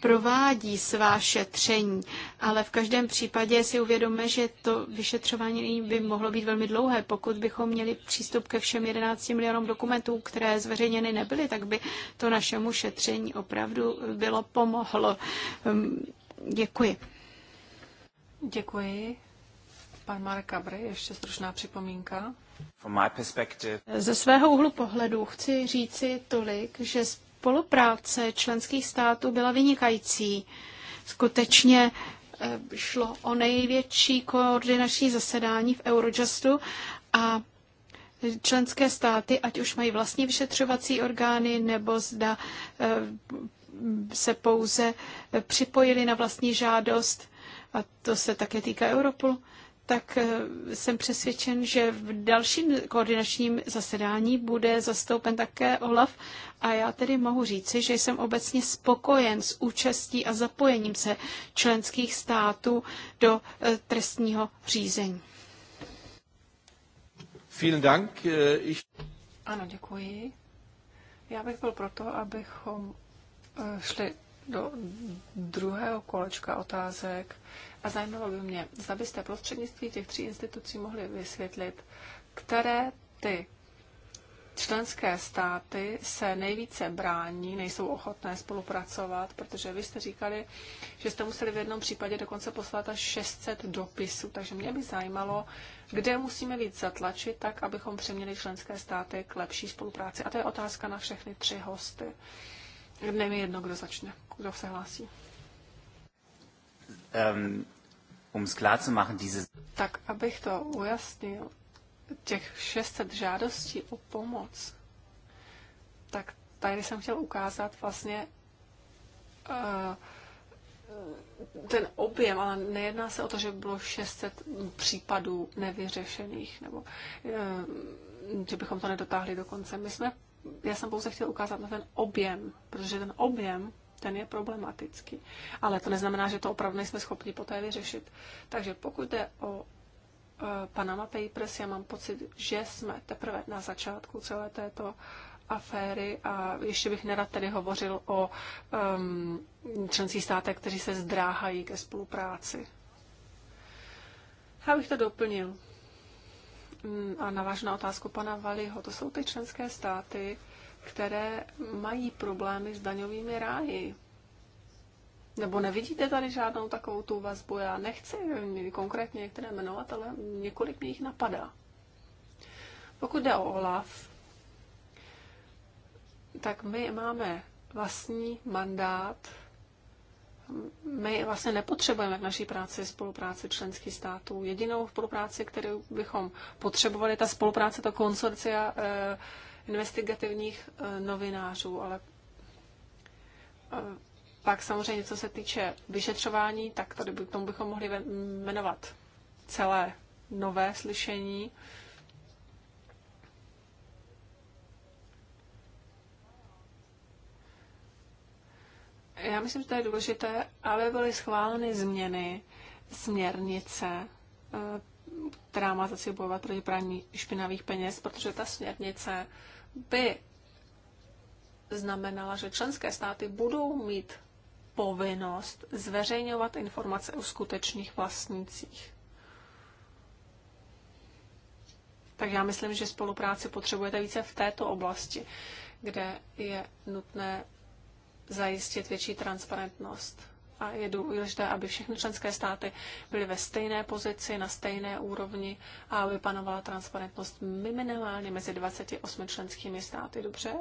provádí svá šetření, ale v každém případě si uvědomíme, že to vyšetřování by mohlo být velmi dlouhé. Pokud bychom měli přístup ke všem 11 milionům dokumentů, které zveřejněny nebyly, tak by to našemu šetření opravdu bylo pomohlo. Um, děkuji. Děkuji. Pan Marek Kabry, ještě stručná připomínka. Ze svého úhlu pohledu chci říci tolik, že z spolupráce členských států byla vynikající. Skutečně eh, šlo o největší koordinační zasedání v Eurojustu a členské státy, ať už mají vlastní vyšetřovací orgány, nebo zda eh, se pouze připojili na vlastní žádost, a to se také týká Europolu, tak eh, jsem přesvědčen, že v dalším koordinačním zasedání bude zastoupen také OLAF a já tedy mohu říci, že jsem obecně spokojen s účastí a zapojením se členských států do eh, trestního řízení. Vielen Dank. Eh, ano, děkuji. Já bych byl proto, abychom šli do druhého kolečka otázek. A zajímalo by mě, zda byste prostřednictví těch tří institucí mohli vysvětlit, které ty členské státy se nejvíce brání, nejsou ochotné spolupracovat, protože vy jste říkali, že jste museli v jednom případě dokonce poslat až 600 dopisů, takže mě by zajímalo, kde musíme víc zatlačit, tak abychom přeměli členské státy k lepší spolupráci. A to je otázka na všechny tři hosty. Nevím jedno, kdo začne, kdo se hlásí. Ähm, tak abych to ujasnil, těch 600 žádostí o pomoc, tak tady jsem chtěl ukázat vlastně uh, ten objem, ale nejedná se o to, že bylo 600 případů nevyřešených, nebo uh, že bychom to nedotáhli do konce. My jsme, já jsem pouze chtěl ukázat na ten objem, protože ten objem ten je problematický. Ale to neznamená, že to opravdu nejsme schopni poté vyřešit. Takže pokud jde o e, Panama Papers, já mám pocit, že jsme teprve na začátku celé této aféry a ještě bych nerad tedy hovořil o um, členských státech, kteří se zdráhají ke spolupráci. Já bych to doplnil mm, a na vážnou otázku pana Valiho. To jsou ty členské státy, které mají problémy s daňovými ráji. Nebo nevidíte tady žádnou takovou tu vazbu? Já nechci konkrétně některé jmenovat, ale několik mě jich napadá. Pokud jde o OLAF, tak my máme vlastní mandát. My vlastně nepotřebujeme v naší práci spolupráci členských států. Jedinou spolupráci, kterou bychom potřebovali, ta spolupráce, to konsorcia eh, investigativních eh, novinářů, ale eh, pak samozřejmě, co se týče vyšetřování, tak tady by, tomu bychom mohli jmenovat celé nové slyšení. Já myslím, že to je důležité, aby byly schváleny změny směrnice eh, která má za cíl bojovat proti praní špinavých peněz, protože ta směrnice by znamenala, že členské státy budou mít povinnost zveřejňovat informace o skutečných vlastnících. Tak já myslím, že spolupráci potřebujete více v této oblasti, kde je nutné zajistit větší transparentnost a je důležité, aby všechny členské státy byly ve stejné pozici, na stejné úrovni a aby panovala transparentnost minimálně mezi 28 členskými státy. Dobře,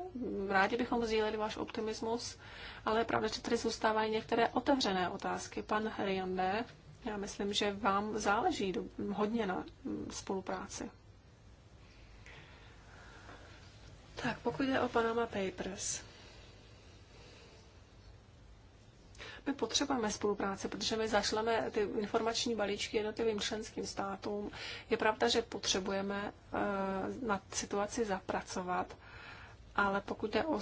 rádi bychom sdíleli váš optimismus, ale je pravda, že tady zůstávají některé otevřené otázky. Pan Riande, já myslím, že vám záleží hodně na mm, spolupráci. Tak, pokud jde o Panama Papers, My potřebujeme spolupráce, protože my zašleme ty informační balíčky jednotlivým členským státům. Je pravda, že potřebujeme eh, na situaci zapracovat, ale pokud je o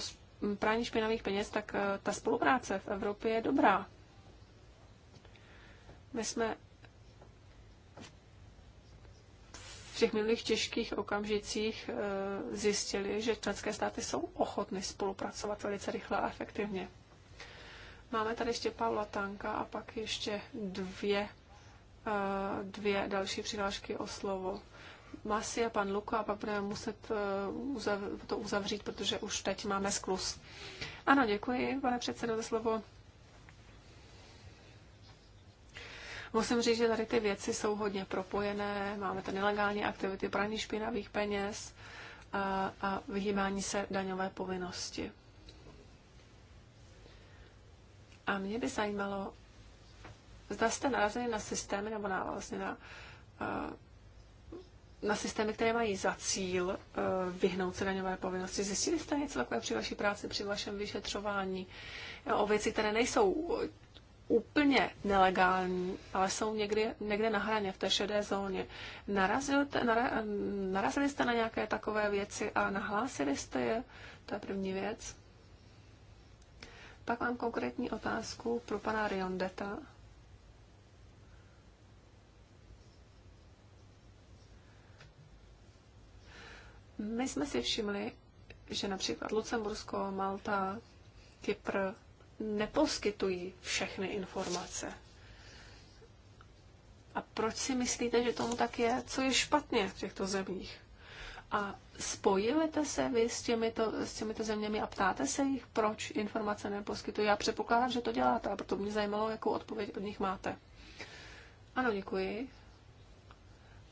prání špinavých peněz, tak eh, ta spolupráce v Evropě je dobrá. My jsme V těch minulých těžkých okamžicích eh, zjistili, že členské státy jsou ochotny spolupracovat velice rychle a efektivně. Máme tady ještě Pavla Tanka a pak ještě dvě, eh, dvě další přihlášky o slovo. Masi a pan Luko a pak budeme muset eh, to uzavřít, protože už teď máme sklus. Ano, děkuji, pane předsedo, za slovo. Musím říct, že tady ty věci jsou hodně propojené. Máme tady nelegální aktivity, praní špinavých peněz a, eh, a vyhýbání se daňové povinnosti. A mě by zajímalo, zda jste narazili na systémy nebo na, vlastně na, eh, na systémy, které mají za cíl eh, vyhnout se daňové povinnosti. Zjistili jste něco takové při vaší práci, při vašem vyšetřování o věci, které nejsou úplně nelegální, ale jsou někdy, někde na hraně, v té šedé zóně. Narazil, nara, narazili jste na nějaké takové věci a nahlásili jste je? To je první věc. Pak mám konkrétní otázku pro pana Riondeta. My jsme si všimli, že například Lucembursko, Malta, Kypr neposkytují všechny informace. A proč si myslíte, že tomu tak je? Co je špatně v těchto zemích? A spojujete se vy s těmito, s těmito zeměmi a ptáte se jich, proč informace neposkytují? Já předpokládám, že to děláte, a proto mě zajímalo, jakou odpověď od nich máte. Ano, děkuji.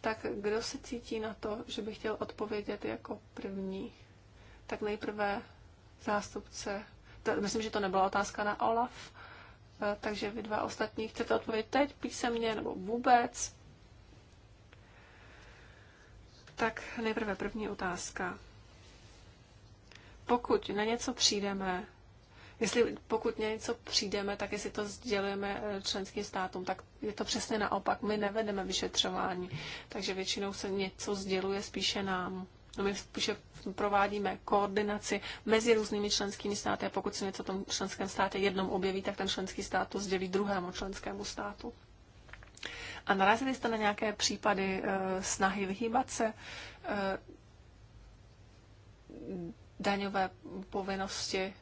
Tak kdo se cítí na to, že by chtěl odpovědět jako první? Tak nejprve zástupce. Myslím, že to nebyla otázka na Olaf, eh, takže vy dva ostatní chcete odpovědět teď písemně nebo vůbec? Tak nejprve první otázka. Pokud na něco přijdeme, jestli pokud na něco přijdeme, tak jestli to sdělujeme eh, členským státům, tak je to přesně naopak. My nevedeme vyšetřování, takže většinou se něco sděluje spíše nám. No my spíše provádíme koordinaci mezi různými členskými státy a pokud se něco v tom členském státě jednom objeví, tak ten členský stát to sdělí druhému členskému státu. A narazili jste na nějaké případy eh, snahy vyhýbat se eh, daňové povinnosti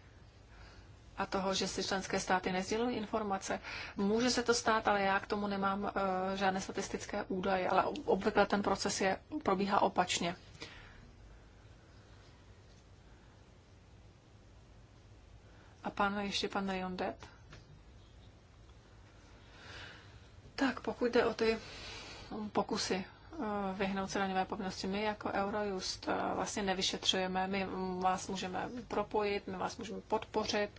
a toho, že si členské státy nezdělují informace. Může se to stát, ale já k tomu nemám eh, žádné statistické údaje, ale obvykle ten proces je, probíhá opačně. A pan ještě pan Depp. Tak pokud jde o ty pokusy eh, vyhnout se daňové povinnosti. My jako Eurojust eh, vlastně nevyšetřujeme, my vás můžeme propojit, my vás můžeme podpořit,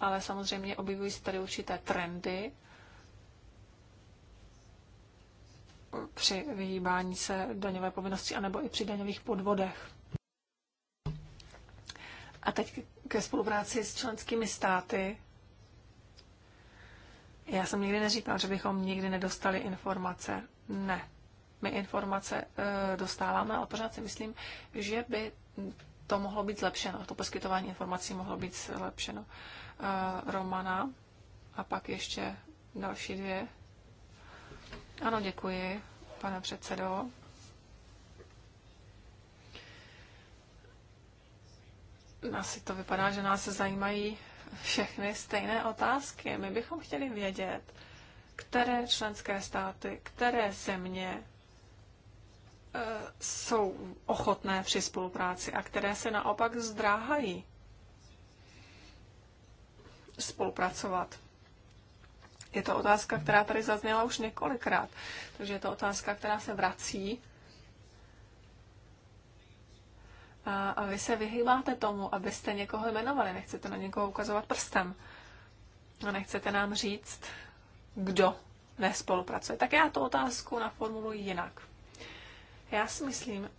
ale samozřejmě objevují se tady určité trendy při vyhýbání se daňové povinnosti anebo i při daňových podvodech. A teď ke spolupráci s členskými státy já jsem nikdy neříkal, že bychom nikdy nedostali informace. Ne. My informace e, dostáváme, ale pořád si myslím, že by to mohlo být zlepšeno. To poskytování informací mohlo být zlepšeno. E, Romana a pak ještě další dvě. Ano, děkuji, pane předsedo. Asi to vypadá, že nás zajímají všechny stejné otázky. My bychom chtěli vědět, které členské státy, které země eh, jsou ochotné při spolupráci a které se naopak zdráhají spolupracovat. Je to otázka, která tady zazněla už několikrát, takže je to otázka, která se vrací A, a vy se vyhýbáte tomu, abyste někoho jmenovali, nechcete na někoho ukazovat prstem. A nechcete nám říct, kdo nespolupracuje. Tak já tu otázku naformuluji jinak. Já si myslím,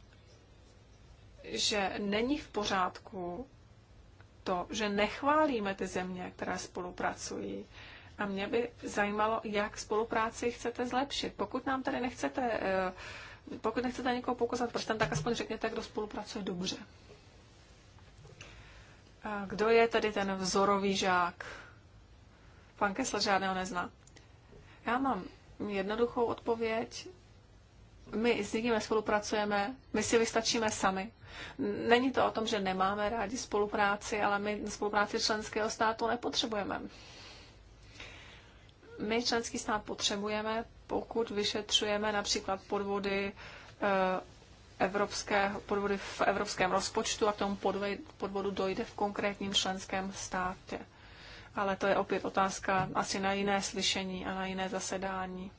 že není v pořádku to, že nechválíme ty země, které spolupracují. A mě by zajímalo, jak spolupráci chcete zlepšit. Pokud nám tady nechcete uh, pokud nechcete někoho pokusat prstem, tak aspoň řekněte, kdo spolupracuje dobře. A kdo je tady ten vzorový žák? Pan Kessler žádného nezná. Já mám jednoduchou odpověď. My s nikým nespolupracujeme, my si vystačíme sami. Není to o tom, že nemáme rádi spolupráci, ale my spolupráci členského státu nepotřebujeme my členský stát potřebujeme, pokud vyšetřujeme například podvody eh, evropské, podvody v evropském rozpočtu a k tomu podvodu dojde v konkrétním členském státě. Ale to je opět otázka asi na jiné slyšení a na jiné zasedání.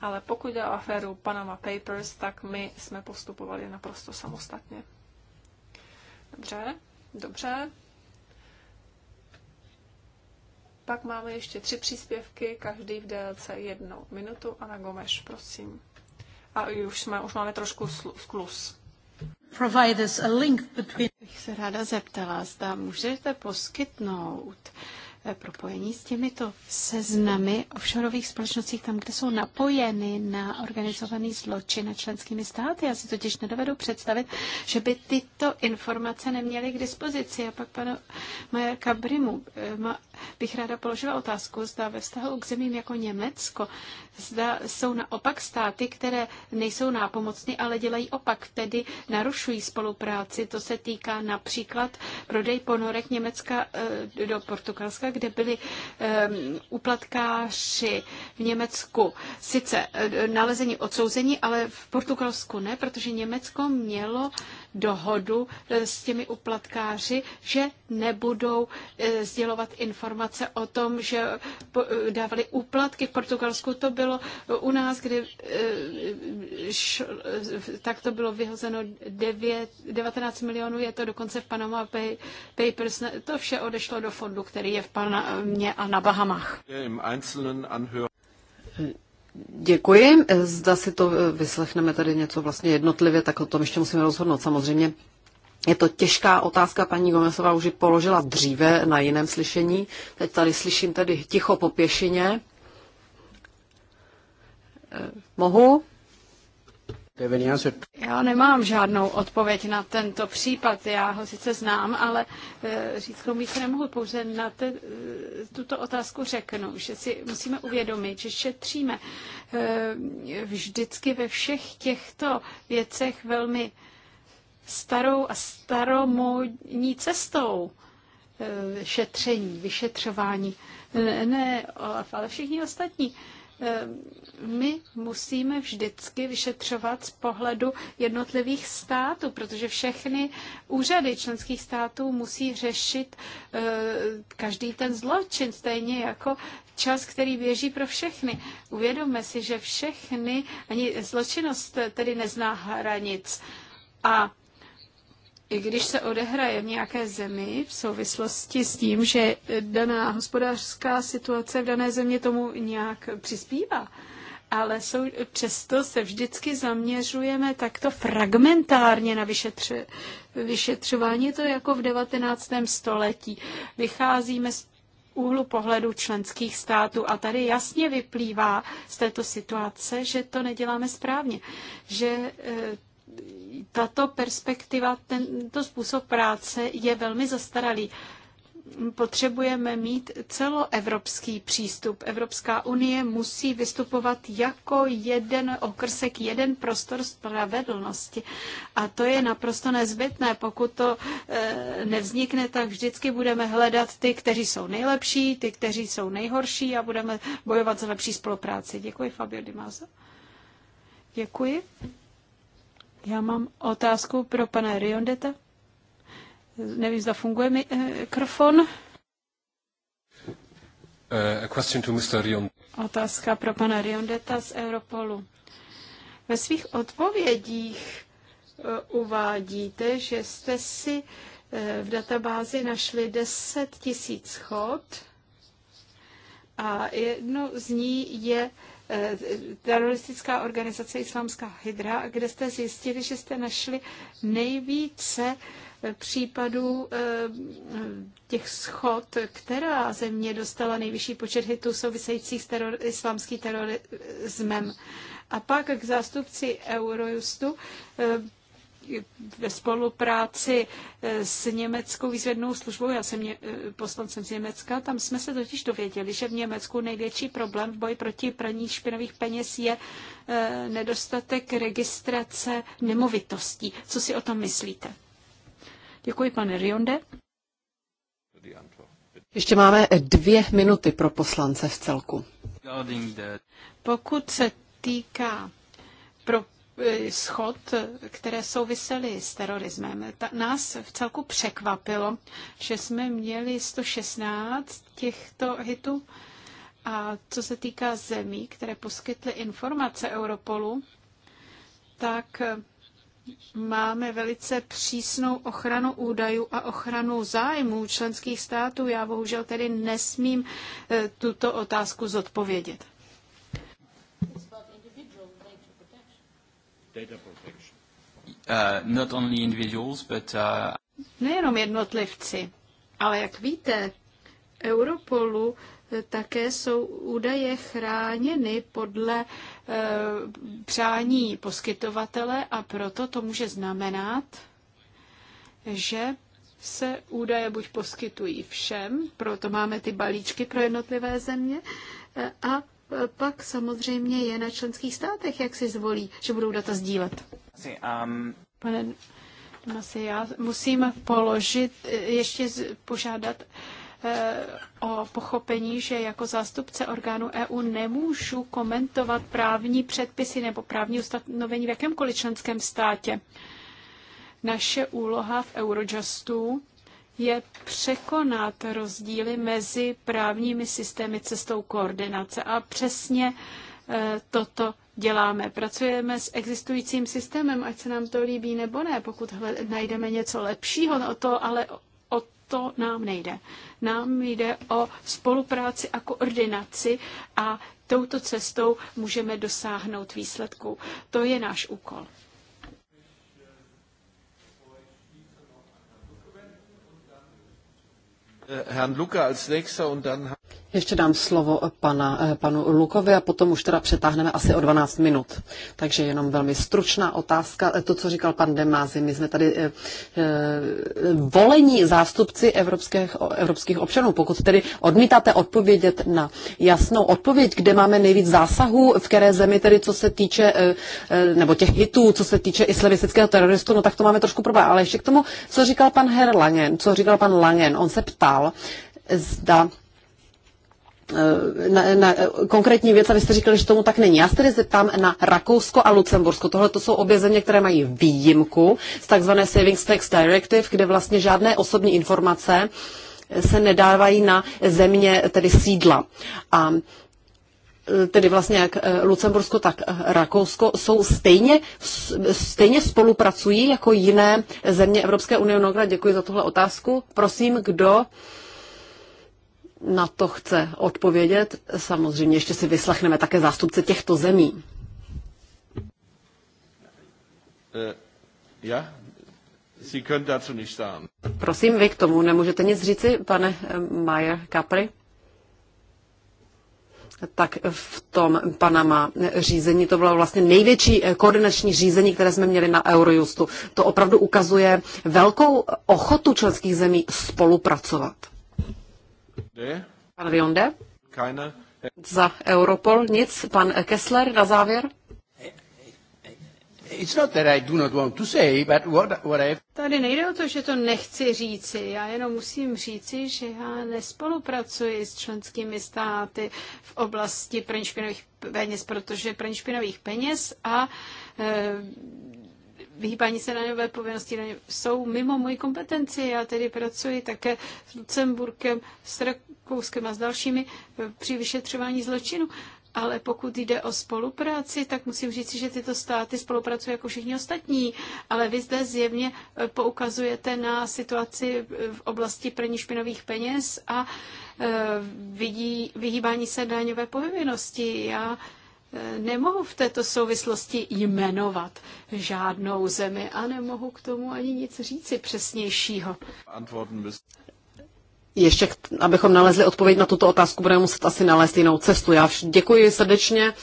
Ale pokud jde o aféru Panama Papers, tak my jsme postupovali naprosto samostatně. Dobře, dobře. Pak máme ještě tři příspěvky, každý v délce jednu minutu. Ana Gomeš, prosím. A už, jsme, už máme trošku sklus. a link Bych se ráda zeptala, zda můžete poskytnout eh, propojení s těmito seznamy offshoreových společností tam, kde jsou napojeny na organizovaný zločin na členskými státy. Já si totiž nedovedu představit, že by tyto informace neměly k dispozici. A pak panu Majer Kabrimu, eh, bych ráda položila otázku, zda ve vztahu k zemím jako Německo, zda jsou naopak státy, které nejsou nápomocny, ale dělají opak, tedy narušují spolupráci. To se týká například prodej ponorek Německa eh, do Portugalska, kde byli ehm, uplatkáři v Německu sice eh, nalezení odsouzení, ale v Portugalsku ne, protože Německo mělo dohodu e, s těmi uplatkáři, že nebudou e, sdělovat informace o tom, že e, dávali úplatky v Portugalsku. To bylo u nás, kdy tak to bylo vyhozeno 9, 19 milionů, je to dokonce v Panama Papers. To vše odešlo do fondu, který je v Panamě a na Bahamách. Děkuji. Zda si to vyslechneme tady něco vlastně jednotlivě, tak o tom ještě musíme rozhodnout samozřejmě. Je to těžká otázka, paní Gomesová už ji položila dříve na jiném slyšení. Teď tady slyším tedy ticho po pěšině. Eh, mohu? Já nemám žádnou odpověď na tento případ. Já ho sice znám, ale eh, říct že se nemohu. Pouze na te, eh, tuto otázku řeknu, že si musíme uvědomit, že šetříme eh, vždycky ve všech těchto věcech velmi starou a staromodní cestou šetření, vyšetřování. Ne, ne ale všichni ostatní Eh, my musíme vždycky vyšetřovat z pohledu jednotlivých států, protože všechny úřady členských států musí řešit eh, každý ten zločin, stejně jako čas, který běží pro všechny. Uvědomme si, že všechny, ani zločinnost tedy nezná hranic. A když se odehraje v nějaké zemi v souvislosti s tím, že daná hospodářská situace v dané země tomu nějak přispívá. Ale jsou, přesto se vždycky zaměřujeme takto fragmentárně na vyšetře, vyšetřování, to jako v 19. století. Vycházíme z úhlu pohledu členských států. A tady jasně vyplývá z této situace, že to neděláme správně, že eh, tato perspektiva, tento způsob práce je velmi zastaralý. Potřebujeme mít celoevropský přístup. Evropská unie musí vystupovat jako jeden okrsek, jeden prostor spravedlnosti. A to je naprosto nezbytné. Pokud to e, nevznikne, tak vždycky budeme hledat ty, kteří jsou nejlepší, ty, kteří jsou nejhorší a budeme bojovat za lepší spolupráci. Děkuji, Fabio Dimaza. Děkuji. Já mám otázku pro pana Riondeta. Nevím, zda funguje eh, mikrofon. Eh, a Otázka pro pana Riondeta z Europolu. Ve svých odpovědích eh, uvádíte, že jste si v databázi našli 10 tisíc schod a jedno z ní je Eh, teroristická organizace Islámská hydra, kde jste zjistili, že jste našli nejvíce eh, případů eh, těch schod, která země dostala nejvyšší počet hitů souvisejících s teror, islámským terorismem. A pak k zástupci Eurojustu ve spolupráci eh, s německou výzvědnou službou, já jsem eh, poslancem z Německa, tam jsme se totiž dověděli, že v Německu největší problém v boji proti praní špinavých peněz je eh, nedostatek registrace nemovitostí. Co si o tom myslíte? Děkuji, pane Rionde. Ještě máme dvě minuty pro poslance v celku. Pokud se týká schod, které souvisely s terorismem. Ta, nás v celku překvapilo, že jsme měli 116 těchto hitů. A co se týká zemí, které poskytly informace Europolu, tak máme velice přísnou ochranu údajů a ochranu zájmů členských států. Já bohužel tedy nesmím eh, tuto otázku zodpovědět. data protection? Uh, not only individuals, but, uh... Nejenom jednotlivci, ale jak víte, Europolu eh, také jsou údaje chráněny podle uh, přání poskytovatele a proto to může znamenat, že se údaje buď poskytují všem, proto máme ty balíčky pro jednotlivé země, eh, a pak samozřejmě je na členských státech, jak si zvolí, že budou data sdílet. Um, Pane já musím položit, ještě požádat eh, o pochopení, že jako zástupce orgánu EU nemůžu komentovat právní předpisy nebo právní ustanovení v jakémkoliv členském státě. Naše úloha v Eurojustu je překonat rozdíly mezi právními systémy cestou koordinace. A přesně e, toto děláme. Pracujeme s existujícím systémem, ať se nám to líbí nebo ne. Pokud najdeme něco lepšího, o no to ale o to nám nejde. Nám jde o spolupráci a koordinaci a touto cestou můžeme dosáhnout výsledku. To je náš úkol. Herrn Luca als nächster und dann... Ještě dám slovo pana, eh, panu Lukovi a potom už teda přetáhneme asi o 12 minut. Takže jenom velmi stručná otázka. Eh, to, co říkal pan Demázy, my jsme tady eh, eh volení zástupci evropských, evropských občanů. Pokud tedy odmítáte odpovědět na jasnou odpověď, kde máme nejvíc zásahů, v které zemi tedy, co se týče, eh, nebo těch hitů, co se týče islamistického teroristu, no tak to máme trošku problém. Ale ještě k tomu, co říkal pan Herr Langen, co říkal pan Langen, on se ptal, zda Eh, na, na konkrétní věc, jste říkali, že tomu tak není. Já se tedy zeptám na Rakousko a Lucembursko. Tohle to jsou obě země, které mají výjimku z takzvané Savings Tax Directive, kde vlastně žádné osobní informace se nedávají na země, tedy sídla. A eh, tedy vlastně jak eh, Lucembursko, tak Rakousko, jsou stejně, stejně spolupracují jako jiné země Evropské unie. Mnohokrát děkuji za tuhle otázku. Prosím, kdo na to chce odpovědět. Samozřejmě ještě si vyslechneme také zástupce těchto zemí. Eh, ja? Sie können dazu nicht sagen. Prosím, vy k tomu nemůžete nic říci, pane eh, Mayer Capri? tak v tom Panama řízení. To bylo vlastně největší eh, koordinační řízení, které jsme měli na Eurojustu. To opravdu ukazuje velkou ochotu členských zemí spolupracovat. Pan Vionde? Keine. Za Europol nic. Pan Kessler na závěr? It's not that I do not want to say, but what, what I... Tady nejde o to, že to nechci říci. Já jenom musím říci, že já nespolupracuji s členskými státy v oblasti praní peněz, protože praní peněz a e, vyhýbání se daňové povinnosti jsou mimo moji kompetenci. Já tedy pracuji také s Lucemburkem, s Rakouskem a s dalšími eh, při vyšetřování zločinu. Ale pokud jde o spolupráci, tak musím říct, že tyto státy spolupracují jako všichni ostatní, ale vy zde zjevně eh, poukazujete na situaci eh, v oblasti praní špinových peněz a vidí, vyhýbání se daňové povinnosti. Já nemohu v této souvislosti jmenovat žádnou zemi a nemohu k tomu ani nic říci přesnějšího. Ještě, abychom nalezli odpověď na tuto otázku, budeme muset asi nalézt jinou cestu. Já děkuji srdečně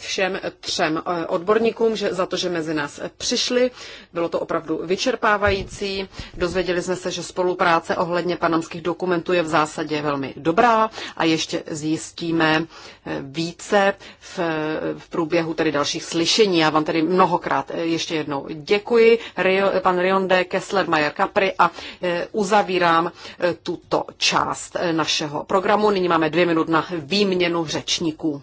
všem třem eh, odborníkům že za to, že mezi nás eh, přišli. Bylo to opravdu vyčerpávající. Dozvěděli jsme se, že spolupráce ohledně panamských dokumentů je v zásadě velmi dobrá a ještě zjistíme eh, více v, v průběhu tedy dalších slyšení. Já vám tedy mnohokrát ještě jednou děkuji. Rio, pan Rionde, Kessler, Majer Capri a uzavírám tuto část našeho programu. Nyní máme dvě minut na výměnu řečníků.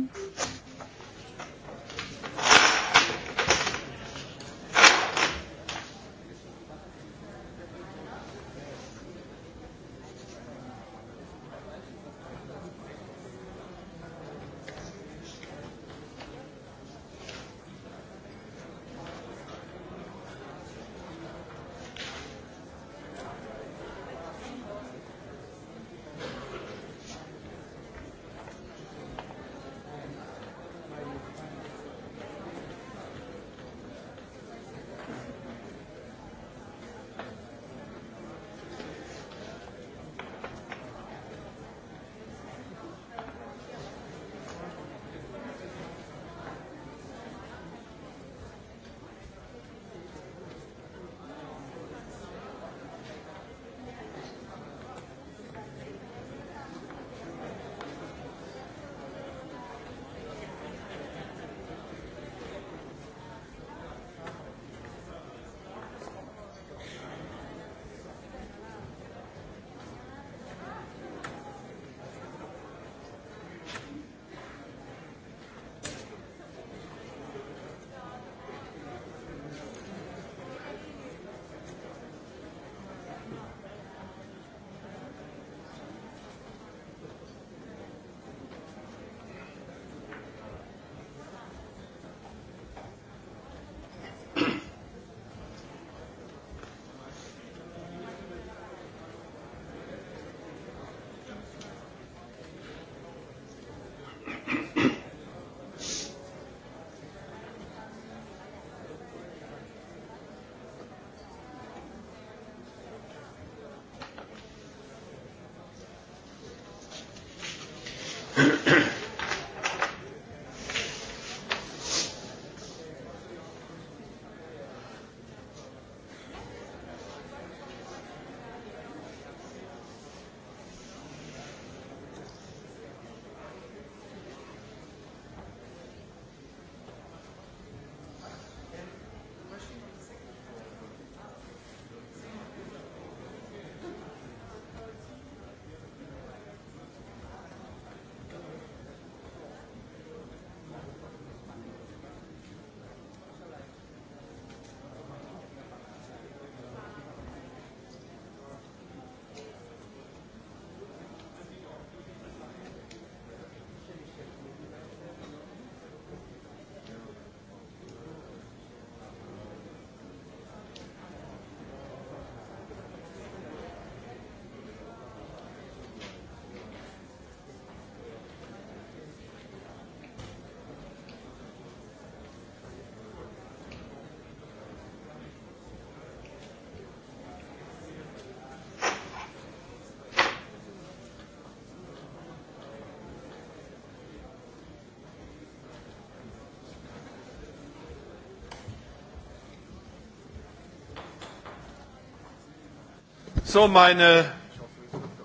So, meine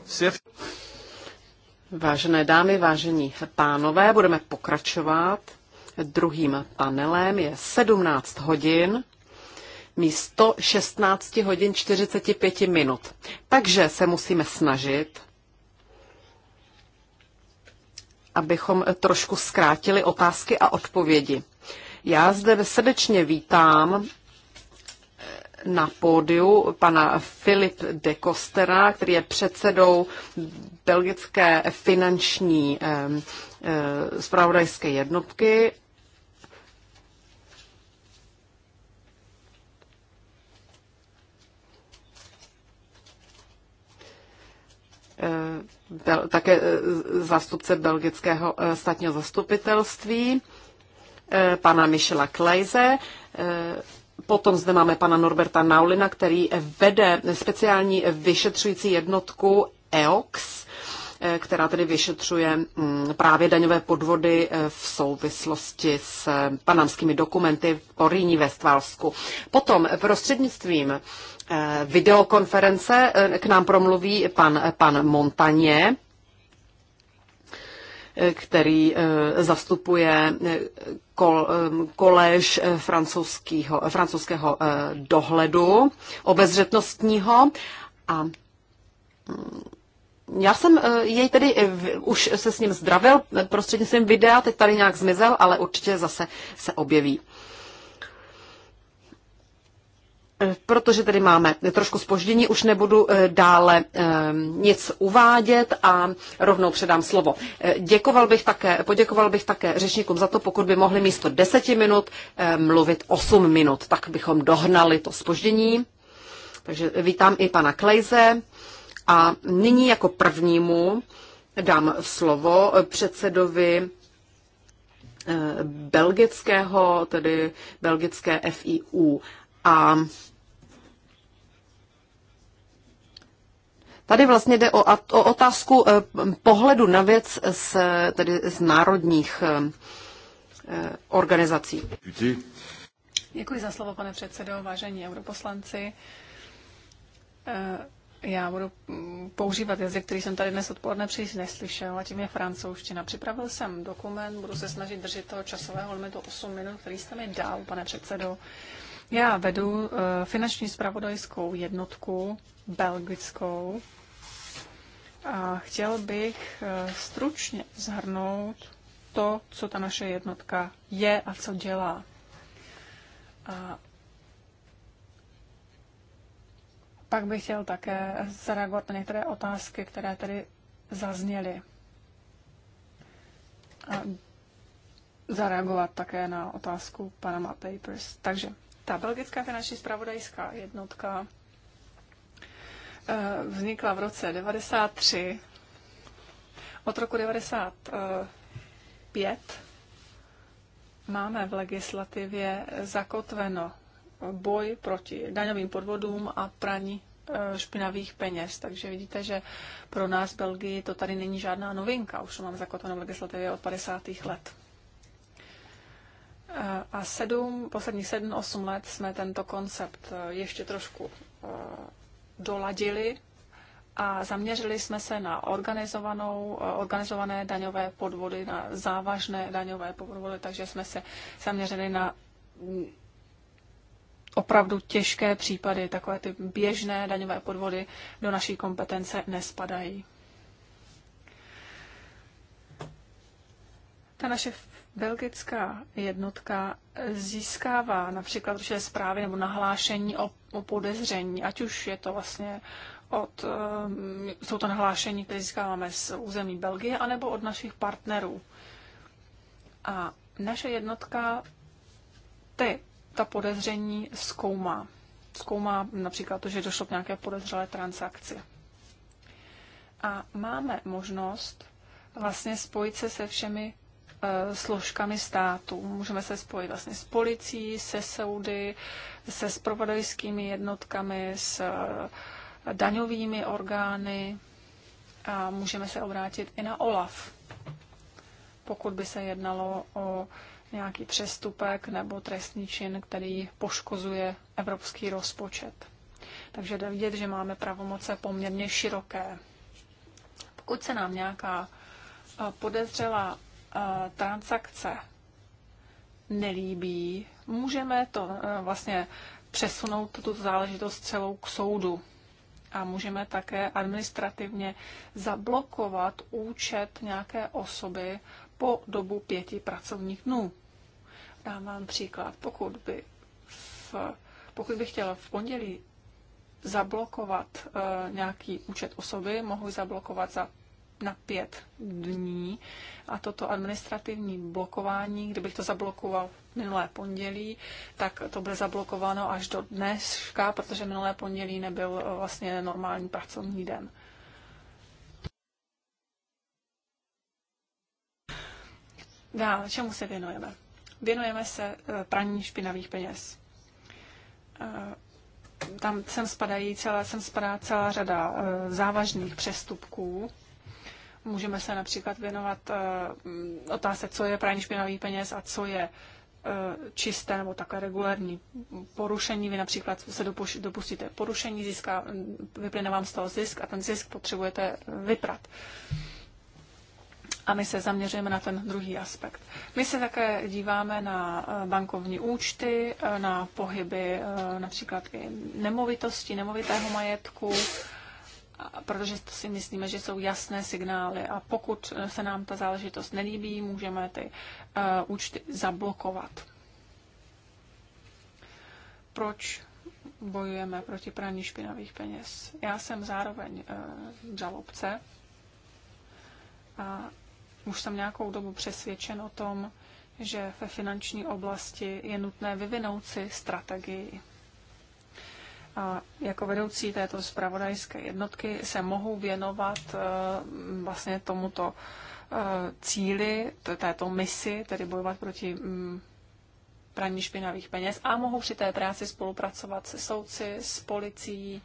sehr Vážené dámy, vážení pánové, budeme pokračovat. Druhým panelem je 17 hodin místo 16 hodin 45 minut. Takže se musíme snažit, abychom trošku zkrátili otázky a odpovědi. Já zde srdečně vítám na pódiu pana Filip de Kostera, který je předsedou belgické finanční spravodajské eh, jednotky. Eh, také eh, zástupce belgického státního zastupitelství, pana Michela Kleize. Potom zde máme pana Norberta Naulina, který vede speciální vyšetřující jednotku EOX, eh, která tedy vyšetřuje mm, právě daňové podvody eh, v souvislosti s eh, panamskými dokumenty v Oríní ve Stválsku. Potom prostřednictvím videokonference k nám promluví pan, pan Montaně, který eh, zastupuje eh, kolež eh, koléž francouzského, francouzského dohledu obezřetnostního a mm, já jsem jej tedy, už se s ním zdravil prostřednictvím videa, teď tady nějak zmizel, ale určitě zase se objeví. Protože tady máme trošku spoždění, už nebudu eh, dále eh, nic uvádět a rovnou předám slovo. Eh, děkoval bych také, poděkoval bych také řečníkům za to, pokud by mohli místo deseti minut mluvit osm minut, tak bychom dohnali to spoždění. Takže vítám i pana Klejze a nyní jako prvnímu dám slovo předsedovi belgického, tedy belgické FIU a Tady vlastně jde o, o otázku eh, pohledu na věc z, tedy z národních eh, eh, organizací. Děkuji za slovo, pane předsedo, vážení europoslanci. Já budu mm, používat jazyk, který jsem tady dnes odpoledne příliš neslyšel, a tím je francouzština. Připravil jsem dokument, budu se snažit držet toho časového limitu 8 minut, který jste mi dal, pane předsedo. Uh, já vedu eh, finanční spravodajskou jednotku belgickou a chtěl bych eh, stručně zhrnout to, co ta naše jednotka je a co dělá. A pak bych chtěl také zareagovat na některé otázky, které tady zazněly. A zareagovat také na otázku Panama Papers. Takže ta belgická finanční spravodajská jednotka eh, vznikla v roce 93. Od roku 95 máme v legislativě zakotveno boj proti daňovým podvodům a praní eh, špinavých peněz. Takže vidíte, že pro nás Belgii to tady není žádná novinka. Už to mám zakotveno v legislativě od 50. let. A sedm, posledních sedm, osm let jsme tento koncept eh, ještě trošku eh, doladili a zaměřili jsme se na organizovanou, eh, organizované daňové podvody, na závažné daňové podvody, takže jsme se zaměřili na mm, opravdu těžké případy, takové ty běžné daňové podvody do naší kompetence nespadají. Ta naše belgická jednotka získává například určité zprávy nebo nahlášení o, o podezření, ať už je to vlastně od, eh, jsou to nahlášení, které získáváme z území Belgie, anebo od našich partnerů. A naše jednotka ty, ta podezření zkoumá. Zkoumá například to, že došlo k nějaké podezřelé transakci. A máme možnost vlastně spojit se se všemi E, složkami státu. Můžeme se spojit vlastně s policií, se soudy, se spravodajskými jednotkami, s e, daňovými orgány a můžeme se obrátit i na OLAF, pokud by se jednalo o nějaký přestupek nebo trestný čin, který poškozuje evropský rozpočet. Takže jde vidět, že máme pravomoce poměrně široké. Pokud se nám nějaká e, podezřelá Eh, transakce nelíbí, můžeme to eh, vlastně přesunout tuto záležitost celou k soudu. A můžeme také administrativně zablokovat účet nějaké osoby po dobu pěti pracovních dnů. Dám vám příklad. Pokud by, v, pokud by chtěla v pondělí zablokovat e, nějaký účet osoby, mohu zablokovat za na pět dní a toto administrativní blokování, kdybych to zablokoval minulé pondělí, tak to bude zablokováno až do dneška, protože minulé pondělí nebyl eh, vlastně normální pracovní den. Dále, čemu se věnujeme? Věnujeme se eh, praní špinavých peněz eh, tam sem, spadají celá, sem spadá celá řada závažných přestupků, Můžeme se například věnovat eh, mm, otázce, co je praní špinavý peněz a co je eh, čisté nebo takové regulární porušení. Vy například se dopustíte porušení, získá, mm, vyplyne vám z toho zisk a ten zisk potřebujete eh, vyprat. A my se zaměřujeme na ten druhý aspekt. My se také díváme na bankovní účty, na pohyby například i nemovitosti, nemovitého majetku, protože to si myslíme, že jsou jasné signály a pokud se nám ta záležitost nelíbí, můžeme ty uh, účty zablokovat. Proč bojujeme proti praní špinavých peněz? Já jsem zároveň uh, žalobce a už jsem nějakou dobu přesvědčen o tom, že ve finanční oblasti je nutné vyvinout si strategii a jako vedoucí této zpravodajské jednotky se mohu věnovat eh, vlastně tomuto eh, cíli, této misi, tedy bojovat proti mm, praní špinavých peněz a mohu při té práci spolupracovat se soudci, s policií,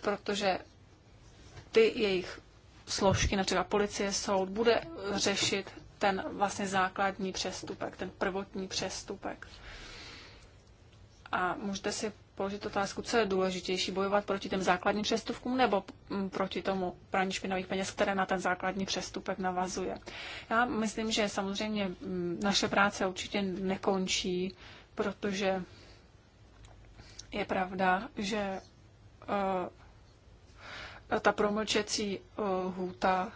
protože ty jejich složky, například policie, soud, bude řešit ten vlastně základní přestupek, ten prvotní přestupek. A můžete si položit otázku, co je důležitější, bojovat proti těm základním přestupkům nebo mm, proti tomu praní špinavých peněz, které na ten základní přestupek navazuje. Já myslím, že samozřejmě mm, naše práce určitě nekončí, protože je pravda, že eh, ta promlčecí eh, hůta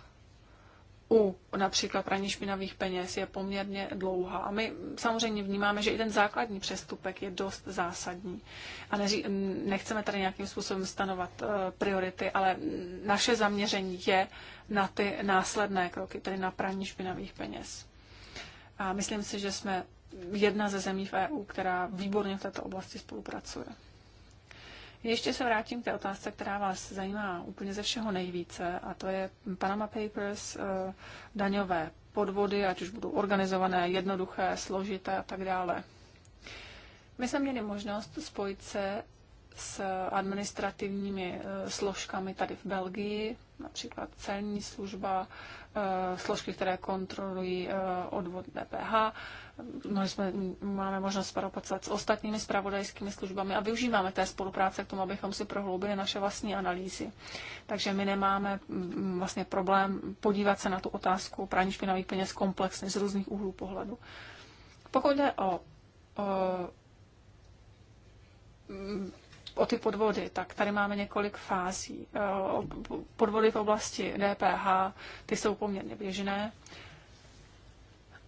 u například praní špinavých peněz je poměrně dlouhá. A my samozřejmě vnímáme, že i ten základní přestupek je dost zásadní. A neří, nechceme tady nějakým způsobem stanovat uh, priority, ale naše zaměření je na ty následné kroky, tedy na praní špinavých peněz. A myslím si, že jsme jedna ze zemí v EU, která výborně v této oblasti spolupracuje. Ještě se vrátím k té otázce, která vás zajímá úplně ze všeho nejvíce, a to je Panama Papers, eh, daňové podvody, ať už budou organizované, jednoduché, složité a tak dále. My jsme měli možnost spojit se s administrativními eh, složkami tady v Belgii, například celní služba, eh, složky, které kontrolují eh, odvod DPH. Mohli jsme, máme možnost spolupracovat s ostatními spravodajskými službami a využíváme té spolupráce k tomu, abychom si prohloubili naše vlastní analýzy. Takže my nemáme mm, vlastně problém podívat se na tu otázku praní špinavých peněz komplexně z různých úhlů pohledu. Pokud jde o, o o ty podvody, tak tady máme několik fází. Eh, podvody v oblasti DPH, ty jsou poměrně běžné.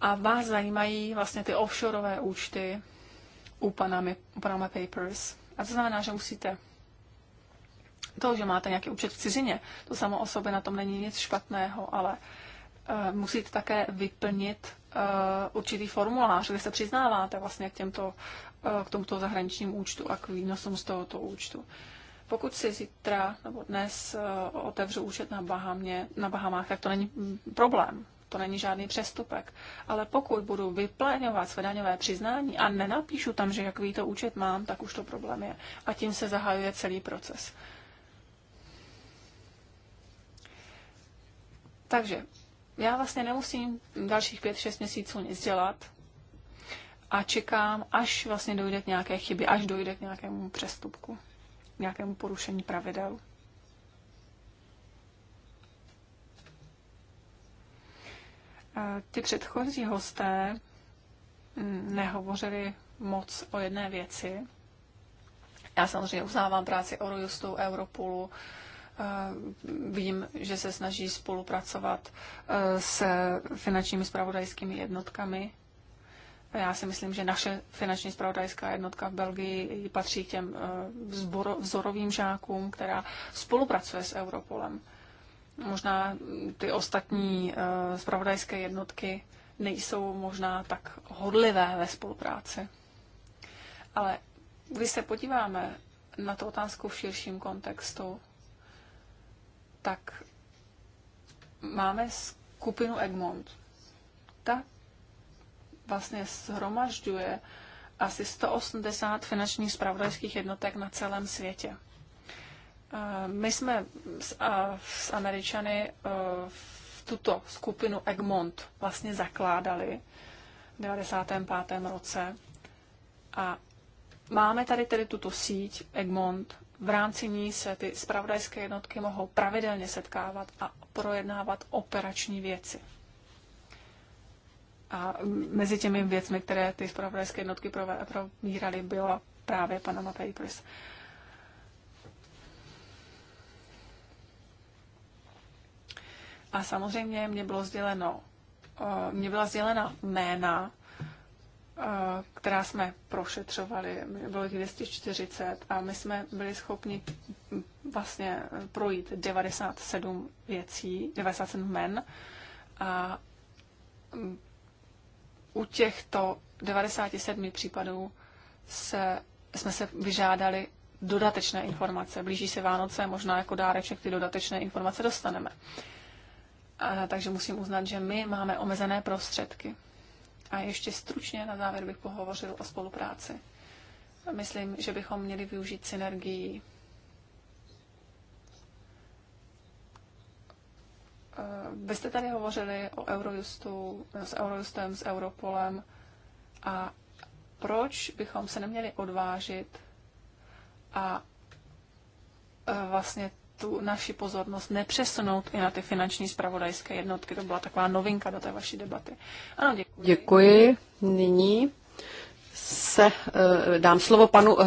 A vás zajímají vlastně ty offshoreové účty u Panama, Panama Papers. A to znamená, že musíte to, že máte nějaký účet v cizině, to samo o sobě na tom není nic špatného, ale uh, musíte také vyplnit uh, určitý formulář, kde se přiznáváte vlastně k těmto Eh, k tomuto zahraničnímu účtu a k výnosům z tohoto účtu. Pokud si zítra nebo dnes eh, otevřu účet na, Bahamě, na Bahamách, tak to není problém. To není žádný přestupek. Ale pokud budu vypléňovat své daňové přiznání a nenapíšu tam, že jaký to účet mám, tak už to problém je. A tím se zahajuje celý proces. Takže já vlastně nemusím dalších 5-6 měsíců nic dělat, a čekám, až vlastně dojde k nějaké chybě, až dojde k nějakému přestupku, k nějakému porušení pravidel. Ti předchozí hosté nehovořili moc o jedné věci. Já samozřejmě uznávám práci Eurojustu, Europolu, Vím, že se snaží spolupracovat e, s finančními spravodajskými jednotkami já si myslím, že naše finanční spravodajská jednotka v Belgii patří k těm eh, vzorovým žákům, která spolupracuje s Europolem. Možná ty ostatní eh, spravodajské jednotky nejsou možná tak hodlivé ve spolupráci. Ale když se podíváme na tu otázku v širším kontextu, tak máme skupinu Egmont. Ta vlastně shromažďuje asi 180 finančních spravodajských jednotek na celém světě. Eh, my jsme s, s Američany eh, v tuto skupinu Egmont vlastně zakládali v 95. roce a máme tady tedy tuto síť Egmont. V rámci ní se ty spravodajské jednotky mohou pravidelně setkávat a projednávat operační věci. A mezi těmi věcmi, které ty zpravodajské jednotky probíraly, byla právě Panama Papers. A samozřejmě mě bylo sděleno, eh, mě byla sdělena jména, eh, která jsme prošetřovali, bylo jich 240 a my jsme byli schopni vlastně projít 97 věcí, 97 men a u těchto 97 případů se, jsme se vyžádali dodatečné informace. Blíží se Vánoce, možná jako dáreček ty dodatečné informace dostaneme. A, takže musím uznat, že my máme omezené prostředky. A ještě stručně na závěr bych pohovořil o spolupráci. Myslím, že bychom měli využít synergii Eh, vy jste tady hovořili o Eurojustu, s Eurojustem, s Europolem a proč bychom se neměli odvážit a eh, vlastně tu naši pozornost nepřesunout i na ty finanční spravodajské jednotky. To byla taková novinka do té vaší debaty. Ano, děkuji. Děkuji. Nyní se eh, dám slovo panu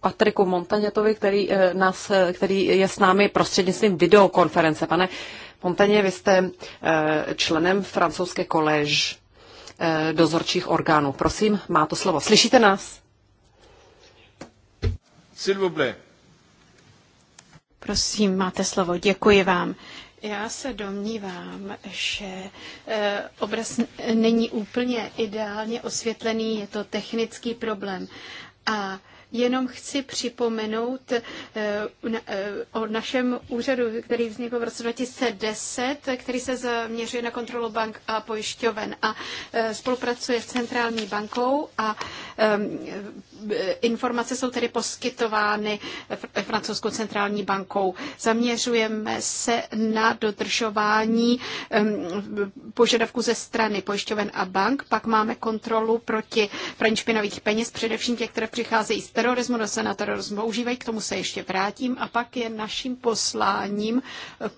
Patriku Montanětovi, který, nás, který je s námi prostřednictvím videokonference. Pane Montaigne, vy jste eh, členem francouzské koléž eh, dozorčích orgánů. Prosím, má to slovo. Slyšíte nás? Prosím, máte slovo. Děkuji vám. Já se domnívám, že eh, obraz není úplně ideálně osvětlený, je to technický problém. A Jenom chci připomenout eh, eh, o našem úřadu, který vznikl v roce 2010, který se zaměřuje na kontrolu bank a pojišťoven a eh, spolupracuje s centrální bankou a Informace jsou tedy poskytovány Francouzskou centrální bankou. Zaměřujeme se na dodržování požadavků ze strany pojišťoven a bank. Pak máme kontrolu proti praní špinavých peněz, především těch, které přicházejí z terorismu, do se na terorismu užívají, k tomu se ještě vrátím. A pak je naším posláním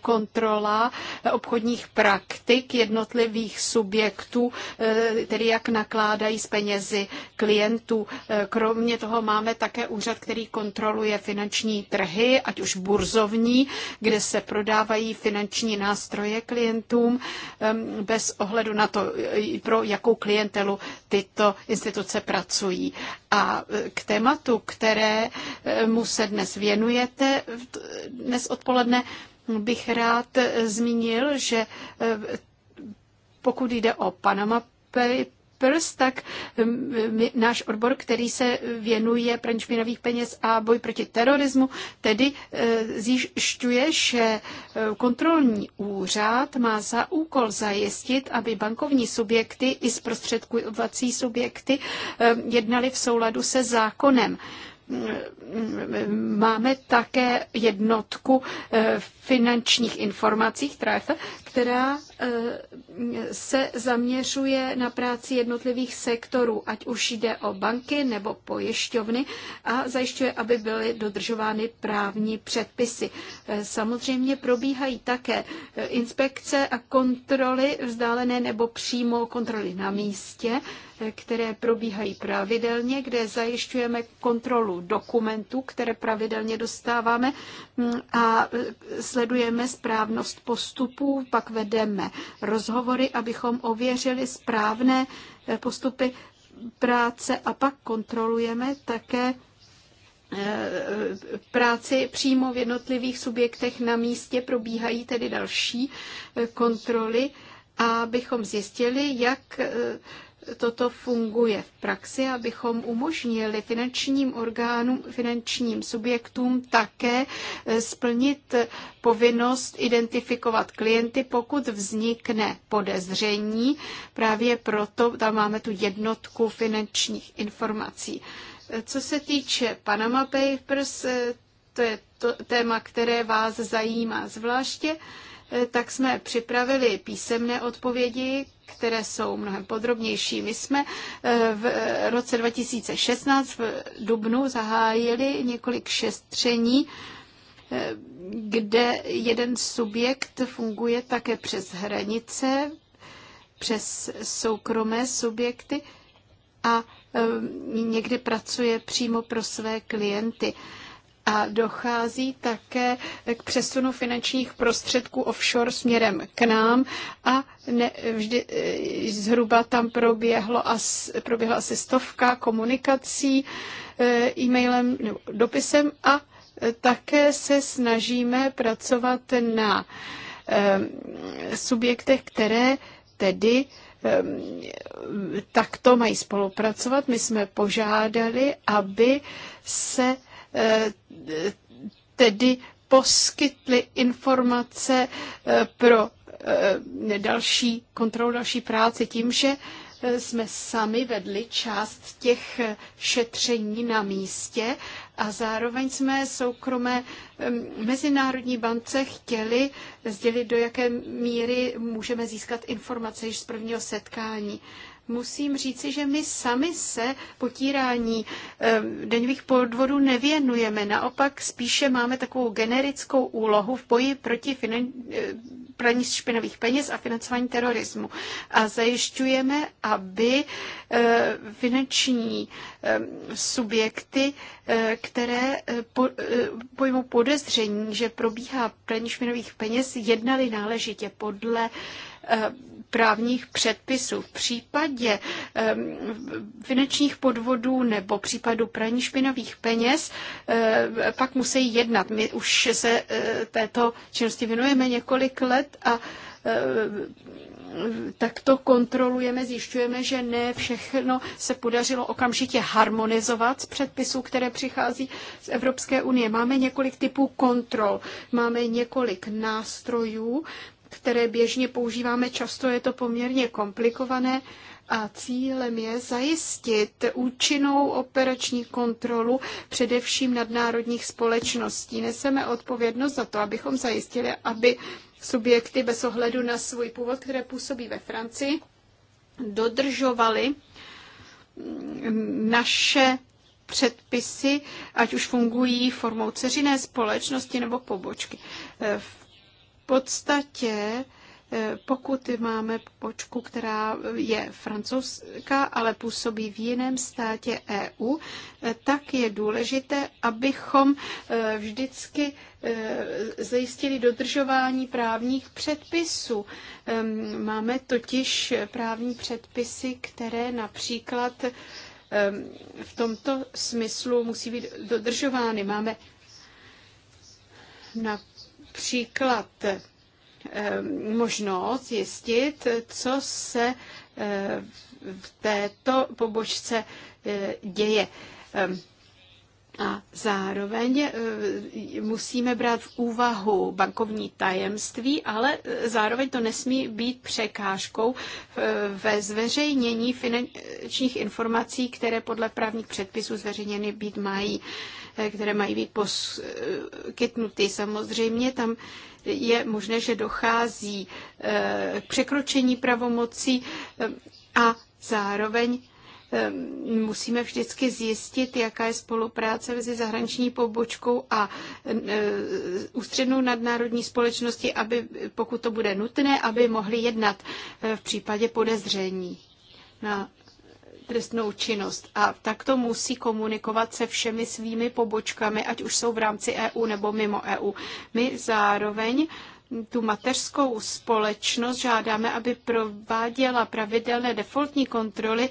kontrola obchodních praktik jednotlivých subjektů, eh, tedy jak nakládají s penězi klientů. Eh, Krom Kromě toho máme také úřad, který kontroluje finanční trhy, ať už burzovní, kde se prodávají finanční nástroje klientům bez ohledu na to, pro jakou klientelu tyto instituce pracují. A e, k tématu, které e, mu se dnes věnujete, dnes odpoledne bych rád e, zmínil, že pokud jde o Panama Papers, tak um, my, náš odbor, který se věnuje praní špinavých peněz a boj proti terorismu, tedy eh, zjišťuje, že eh, kontrolní úřad má za úkol zajistit, aby bankovní subjekty i zprostředkovací subjekty eh, jednali v souladu se zákonem máme také jednotku finančních informací, TREF, která eh, se zaměřuje na práci jednotlivých sektorů, ať už jde o banky nebo pojišťovny a zajišťuje, aby byly dodržovány právní předpisy. Eh, samozřejmě probíhají také eh, inspekce a kontroly vzdálené nebo přímo kontroly na místě, které probíhají pravidelně, kde zajišťujeme kontrolu dokumentů, které pravidelně dostáváme hm, a sledujeme správnost postupů, pak naopak vedeme rozhovory, abychom ověřili správné eh, postupy práce a pak kontrolujeme také eh, eh, práci přímo v jednotlivých subjektech na místě probíhají tedy další kontroly, abychom zjistili, jak toto funguje v praxi, abychom umožnili finančním orgánům, finančním subjektům také eh, splnit povinnost identifikovat klienty, pokud vznikne podezření. Právě proto tam máme tu jednotku finančních informací. Eh, co se týče Panama Papers, eh, to je to téma, které vás zajímá zvláště. Eh, tak jsme připravili písemné odpovědi, které jsou mnohem podrobnější. My jsme eh, v eh, roce 2016 v Dubnu zahájili několik šestření, kde jeden subjekt funguje také přes hranice, přes soukromé subjekty a někdy pracuje přímo pro své klienty a dochází také k přesunu finančních prostředků offshore směrem k nám a ne, vždy, eh, zhruba tam proběhlo as, proběhla asi stovka komunikací eh, e-mailem nebo dopisem a eh, také se snažíme pracovat na subjektech, které tedy takto mají spolupracovat. My jsme požádali, aby se Eh, tedy poskytli informace eh, pro eh, další kontrolu, další práci tím, že jsme sami vedli část těch šetření na místě a zároveň jsme soukromé Mezinárodní bance chtěli sdělit, do jaké míry můžeme získat informace již z prvního setkání musím říci, že my sami se potírání eh, deňových podvodů nevěnujeme. Naopak spíše máme takovou generickou úlohu v boji proti finan- eh, praní špinavých peněz a financování terorismu. A zajišťujeme, aby eh, finanční subjekty, které pojmou podezření, že probíhá praní špinavých peněz, jednali náležitě podle právních předpisů. V případě finančních podvodů nebo případu praní špinavých peněz pak musí jednat. My už se eh, této činnosti věnujeme několik let a tak to kontrolujeme, zjišťujeme, že ne všechno se podařilo okamžitě harmonizovat z předpisů, které přichází z Evropské unie. Máme několik typů kontrol, máme několik nástrojů, které běžně používáme často, je to poměrně komplikované a cílem je zajistit účinnou operační kontrolu především nadnárodních společností. Neseme odpovědnost za to, abychom zajistili, aby subjekty bez ohledu na svůj původ, které působí ve Francii, dodržovaly mm, naše předpisy, ať už fungují formou ceřiné společnosti nebo pobočky. Eh, v podstatě eh, pokud máme počku, která je francouzská, ale působí v jiném státě EU, eh, tak je důležité, abychom eh, vždycky zajistili dodržování právních předpisů. Ehm, máme totiž právní předpisy, které například ehm, v tomto smyslu musí být dodržovány. Máme na příklad eh, možnost zjistit, co se eh, v této pobočce eh, děje. Ehm, a zároveň musíme brát v úvahu bankovní tajemství, ale zároveň to nesmí být překážkou ve zveřejnění finančních informací, které podle právních předpisů zveřejněny být mají. Eh, které mají být poskytnuty. Samozřejmě tam je možné, že dochází eh, k překročení pravomocí eh, a zároveň musíme vždycky zjistit, jaká je spolupráce mezi zahraniční pobočkou a ústřednou nadnárodní společnosti, aby, pokud to bude nutné, aby mohli jednat v případě podezření na trestnou činnost. A tak to musí komunikovat se všemi svými pobočkami, ať už jsou v rámci EU nebo mimo EU. My zároveň tu mateřskou společnost žádáme, aby prováděla pravidelné defaultní kontroly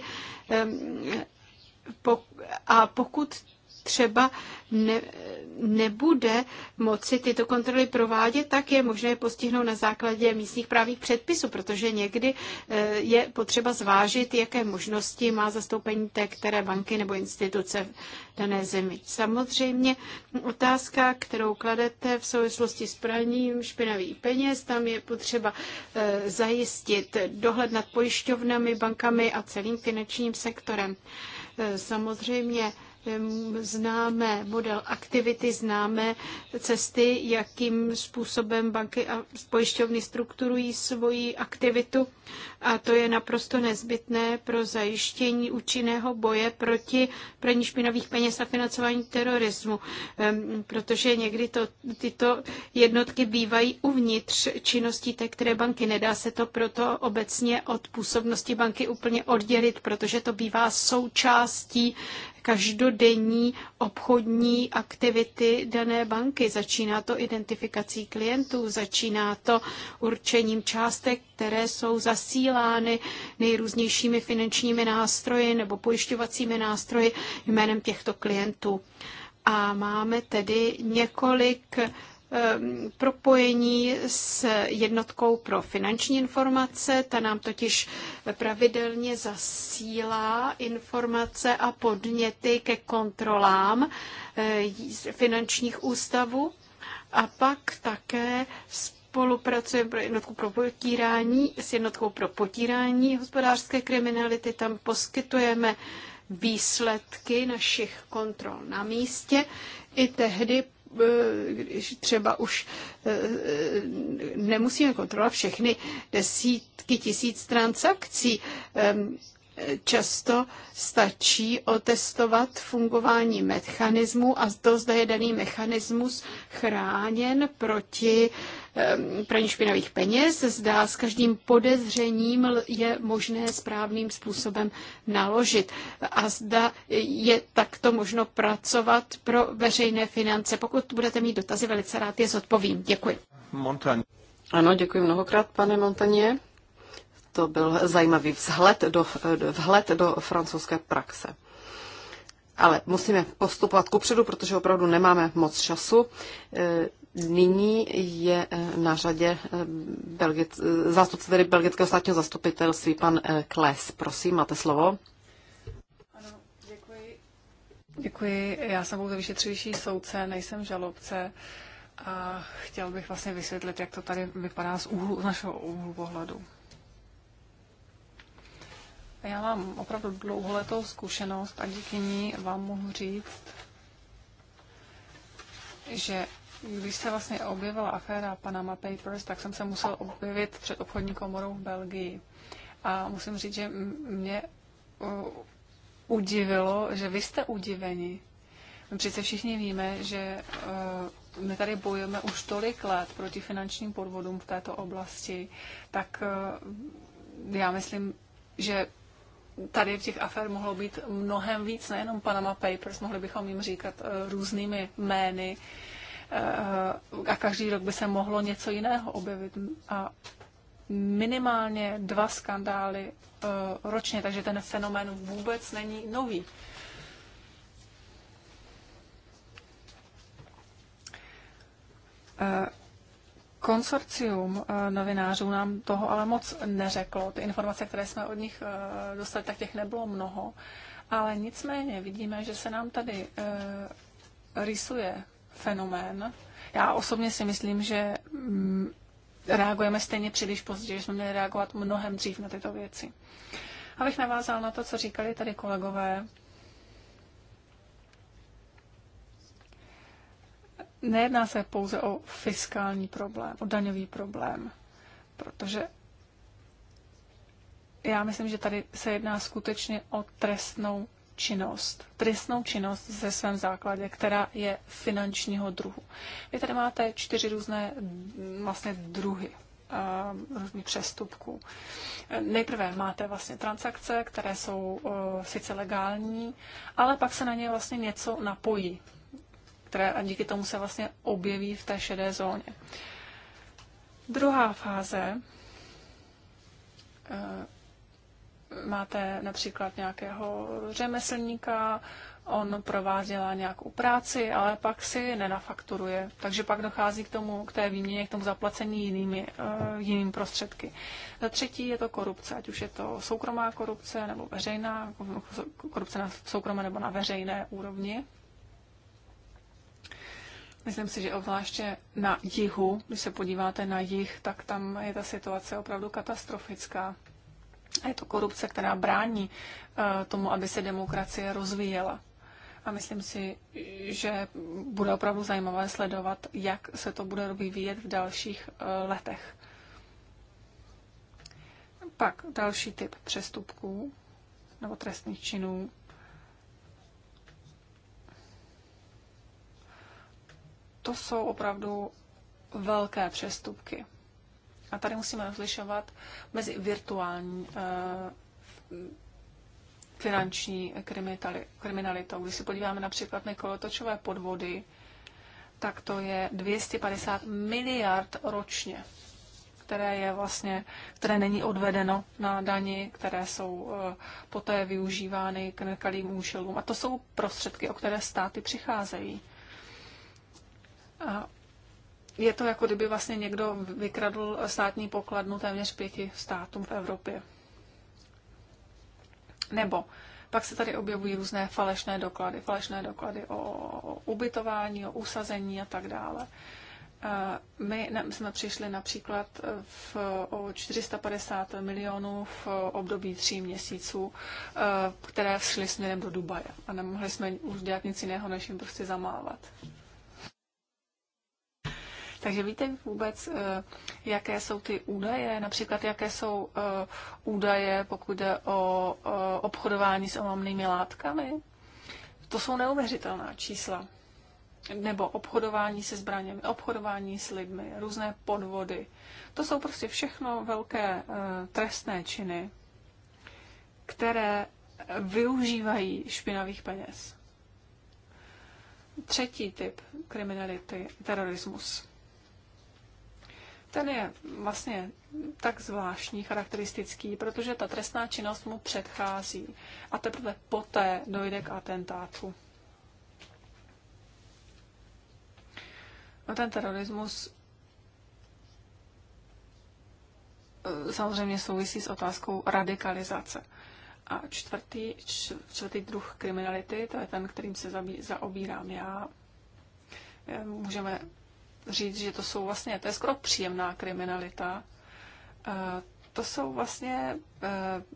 a pokud třeba ne, nebude moci tyto kontroly provádět, tak je možné je postihnout na základě místních právních předpisů, protože někdy eh, je potřeba zvážit, jaké možnosti má zastoupení té které banky nebo instituce v dané zemi. Samozřejmě otázka, kterou kladete v souvislosti s praním špinavých peněz, tam je potřeba eh, zajistit dohled nad pojišťovnami, bankami a celým finančním sektorem. Eh, samozřejmě známe model aktivity, známe cesty, jakým způsobem banky a pojišťovny strukturují svoji aktivitu a to je naprosto nezbytné pro zajištění účinného boje proti praní špinavých peněz a financování terorismu, protože někdy to, tyto jednotky bývají uvnitř činností té které banky. Nedá se to proto obecně od působnosti banky úplně oddělit, protože to bývá součástí každodenní obchodní aktivity dané banky. Začíná to identifikací klientů, začíná to určením částek které jsou zasílány nejrůznějšími finančními nástroji nebo pojišťovacími nástroji jménem těchto klientů. A máme tedy několik eh, propojení s jednotkou pro finanční informace. Ta nám totiž pravidelně zasílá informace a podněty ke kontrolám eh, finančních ústavů. A pak také s spolupracuje pro jednotku pro potírání, s jednotkou pro potírání hospodářské kriminality. Tam poskytujeme výsledky našich kontrol na místě. I tehdy e, když třeba už e, nemusíme kontrolovat všechny desítky tisíc transakcí. Často stačí otestovat fungování mechanismu a to zda je daný mechanismus chráněn proti Ehm, praní špinavých peněz. Zdá s každým podezřením je možné správným způsobem naložit. A zda je takto možno pracovat pro veřejné finance. Pokud budete mít dotazy, velice rád je zodpovím. Děkuji. Montagne. Ano, děkuji mnohokrát, pane Montaně. To byl zajímavý vzhled do, vhled do francouzské praxe. Ale musíme postupovat kupředu, protože opravdu nemáme moc času. Eh, Nyní je eh, na řadě eh, Belgic, eh, zástupce tedy belgického státního zastupitelství, pan Kles. Prosím, máte slovo. Ano, děkuji. Děkuji. Já jsem pouze vyšetřující soudce, nejsem žalobce a chtěl bych vlastně vysvětlit, jak to tady vypadá z, úhlu, z našeho úhlu pohledu. Já mám opravdu dlouholetou zkušenost a díky ní vám mohu říct, že když se vlastně objevila aféra Panama Papers, tak jsem se musel objevit před obchodní komorou v Belgii. A musím říct, že mě udivilo, že vy jste udiveni. My přece všichni víme, že my tady bojujeme už tolik let proti finančním podvodům v této oblasti, tak já myslím, že tady v těch afer mohlo být mnohem víc, nejenom Panama Papers, mohli bychom jim říkat různými jmény, Eh, a každý rok by se mohlo něco jiného objevit. A minimálně dva skandály eh, ročně, takže ten fenomén vůbec není nový. Eh, konsorcium novinářů nám toho ale moc neřeklo. Ty informace, které jsme od nich dostali, tak těch nebylo mnoho. Ale nicméně vidíme, že se nám tady rýsuje fenomén. Já osobně si myslím, že mm, reagujeme stejně příliš pozdě, že jsme měli reagovat mnohem dřív na tyto věci. Abych navázal na to, co říkali tady kolegové, nejedná se pouze o fiskální problém, o daňový problém, protože já myslím, že tady se jedná skutečně o trestnou činnost, trestnou činnost ze svém základě, která je finančního druhu. Vy tady máte čtyři různé vlastně druhy ehm, různých přestupků. Nejprve máte vlastně transakce, které jsou eh, sice legální, ale pak se na ně vlastně něco napojí, které a díky tomu se vlastně objeví v té šedé zóně. Druhá fáze eh, máte například nějakého řemeslníka, on pro vás dělá nějakou práci, ale pak si nenafakturuje. Takže pak dochází k tomu, k té výměně, k tomu zaplacení jinými, uh, jinými prostředky. Za třetí je to korupce, ať už je to soukromá korupce nebo veřejná, korupce na soukromé nebo na veřejné úrovni. Myslím si, že obzvláště na jihu, když se podíváte na jih, tak tam je ta situace opravdu katastrofická. A je to korupce, která brání eh, tomu, aby se demokracie rozvíjela. A myslím si, že bude opravdu zajímavé sledovat, jak se to bude vyvíjet v dalších eh, letech. Pak další typ přestupků nebo trestných činů. To jsou opravdu velké přestupky. A tady musíme rozlišovat mezi virtuální eh, finanční kriminalitou. Když se podíváme například na kolotočové podvody, tak to je 250 miliard ročně, které je vlastně, které není odvedeno na dani, které jsou eh, poté využívány k nekalým účelům. A to jsou prostředky, o které státy přicházejí. A je to jako kdyby vlastně někdo vykradl státní pokladnu téměř pěti státům v Evropě. Nebo pak se tady objevují různé falešné doklady, falešné doklady o ubytování, o usazení a tak dále. Eh, my jsme přišli například eh, v, o 450 milionů v období tří měsíců, eh, které šly směrem do Dubaje a nemohli jsme dělat nic jiného, než jim prostě zamávat. Takže víte vůbec, eh, jaké jsou ty údaje, například jaké jsou eh, údaje, pokud jde o eh, obchodování s omamnými látkami? To jsou neuvěřitelná čísla. Nebo obchodování se zbraněmi, obchodování s lidmi, různé podvody. To jsou prostě všechno velké trestné činy, které využívají špinavých peněz. Třetí typ kriminality, terorismus ten je vlastně tak zvláštní, charakteristický, protože ta trestná činnost mu předchází a teprve poté dojde k atentátu. No ten terorismus eh, samozřejmě souvisí s otázkou radikalizace. A čtvrtý, čtvrtý druh kriminality, to je ten, kterým se zaobírám já, eh, můžeme říct, že to jsou vlastně, to je skoro příjemná kriminalita. E, to jsou vlastně e,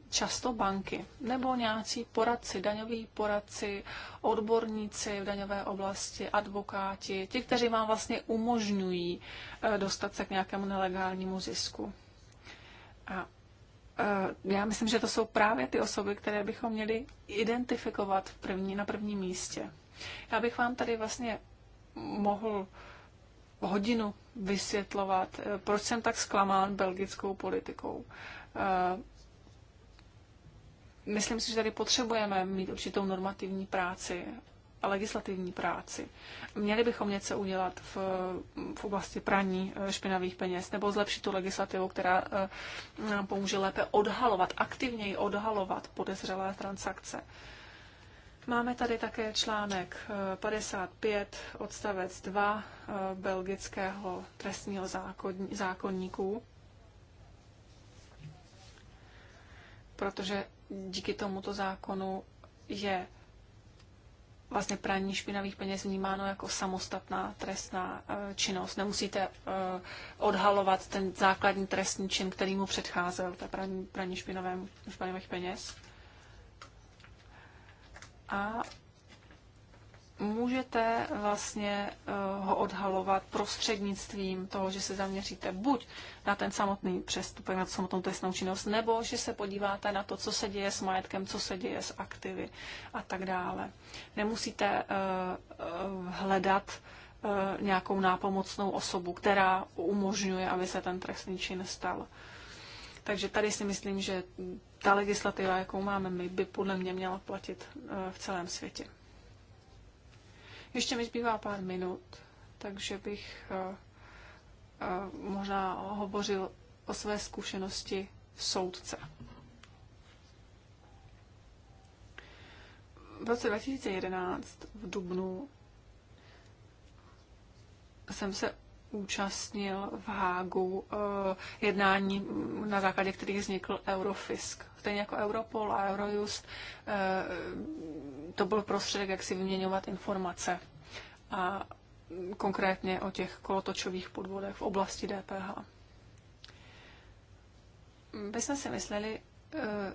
často banky nebo nějací poradci, daňoví poradci, odborníci v daňové oblasti, advokáti, ti, kteří vám vlastně umožňují e, dostat se k nějakému nelegálnímu zisku. A já myslím, že to jsou právě ty osoby, které bychom měli identifikovat v první, na prvním místě. Já bych vám tady vlastně mohl hodinu vysvětlovat, eh, proč jsem tak zklamán belgickou politikou. Eh, myslím si, že tady potřebujeme mít určitou normativní práci a legislativní práci. Měli bychom něco udělat v, v oblasti praní eh, špinavých peněz nebo zlepšit tu legislativu, která nám pomůže lépe odhalovat, aktivněji odhalovat podezřelé transakce. Uh, Máme tady také článek 55 eh, odstavec 2 eh, belgického trestního zákonníku, protože díky tomuto zákonu je vlastně praní špinavých peněz vnímáno jako samostatná trestná eh, činnost. Nemusíte odhalovat ten základní trestní čin, který mu předcházel, to praní, praní špinavých peněz a můžete vlastně eh, ho odhalovat prostřednictvím toho, že se zaměříte buď na ten samotný přestupek, na samotnou trestnou činnost, nebo že se podíváte na to, co se děje s majetkem, co se děje s aktivy a tak dále. Nemusíte eh, eh, hledat nějakou nápomocnou osobu, která umožňuje, aby se ten trestný čin stal takže tady si myslím, že ta legislativa, jakou máme my, by podle mě měla platit eh, v celém světě. Ještě mi zbývá pár minut, takže bych eh, eh, možná hovořil o své zkušenosti v soudce. V roce 2011 v Dubnu jsem se účastnil v Hágu eh, jednání, na základě kterých vznikl Eurofisk. Stejně jako Europol a Eurojust, eh, to byl prostředek, jak si vyměňovat informace. A konkrétně o těch kolotočových podvodech v oblasti DPH. My jsme si mysleli, eh,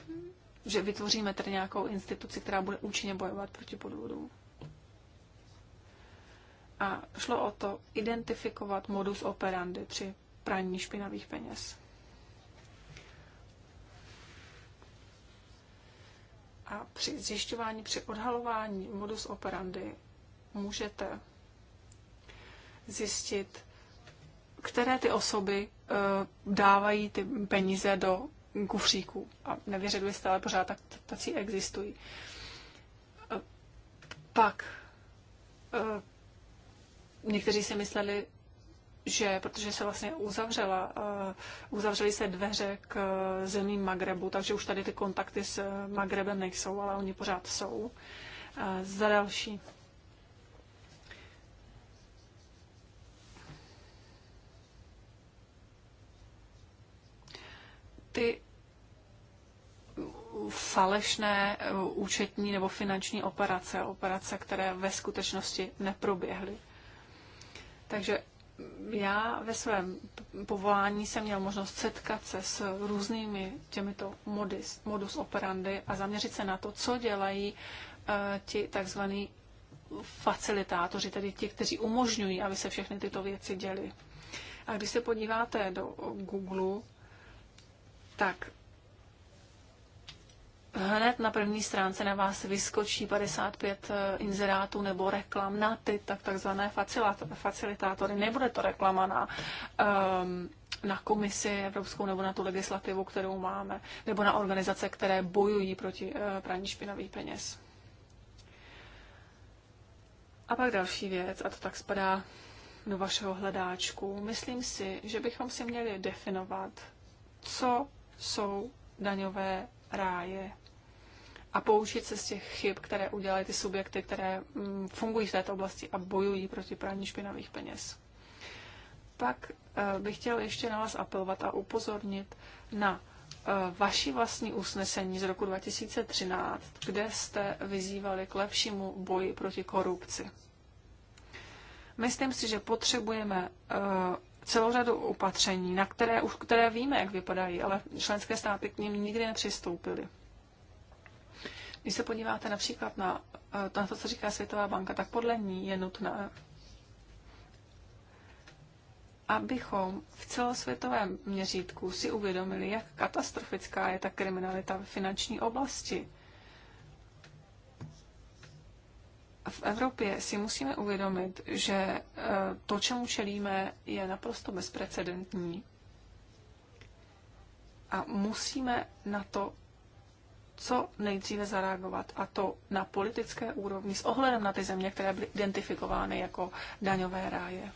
že vytvoříme tedy nějakou instituci, která bude účinně bojovat proti podvodům a šlo o to identifikovat modus operandi při praní špinavých peněz. A při zjišťování, při odhalování modus operandi můžete zjistit, které ty osoby e, dávají ty peníze do kufříků. A nevěřili jste, ale pořád tak tací existují. E, pak e, Někteří si mysleli, že protože se vlastně uzavřela, eh, uzavřely se dveře k eh, zemím Magrebu, takže už tady ty kontakty s eh, Magrebem nejsou, ale oni pořád jsou. Za další. Ty falešné účetní nebo finanční operace, operace, které ve skutečnosti neproběhly. Takže já ve svém povolání jsem měl možnost setkat se s různými těmito modis, modus operandi a zaměřit se na to, co dělají eh, ti takzvaní facilitátoři, tedy ti, kteří umožňují, aby se všechny tyto věci děly. A když se podíváte do Google, tak hned na první stránce na vás vyskočí 55 eh, inzerátů nebo reklam na ty tak, takzvané facilitátory. Nebude to reklama na, um, na komisi evropskou nebo na tu legislativu, kterou máme, nebo na organizace, které bojují proti uh, praní špinavých peněz. A pak další věc, a to tak spadá do vašeho hledáčku. Myslím si, že bychom si měli definovat, co jsou daňové ráje a poučit se z těch chyb, které udělají ty subjekty, které mm, fungují v této oblasti a bojují proti praní špinavých peněz. Pak eh, bych chtěl ještě na vás apelovat a upozornit na eh, vaši vlastní usnesení z roku 2013, kde jste vyzývali k lepšímu boji proti korupci. Myslím si, že potřebujeme eh, celou řadu opatření, na které, už, které víme, jak vypadají, ale členské státy k ním nikdy nepřistoupily. Když se podíváte například na to, eh, na to, co říká Světová banka, tak podle ní je nutné, abychom v celosvětovém měřítku si uvědomili, jak katastrofická je ta kriminalita v finanční oblasti. V Evropě si musíme uvědomit, že eh, to, čemu čelíme, je naprosto bezprecedentní a musíme na to co nejdříve zareagovat, a to na politické úrovni s ohledem na ty země, které byly identifikovány jako daňové ráje.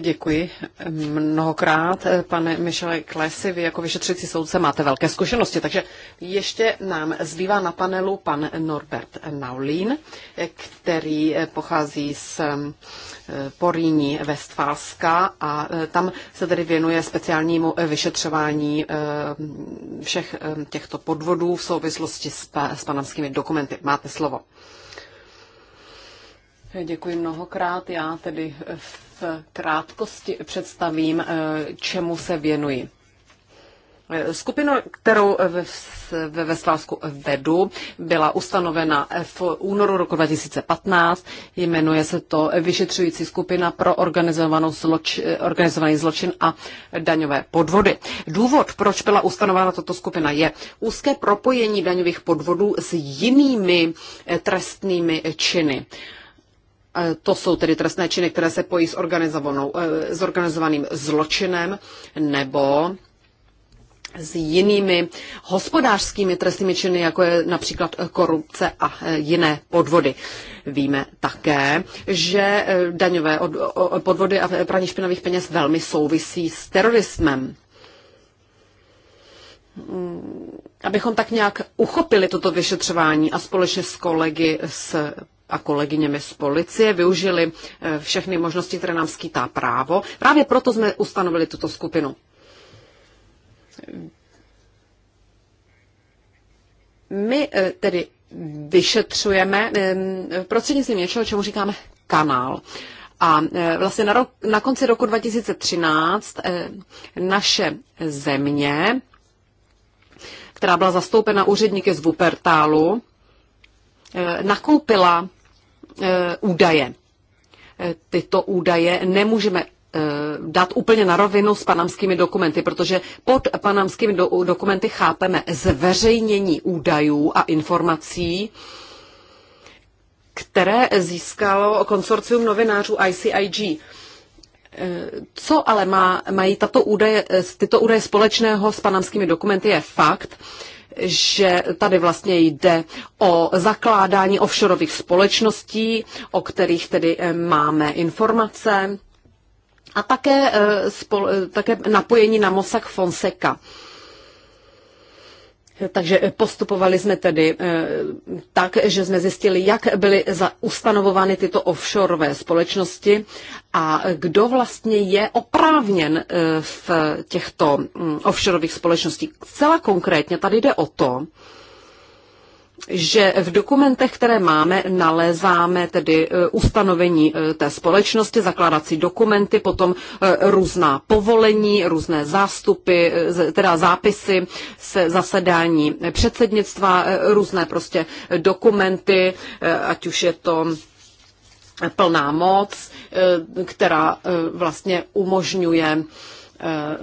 Děkuji mnohokrát. Pane Michele Klesi, vy jako vyšetřující soudce máte velké zkušenosti, takže ještě nám zbývá na panelu pan Norbert Naulín, který pochází z eh, Poríní Vestfálska a eh, tam se tedy věnuje speciálnímu eh, vyšetřování všech těchto podvodů v souvislosti s, s panamskými dokumenty. Máte slovo. Děkuji mnohokrát. Já tedy v krátkosti představím, eh, čemu se věnuji. Skupina, kterou ve Veslásku vedu, byla ustanovena v únoru roku 2015. Jmenuje se to Vyšetřující skupina pro organizovanou zloč, organizovaný zločin a daňové podvody. Důvod, proč byla ustanovena tato skupina, je úzké propojení daňových podvodů s jinými eh, trestnými činy. E, to jsou tedy trestné činy, které se pojí s, organizovanou, e, s organizovaným zločinem nebo s jinými hospodářskými trestnými činy, jako je například korupce a e, jiné podvody. Víme také, že daňové podvody a praní špinavých peněz velmi souvisí s terorismem. Mm, abychom tak nějak uchopili toto vyšetřování a společně s kolegy z a kolegyněmi z policie využili eh, všechny možnosti, které nám skýtá právo. Právě proto jsme ustanovili tuto skupinu. My eh, tedy vyšetřujeme eh, prostřednictvím něčeho, čemu říkáme kanál. A vlastně na, rok, na konci roku 2013 naše země, která byla zastoupena úředníky z Wuppertalu, nakoupila Eh, údaje. Eh, tyto údaje nemůžeme eh, dát úplně na rovinu s panamskými dokumenty, protože pod panamskými do, dokumenty chápeme zveřejnění údajů a informací, které získalo konsorcium novinářů ICIG. Co ale má, mají tato údaje, tyto údaje společného s panamskými dokumenty je fakt, že tady vlastně jde o zakládání offshoreových společností, o kterých tedy eh, máme informace a také, eh, eh, také napojení na Mossack Fonseca. Takže eh, postupovali jsme tedy eh, tak, že jsme zjistili, jak byly ustanovovány tyto offshore společnosti a kdo vlastně je oprávněn eh, v těchto mm, offshoreových společností. Celá konkrétně tady jde o to, že v dokumentech, které máme, nalézáme tedy e, ustanovení e, té společnosti, zakládací dokumenty, potom e, různá povolení, různé zástupy, teda zápisy se zasedání předsednictva, různé prostě dokumenty, ať už je to plná moc, která vlastně umožňuje Eh,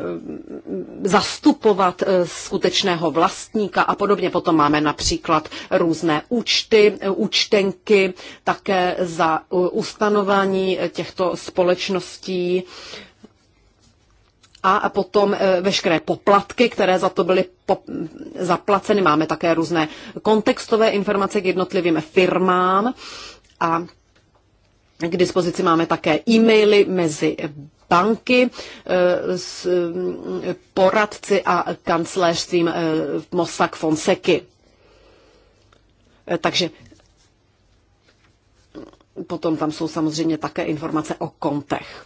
zastupovat eh, skutečného vlastníka a podobně. Potom máme například různé účty, eh, účtenky, také za ustanování těchto společností a potom veškeré poplatky, které za to byly zaplaceny. Máme také různé kontextové informace k jednotlivým firmám a k dispozici máme také e-maily mezi banky eh, s eh, poradci a kancléřstvím eh, Mossack Fonseky. Takže potom tam jsou samozřejmě také informace o kontech.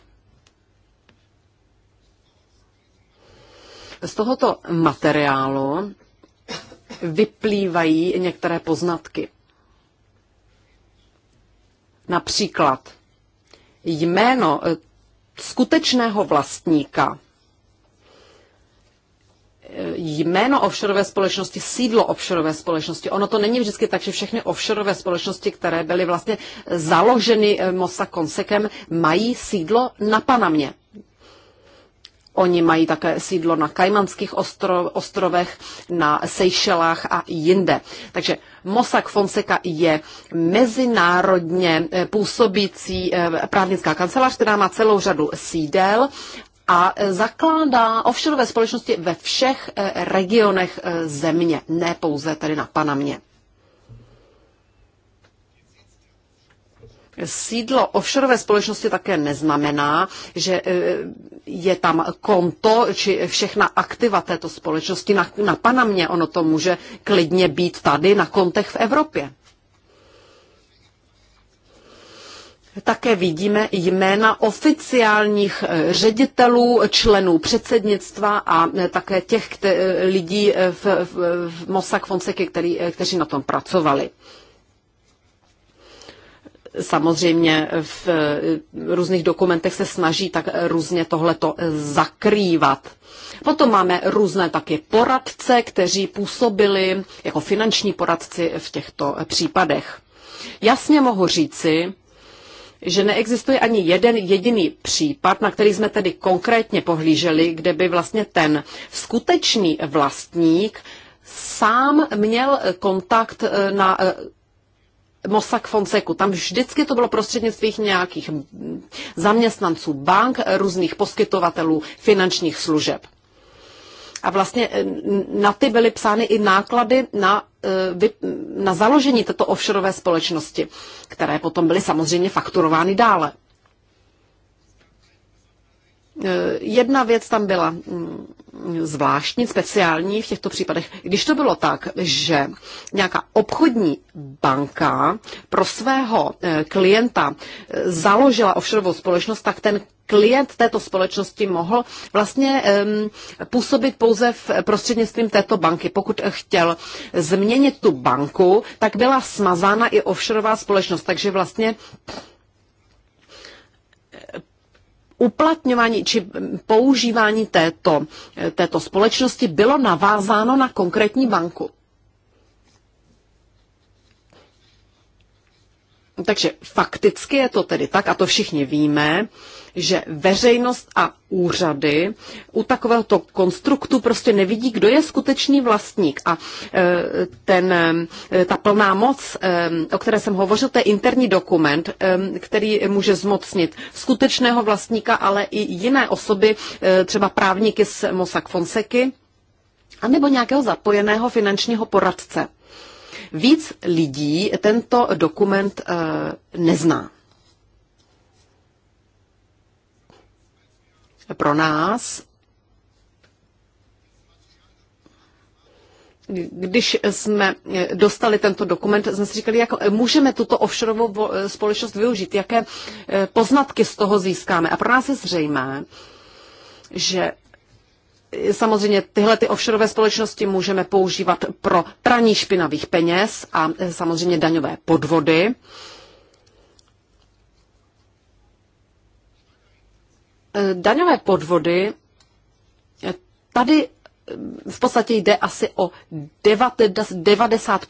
Z tohoto materiálu vyplývají některé poznatky. Například jméno skutečného vlastníka. Jméno offshore společnosti, sídlo offshore společnosti. Ono to není vždycky tak, že všechny offshore společnosti, které byly vlastně založeny eh, Mossa Konsekem, mají sídlo na Panamě. Oni mají také sídlo na Kajmanských ostro- ostrovech, na Seychelách a jinde. Takže Mossack Fonseca je mezinárodně eh, působící eh, právnická kancelář, která má celou řadu sídel a eh, zakládá offshoreové společnosti ve všech regionech země, ne pouze tedy na Panamě. Sídlo offshore společnosti také neznamená, že e, je tam konto či všechna aktiva této společnosti na, na Panamě. Ono to může klidně být tady na kontech v Evropě. Také vidíme jména oficiálních e, ředitelů, členů předsednictva a e, také těch kte- lidí v, v, v Mossack Fonseca, který, kteří na tom pracovali samozřejmě v eh, různých dokumentech se snaží tak různě tohleto zakrývat. Potom máme různé taky poradce, kteří působili jako finanční poradci v těchto případech. Jasně mohu říci, že neexistuje ani jeden jediný případ, na který jsme tedy konkrétně pohlíželi, kde by vlastně ten skutečný vlastník sám měl kontakt eh, na eh, Mossack Fonseku. Tam vždycky to bylo prostřednictvím nějakých zaměstnanců bank, různých poskytovatelů finančních služeb. A vlastně eh, na ty byly psány i náklady na, eh, na založení této offshoreové společnosti, které potom byly samozřejmě fakturovány dále. Eh, jedna věc tam byla mm, zvláštní, speciální v těchto případech. Když to bylo tak, že nějaká obchodní banka pro svého eh, klienta eh, založila offshoreovou společnost, tak ten klient této společnosti mohl vlastně um, působit pouze v eh, prostřednictvím této banky. Pokud chtěl změnit tu banku, tak byla smazána i offshoreová společnost, takže vlastně uplatňování či používání této, této společnosti bylo navázáno na konkrétní banku. Takže fakticky je to tedy tak, a to všichni víme, že veřejnost a úřady u takovéhoto konstruktu prostě nevidí, kdo je skutečný vlastník. A e, ten, e, ta plná moc, e, o které jsem hovořil, to je interní dokument, který může zmocnit skutečného vlastníka, ale i jiné osoby, třeba právníky z Mossack Fonseky, anebo nějakého zapojeného finančního poradce. Víc lidí tento dokument nezná. pro nás, když jsme dostali tento dokument, jsme si říkali, jak můžeme tuto offshoreovou společnost využít, jaké eh, poznatky z toho získáme. A pro nás je zřejmé, že samozřejmě tyhle ty offshoreové společnosti můžeme používat pro praní špinavých peněz a eh, samozřejmě daňové podvody. E, daňové podvody, e, tady e, v podstatě jde asi o 90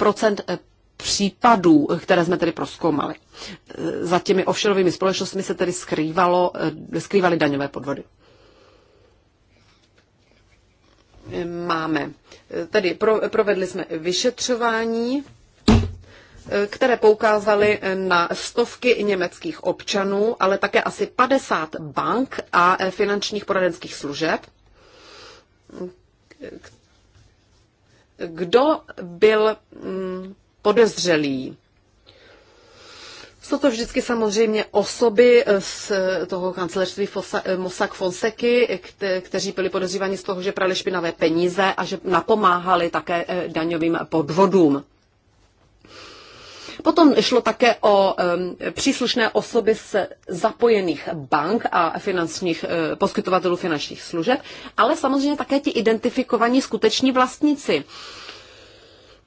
případů, které jsme tedy proskoumali. Za těmi offshoreovými společnostmi se tedy skrývalo, skrývaly daňové podvody. Máme. Tedy provedli jsme vyšetřování které poukázaly na stovky německých občanů, ale také asi 50 bank a finančních poradenských služeb. Kdo byl mm, podezřelý? Jsou to vždycky samozřejmě osoby z toho kancelářství Mossack Fonseky, kteří byli podezřívaní z toho, že prali špinavé peníze a že napomáhali také eh, daňovým podvodům. Potom šlo také o příslušné osoby z zapojených bank a finančních, eh, poskytovatelů finančních služeb, ale samozřejmě také ti identifikovaní skuteční vlastníci.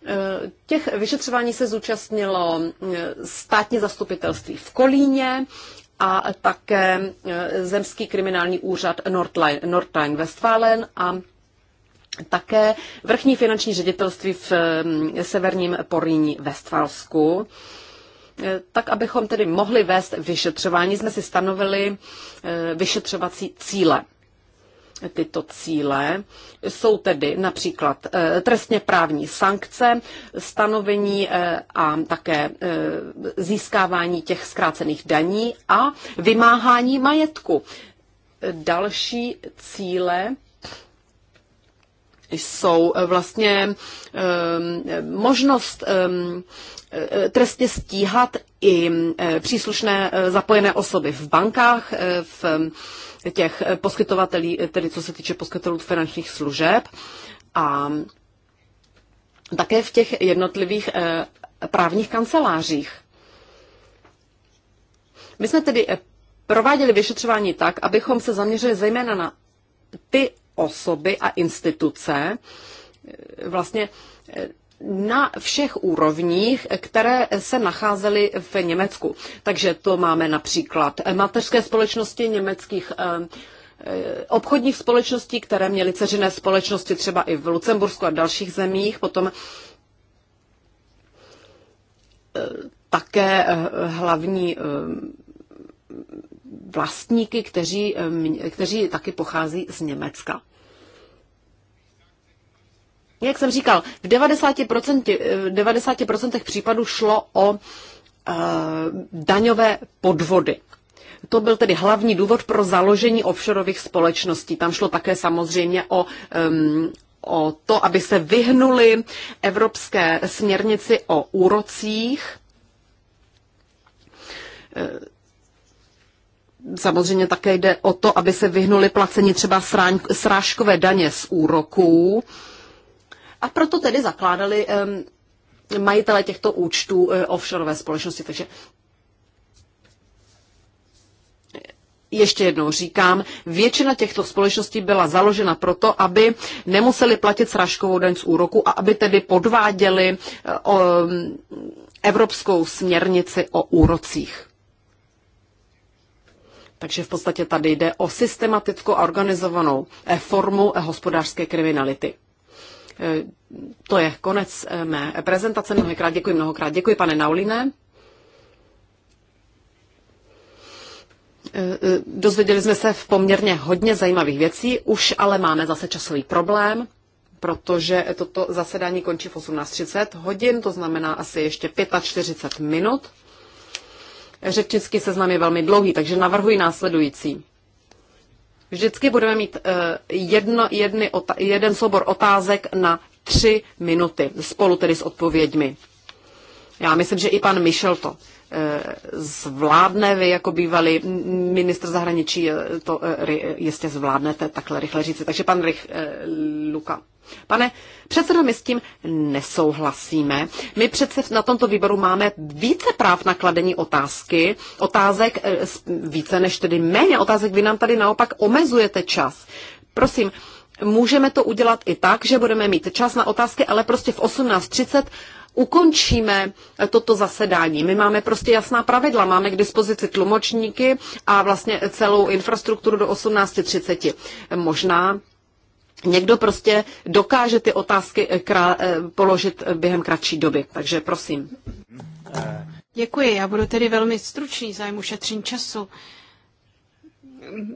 Eh, těch vyšetřování se zúčastnilo eh, státní zastupitelství v Kolíně a také zemský kriminální úřad Nordrhein-Westfalen a také vrchní finanční ředitelství v severním Poríní Stvalsku. E, tak, abychom tedy mohli vést vyšetřování, jsme si stanovili e, vyšetřovací cíle. Tyto cíle jsou tedy například e, trestně právní sankce, stanovení a také získávání těch zkrácených daní a vymáhání majetku. Další cíle jsou eh, vlastně eh, možnost eh, trestně stíhat i příslušné zapojené osoby v bankách, v těch poskytovatelí, tedy co se týče poskytovatelů finančních služeb a také v těch jednotlivých právních kancelářích. My jsme tedy prováděli vyšetřování tak, abychom se zaměřili zejména na ty osoby a instituce vlastně na všech úrovních, které se nacházely v Německu. Takže to máme například mateřské společnosti německých eh, obchodních společností, které měly ceřiné společnosti třeba i v Lucembursku a dalších zemích, potom eh, také eh, hlavní vlastníky, kteří, eh, kteří taky pochází z Německa. Jak jsem říkal, v 90%, 90 eh, případů šlo o e, daňové podvody. To byl tedy hlavní důvod pro založení offshoreových společností. Tam šlo také samozřejmě o, um, o to, aby se vyhnuli evropské směrnici o úrocích. E, Samozřejmě také jde o to, aby se vyhnuli placení třeba srážkové daně z úroků. A proto tedy zakládali majitele těchto účtů eh, offshoreové společnosti. Takže ještě jednou říkám, většina těchto společností byla založena proto, aby nemuseli platit srážkovou daň z úroku a aby tedy podváděli eh, evropskou směrnici o úrocích. Takže v podstatě tady jde o systematickou a organizovanou eh, formu eh, hospodářské kriminality. Eh, to je konec mé prezentace. Mnohokrát děkuji, mnohokrát děkuji, pane Nauline. Dozvěděli jsme se v poměrně hodně zajímavých věcí, už ale máme zase časový problém, protože toto zasedání končí v 18.30 hodin, to znamená asi ještě 45 minut. Řečnický seznam je velmi dlouhý, takže navrhuji následující. Vždycky budeme mít eh, jedno, jedny, jeden soubor otázek na tři minuty, spolu tedy s odpověďmi. Já myslím, že i pan Michel to eh, zvládne, vy jako bývalý ministr zahraničí eh, to jistě zvládnete takhle rychle říci. Takže pan Rych, Luka. Pane předsedo, my s tím nesouhlasíme. My přece na tomto výboru máme více práv na kladení otázky, otázek eh, více než tedy méně otázek. Vy nám tady naopak omezujete čas. Prosím, můžeme to udělat i tak, že budeme mít čas na otázky, ale prostě v 18.30 ukončíme eh, toto zasedání. My máme prostě jasná pravidla, máme k dispozici tlumočníky a vlastně celou infrastrukturu do 18.30. Možná Někdo prostě dokáže ty otázky eh, krá, eh, položit eh, během kratší doby, takže prosím. Děkuji, já budu tedy velmi stručný, zájmu šetřím času.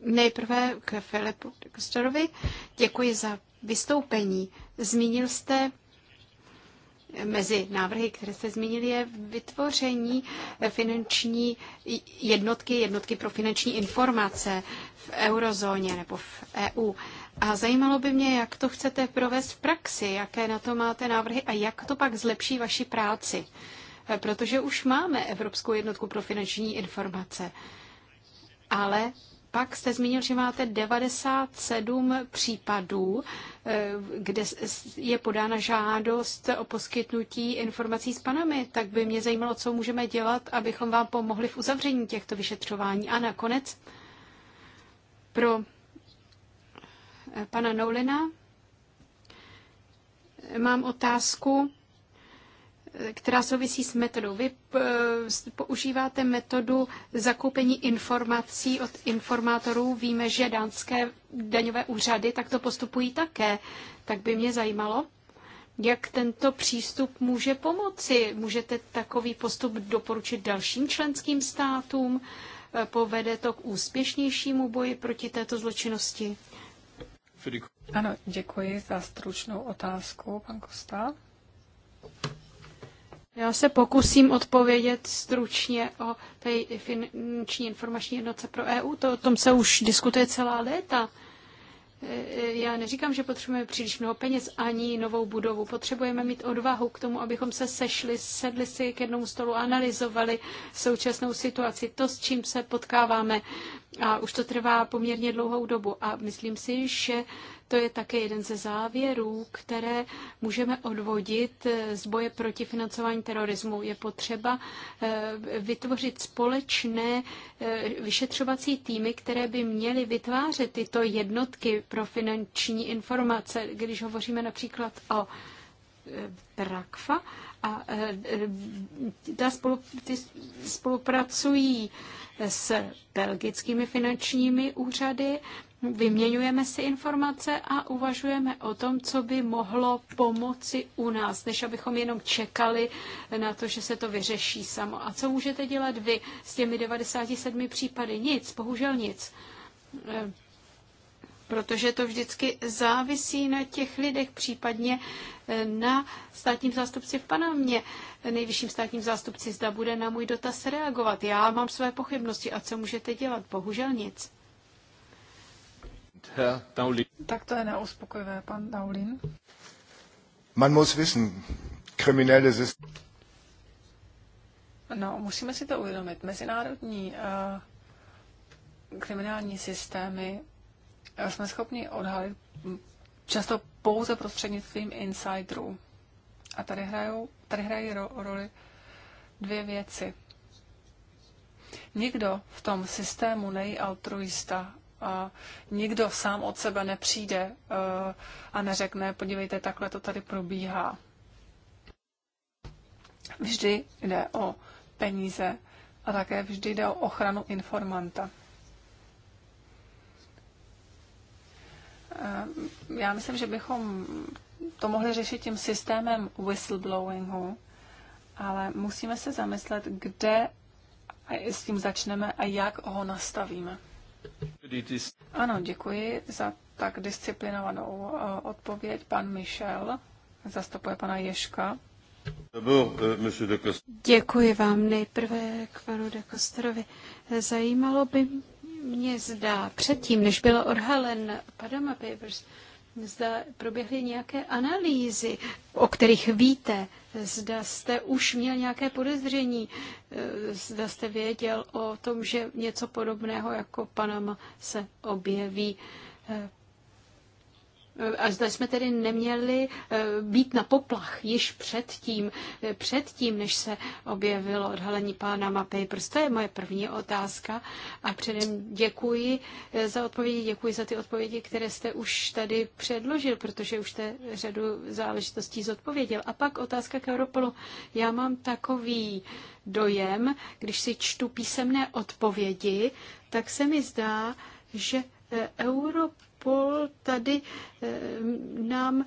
Nejprve k Filipu Kostorovi. Děkuji za vystoupení. Zmínil jste mezi návrhy, které jste zmínili, je vytvoření finanční jednotky, jednotky pro finanční informace v eurozóně nebo v EU. A zajímalo by mě, jak to chcete provést v praxi, jaké na to máte návrhy a jak to pak zlepší vaši práci. Eh, protože už máme Evropskou jednotku pro finanční informace. Ale pak jste zmínil, že máte 97 případů, eh, kde je podána žádost o poskytnutí informací s panami. Tak by mě zajímalo, co můžeme dělat, abychom vám pomohli v uzavření těchto vyšetřování. A nakonec pro Eh, pana Noulina. Mám otázku, eh, která souvisí s metodou. Vy eh, používáte metodu zakoupení informací od informátorů. Víme, že dánské daňové úřady takto postupují také. Tak by mě zajímalo, jak tento přístup může pomoci. Můžete takový postup doporučit dalším členským státům? Povede to k úspěšnějšímu boji proti této zločinnosti? Ano, děkuji za stručnou otázku, pan Kosta. Já se pokusím odpovědět stručně o té finanční informační jednotce pro EU. To, o tom se už diskutuje celá léta. Já neříkám, že potřebujeme příliš mnoho peněz ani novou budovu. Potřebujeme mít odvahu k tomu, abychom se sešli, sedli si k jednomu stolu analyzovali současnou situaci, to, s čím se potkáváme. A už to trvá poměrně dlouhou dobu. A myslím si, že to je také jeden ze závěrů, které můžeme odvodit z boje proti financování terorismu. Je potřeba eh, vytvořit společné eh, vyšetřovací týmy, které by měly vytvářet tyto jednotky pro finanční informace. Když hovoříme například o eh, Rakfa a ta spolu, ty spolupracují s belgickými finančními úřady vyměňujeme si informace a uvažujeme o tom, co by mohlo pomoci u nás, než abychom jenom čekali na to, že se to vyřeší samo. A co můžete dělat vy s těmi 97 případy? Nic, bohužel nic eh, protože to vždycky závisí na těch lidech, případně eh, na státním zástupci v Panamě, nejvyšším státním zástupci, zda bude na můj dotaz reagovat. Já mám své pochybnosti a co můžete dělat? Bohužel nic. Tak to je neuspokojivé, pan Daulin. Man muss wissen, kriminelle systém. No, musíme si to uvědomit. Mezinárodní uh, kriminální systémy eh, jsme schopni odhalit často pouze prostřednictvím insiderů. A tady, hrajou, tady hrají ro, roli dvě věci. Nikdo v tom systému nejí altruista nikdo sám od sebe nepřijde eh, a neřekne, podívejte, takhle to tady probíhá. Vždy jde o peníze a také vždy jde o ochranu informanta. Eh, já myslím, že bychom to mohli řešit tím systémem whistleblowingu, ale musíme se zamyslet, kde s tím začneme a jak ho nastavíme. Ano, děkuji za tak disciplinovanou eh, odpověď. Pan Michel zastupuje pana Ješka. Děkuji vám nejprve k panu de Kostrovi. Zajímalo by mě zdá, předtím, než byl odhalen Padama Papers, Zda proběhly nějaké analýzy, o kterých víte, zda jste už měl nějaké podezření, eh, zda jste věděl o tom, že něco podobného jako Panama se objeví eh, a zda jsme tedy neměli eh, být na poplach již předtím, eh, předtím, než se objevilo odhalení pána mapy. Prostě je moje první otázka a předem děkuji eh, za odpovědi, děkuji za ty odpovědi, které jste už tady předložil, protože už jste řadu záležitostí zodpověděl. A pak otázka k Europolu. Já mám takový dojem, když si čtu písemné odpovědi, tak se mi zdá, že Europol Pol tady eh, nám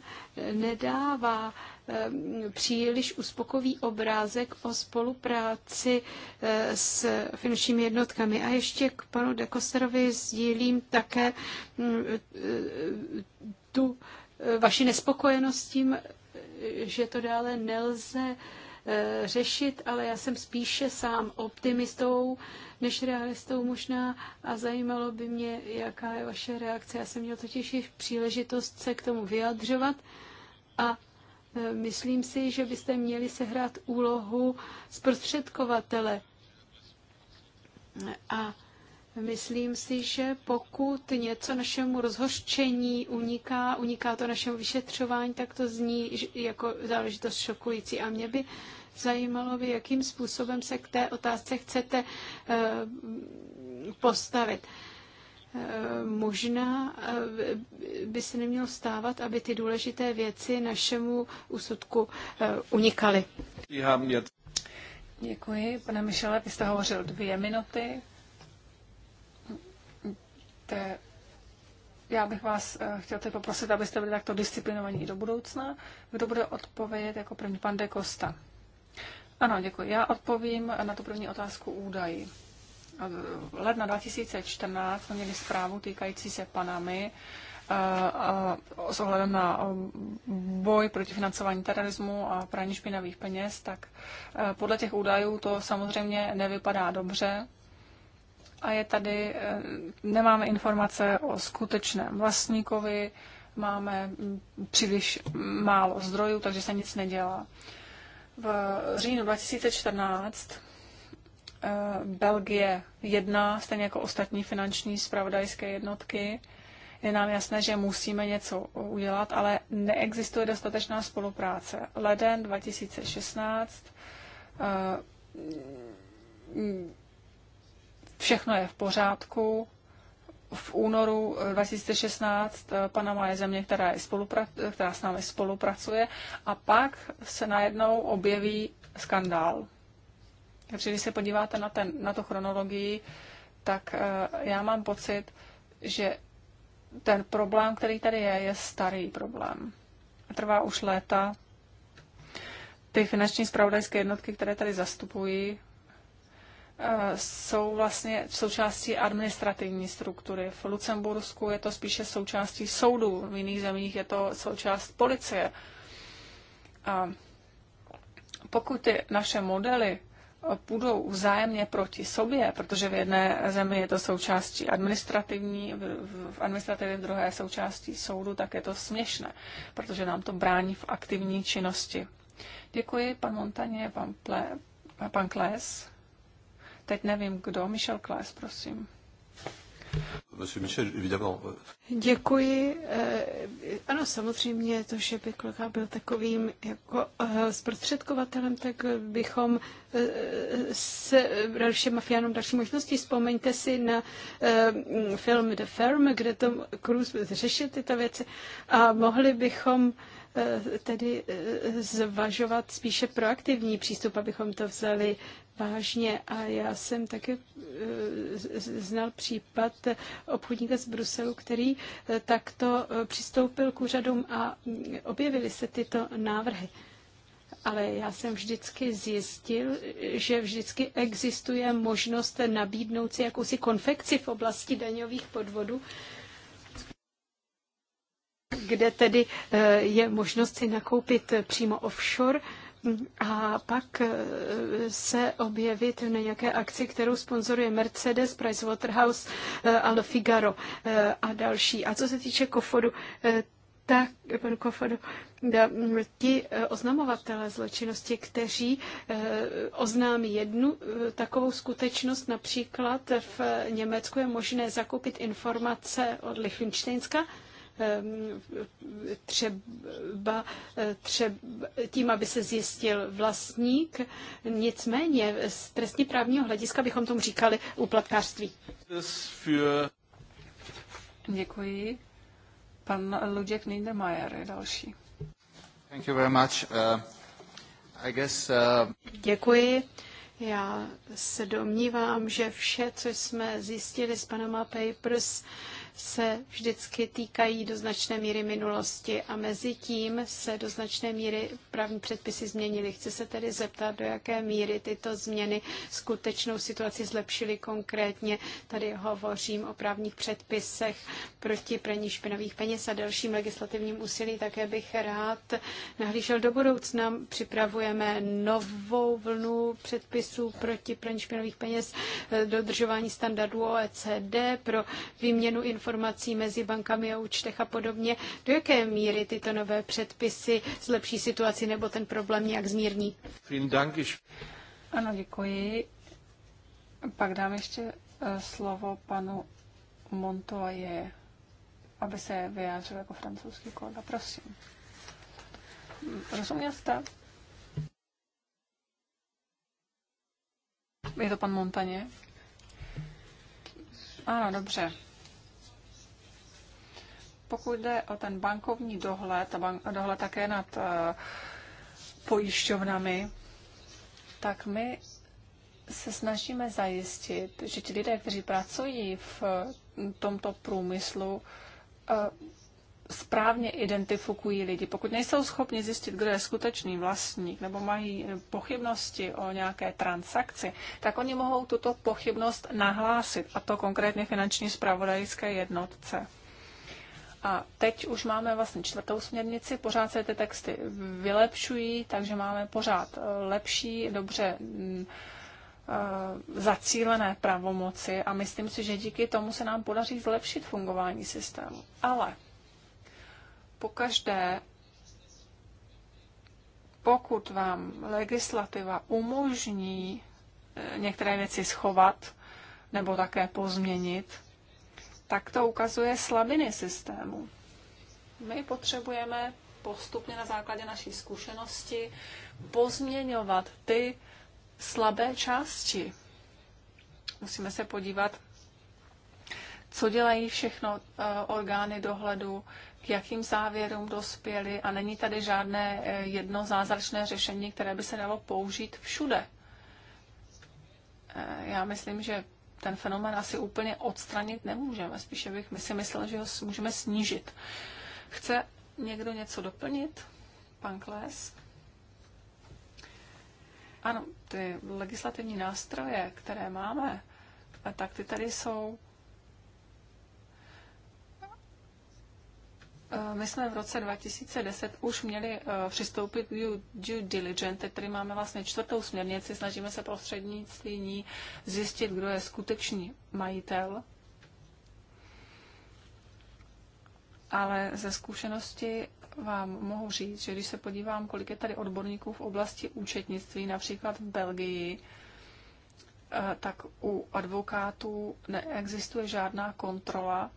nedává eh, příliš uspokojivý obrázek o spolupráci eh, s finančními jednotkami. A ještě k panu Dekoserovi sdílím také mm, tu vaši nespokojenost tím, že to dále nelze Eh, řešit, ale já jsem spíše sám optimistou než realistou možná a zajímalo by mě, jaká je vaše reakce. Já jsem měl totiž i příležitost se k tomu vyjadřovat a eh, myslím si, že byste měli sehrát úlohu zprostředkovatele a Myslím si, že pokud něco našemu rozhořčení uniká, uniká to našemu vyšetřování, tak to zní jako záležitost šokující. A mě by zajímalo, by, jakým způsobem se k té otázce chcete eh, postavit. Eh, možná eh, by se nemělo stávat, aby ty důležité věci našemu úsudku unikaly. Děkuji, pane Michele, vy jste hovořil dvě minuty abyste, já bych vás eh, chtěl teď poprosit, abyste byli takto disciplinovaní i do budoucna. Kdo bude odpovědět jako první? Pan De Costa. Ano, děkuji. Já odpovím na tu první otázku údají. Ledna 2014 jsme měli zprávu týkající se Panamy eh, s ohledem na eh, boj proti financování terorismu a praní špinavých peněz, tak podle těch údajů to samozřejmě nevypadá dobře a je tady, eh, nemáme informace o skutečném vlastníkovi, máme příliš málo zdrojů, takže se nic nedělá. V říjnu 2014 eh, Belgie jedná, stejně jako ostatní finanční spravodajské jednotky. Je nám jasné, že musíme něco udělat, ale neexistuje dostatečná spolupráce. Leden 2016 všechno je v pořádku. V únoru eh, 2016 eh, Panama je země, která, je eh, která s námi spolupracuje a pak se najednou objeví skandál. Takže když se podíváte na, ten, na tu chronologii, tak já mám pocit, že ten problém, který tady je, je starý problém. A trvá už léta. Ty finanční spravodajské jednotky, které tady zastupují, jsou vlastně součástí administrativní struktury. V Lucembursku je to spíše součástí soudů, v jiných zemích je to součást policie. A pokud ty naše modely půjdou vzájemně proti sobě, protože v jedné zemi je to součástí administrativní, v administrativě druhé součástí soudu, tak je to směšné, protože nám to brání v aktivní činnosti. Děkuji, pan Montaně, pan, Ple, pan Kles. Teď nevím, kdo. Michel Klaes, prosím. Michel, euh, Děkuji. Eh, ano, samozřejmě to, že by kolega byl takovým jako eh, zprostředkovatelem, tak bychom eh, se dalším mafiánům další možnosti. Vzpomeňte si na film The Firm, kde Tom Cruise řešil tyto věci a mohli bychom tedy zvažovat spíše proaktivní přístup, abychom to vzali vážně. A já jsem také eh, znal případ obchodníka z Bruselu, který eh, takto eh, přistoupil k úřadům a mm, objevily se tyto návrhy. Ale já jsem vždycky zjistil, že vždycky existuje možnost nabídnout si jakousi konfekci v oblasti daňových podvodů, kde tedy je možnost si nakoupit přímo offshore a pak eh, se objevit na nějaké akci, kterou sponzoruje Mercedes, Pricewaterhouse, eh, Ale Figaro eh, a další. A co se týče Kofodu, tak, pan Kofodu mm, ti oznamovatele zločinnosti, kteří oznámí jednu takovou skutečnost, například v Německu je možné zakoupit informace od Lichtensteinska, Ehm, třeba, třeba tím, aby se zjistil vlastník. Nicméně z trestně právního hlediska bychom tomu říkali úplatkářství. Děkuji. Pan Luděk Niedermayer je další. Thank you very much. Uh, I guess, uh... Děkuji. Já se domnívám, že vše, co jsme zjistili z Panama Papers, uh, se vždycky týkají do značné míry minulosti a mezi tím se do značné míry právní předpisy změnily. Chci se tedy zeptat, do jaké míry tyto změny skutečnou situaci zlepšily konkrétně. Tady hovořím o právních předpisech proti praní špinavých peněz a dalším legislativním úsilí. Také bych rád nahlížel do budoucna. Připravujeme novou vlnu předpisů proti praní špinavých peněz, dodržování standardů OECD pro výměnu informací informací mezi bankami o účtech a podobně. Do jaké míry tyto nové předpisy zlepší situaci nebo ten problém nějak zmírní? Ano, děkuji. Pak dám ještě eh, slovo panu Montoye, aby se vyjádřil jako francouzský kolega. Prosím. Rozuměl jste? Je to pan Montaně? Ano, dobře pokud jde o ten bankovní dohled a bank, dohled také nad eh, pojišťovnami, tak my se snažíme zajistit, že ti lidé, kteří pracují v tomto průmyslu, eh, správně identifikují lidi. Pokud nejsou schopni zjistit, kdo je skutečný vlastník nebo mají pochybnosti o nějaké transakci, tak oni mohou tuto pochybnost nahlásit, a to konkrétně finanční spravodajské jednotce. A teď už máme vlastně čtvrtou směrnici, pořád se ty texty vylepšují, takže máme pořád eh, lepší, dobře mm, eh, zacílené pravomoci a myslím si, že díky tomu se nám podaří zlepšit fungování systému. Ale pokaždé, pokud vám legislativa umožní eh, některé věci schovat nebo také pozměnit, tak to ukazuje slabiny systému. My potřebujeme postupně na základě naší zkušenosti pozměňovat ty slabé části. Musíme se podívat, co dělají všechno eh, orgány dohledu, k jakým závěrům dospěly a není tady žádné eh, jedno zázračné řešení, které by se dalo použít všude. Eh, já myslím, že ten fenomén asi úplně odstranit nemůžeme. Spíše bych my si myslel, že ho můžeme snížit. Chce někdo něco doplnit? Pan Kles? Ano, ty legislativní nástroje, které máme, tak ty tady jsou Eh, my jsme v roce 2010 už měli eh, přistoupit k due diligence, který máme vlastně čtvrtou směrnici, snažíme se prostřednictvím ní zjistit, kdo je skutečný majitel. Ale ze zkušenosti vám mohu říct, že když se podívám, kolik je tady odborníků v oblasti účetnictví, například v Belgii, eh, tak u advokátů neexistuje žádná kontrola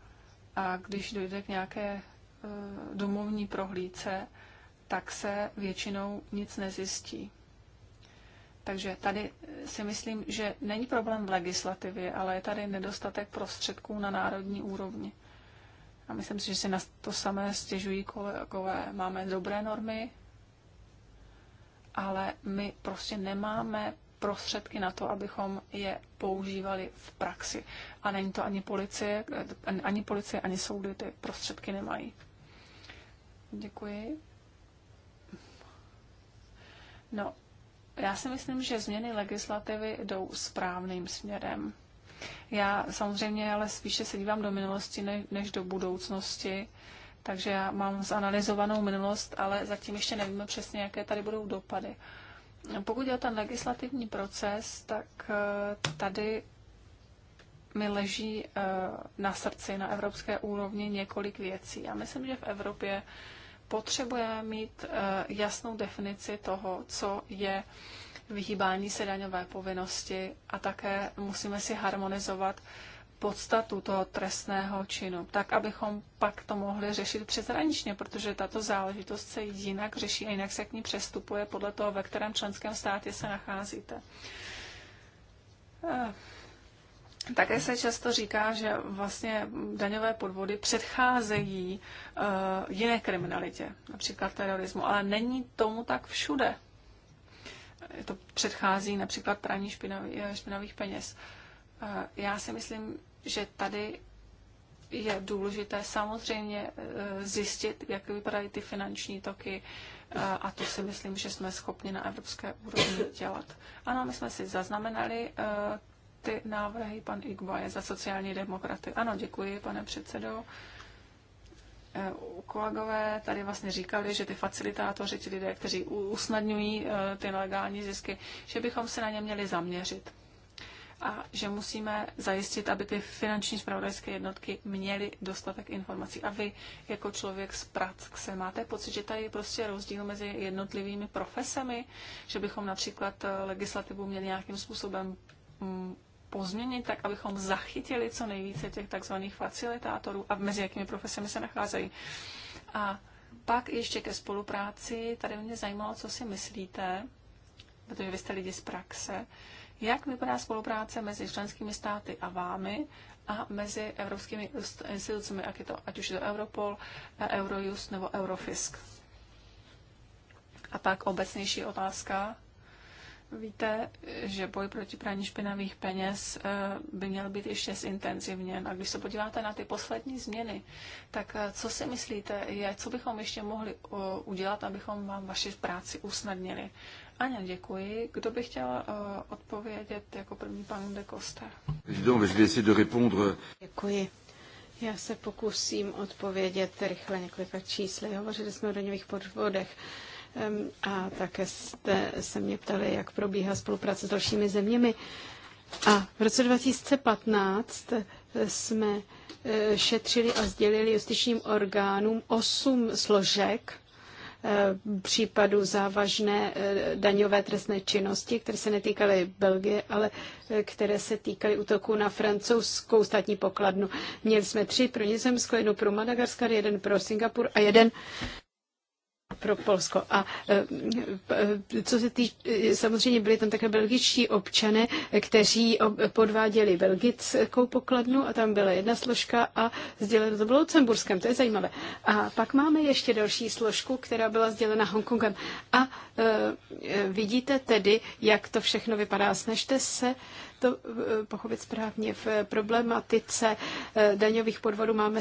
a když dojde k nějaké Eh, domovní prohlídce, tak se většinou nic nezjistí. Takže tady si myslím, že není problém v legislativě, ale je tady nedostatek prostředků na národní úrovni. A myslím si, že si na to samé stěžují kolegové. Máme dobré normy, ale my prostě nemáme prostředky na to, abychom je používali v praxi. A není to ani policie, ani policie, ani soudy ty prostředky nemají. Děkuji. No, já si myslím, že změny legislativy jdou správným směrem. Já samozřejmě ale spíše se dívám do minulosti než do budoucnosti, takže já mám zanalizovanou minulost, ale zatím ještě nevíme přesně, jaké tady budou dopady. Pokud je o ten legislativní proces, tak eh, tady mi leží eh, na srdci na evropské úrovni několik věcí. Já myslím, že v Evropě potřebujeme mít eh, jasnou definici toho, co je vyhýbání se daňové povinnosti a také musíme si harmonizovat podstatu toho trestného činu, tak abychom pak to mohli řešit přeshraničně, protože tato záležitost se jinak řeší a jinak se k ní přestupuje podle toho, ve kterém členském státě se nacházíte. Eh, také se často říká, že vlastně daňové podvody předcházejí uh, jiné kriminalitě, například terorismu, ale není tomu tak všude. To předchází například praní špinavý, eh, špinavých peněz. Uh, já si myslím, že tady je důležité samozřejmě zjistit, jak vypadají ty finanční toky a to si myslím, že jsme schopni na evropské úrovni dělat. Ano, my jsme si zaznamenali ty návrhy. Pan Igba je za sociální demokraty. Ano, děkuji, pane předsedo. E, kolegové tady vlastně říkali, že ty facilitátoři, ti lidé, kteří usnadňují e, ty nelegální zisky, že bychom se na ně měli zaměřit a že musíme zajistit, aby ty finanční spravodajské jednotky měly dostatek informací. A vy jako člověk z praxe máte pocit, že tady je prostě rozdíl mezi jednotlivými profesemi, že bychom například e, legislativu měli nějakým způsobem mm, pozměnit tak, abychom zachytili co nejvíce těch takzvaných facilitátorů a mezi jakými profesemi se nacházejí. A pak ještě ke spolupráci, tady mě zajímalo, co si myslíte, protože vy jste lidi z praxe, jak vypadá spolupráce mezi členskými státy a vámi a mezi evropskými institucemi, ať, je to, ať už je to Europol, Eurojust nebo Eurofisk. A pak obecnější otázka, Víte, že boj proti praní špinavých peněz eh, by měl být ještě zintenzivněn. A když se podíváte na ty poslední změny, tak eh, co si myslíte, je, co bychom ještě mohli eh, udělat, abychom vám vaši práci usnadnili? Aně, děkuji. Kdo by chtěl odpovědět jako první pan de Costa? Děkuji. Já se pokusím odpovědět rychle několika čísly. Hovořili jsme o daňových podvodech a také jste se mě ptali, jak probíhá spolupráce s dalšími zeměmi. A v roce 2015 jsme eh, šetřili a sdělili justičním orgánům osm složek eh, případů závažné eh, daňové trestné činnosti, které se netýkaly Belgie, ale které se týkaly útoku na francouzskou státní pokladnu. Měli jsme tři pro Nizemsko, jednu pro Madagaskar, jeden pro Singapur a jeden pro Polsko. A e, e, co se týče, samozřejmě byli tam také belgičtí občané, kteří podváděli belgickou pokladnu a tam byla jedna složka a sdělena to bylo Lucemburskem, to je zajímavé. A pak máme ještě další složku, která byla sdělena Hongkongem. A e, vidíte tedy, jak to všechno vypadá. Snažte se to eh, pochopit správně. V problematice eh, daňových podvodů máme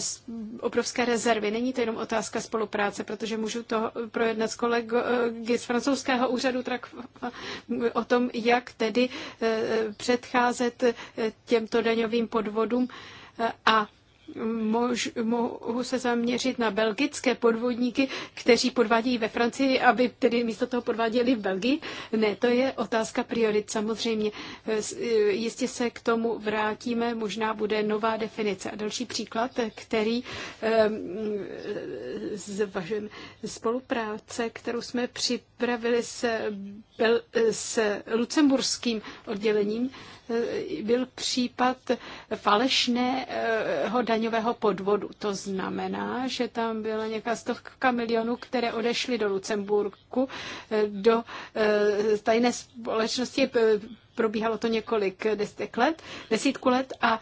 obrovské rezervy. Není to jenom otázka spolupráce, protože můžu to projednat s kolegy z francouzského úřadu trak eh, o tom, jak tedy předcházet těmto daňovým podvodům a mož, mohu se zaměřit na belgické podvodníky, kteří podvádějí ve Francii, aby tedy místo toho podváděli v Belgii? Ne, to je otázka priorit samozřejmě. E, jistě se k tomu vrátíme, možná bude nová definice. A další příklad, který e, e, zvažujeme spolupráce, kterou jsme připravili s, s lucemburským oddělením, byl případ falešného daňového podvodu. To znamená, že tam byla nějaká stovka milionů, které odešly do Lucemburku, do eh, tajné společnosti. Probíhalo to několik desítek let, desítku let a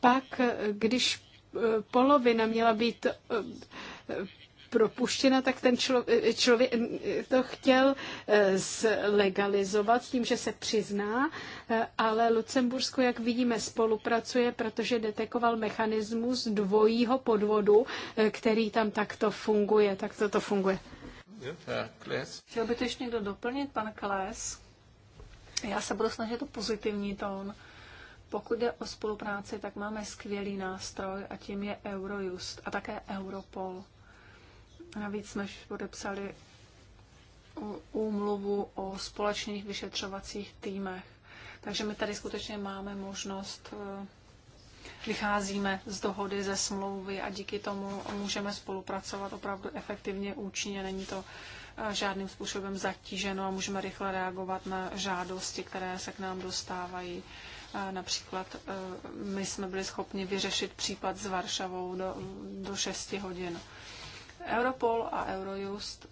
pak, když eh, polovina měla být eh, propuštěna, tak ten eh, člověk, člověk eh, to chtěl eh, zlegalizovat tím, že se přizná, ale Lucembursko, jak vidíme, spolupracuje, protože detekoval mechanismus dvojího podvodu, který tam takto funguje. Tak to funguje. Chtěl by to ještě někdo doplnit, pan Kles? Já se budu snažit o pozitivní tón. Pokud jde o spolupráci, tak máme skvělý nástroj a tím je Eurojust a také Europol. Navíc jsme podepsali úmluvu o společných vyšetřovacích týmech. Takže my tady skutečně máme možnost, eh, vycházíme z dohody, ze smlouvy a díky tomu můžeme spolupracovat opravdu efektivně, účinně. Není to eh, žádným způsobem zatíženo a můžeme rychle reagovat na žádosti, které se k nám dostávají. Eh, například my jsme byli schopni vyřešit případ s Varšavou do, do 6 hodin. Europol a Eurojust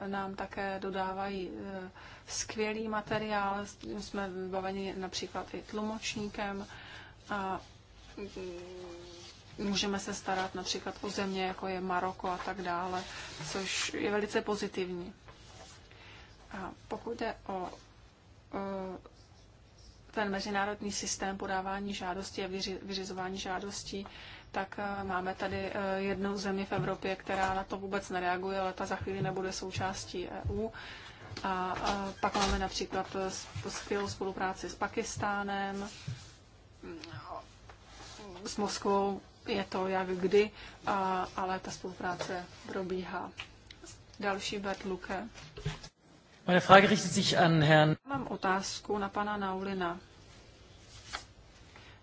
eh, nám také dodávají eh, skvělý materiál. Jsme vybaveni například i tlumočníkem a mm, můžeme se starat například o země, jako je Maroko a tak dále, což je velice pozitivní. A pokud jde o eh, ten mezinárodní systém podávání žádostí a vyřizování žádostí, tak eh, máme tady eh, jednu zemi v Evropě, která na to vůbec nereaguje, ale ta za chvíli nebude součástí EU. A pak máme například eh, skvělou spolupráci s Pakistánem, mm, s Moskvou, je to jak kdy, ale ta spolupráce probíhá. Další Bert Luke. Meine Frage richtet sich an Herrn... Mám otázku na pana Naulina.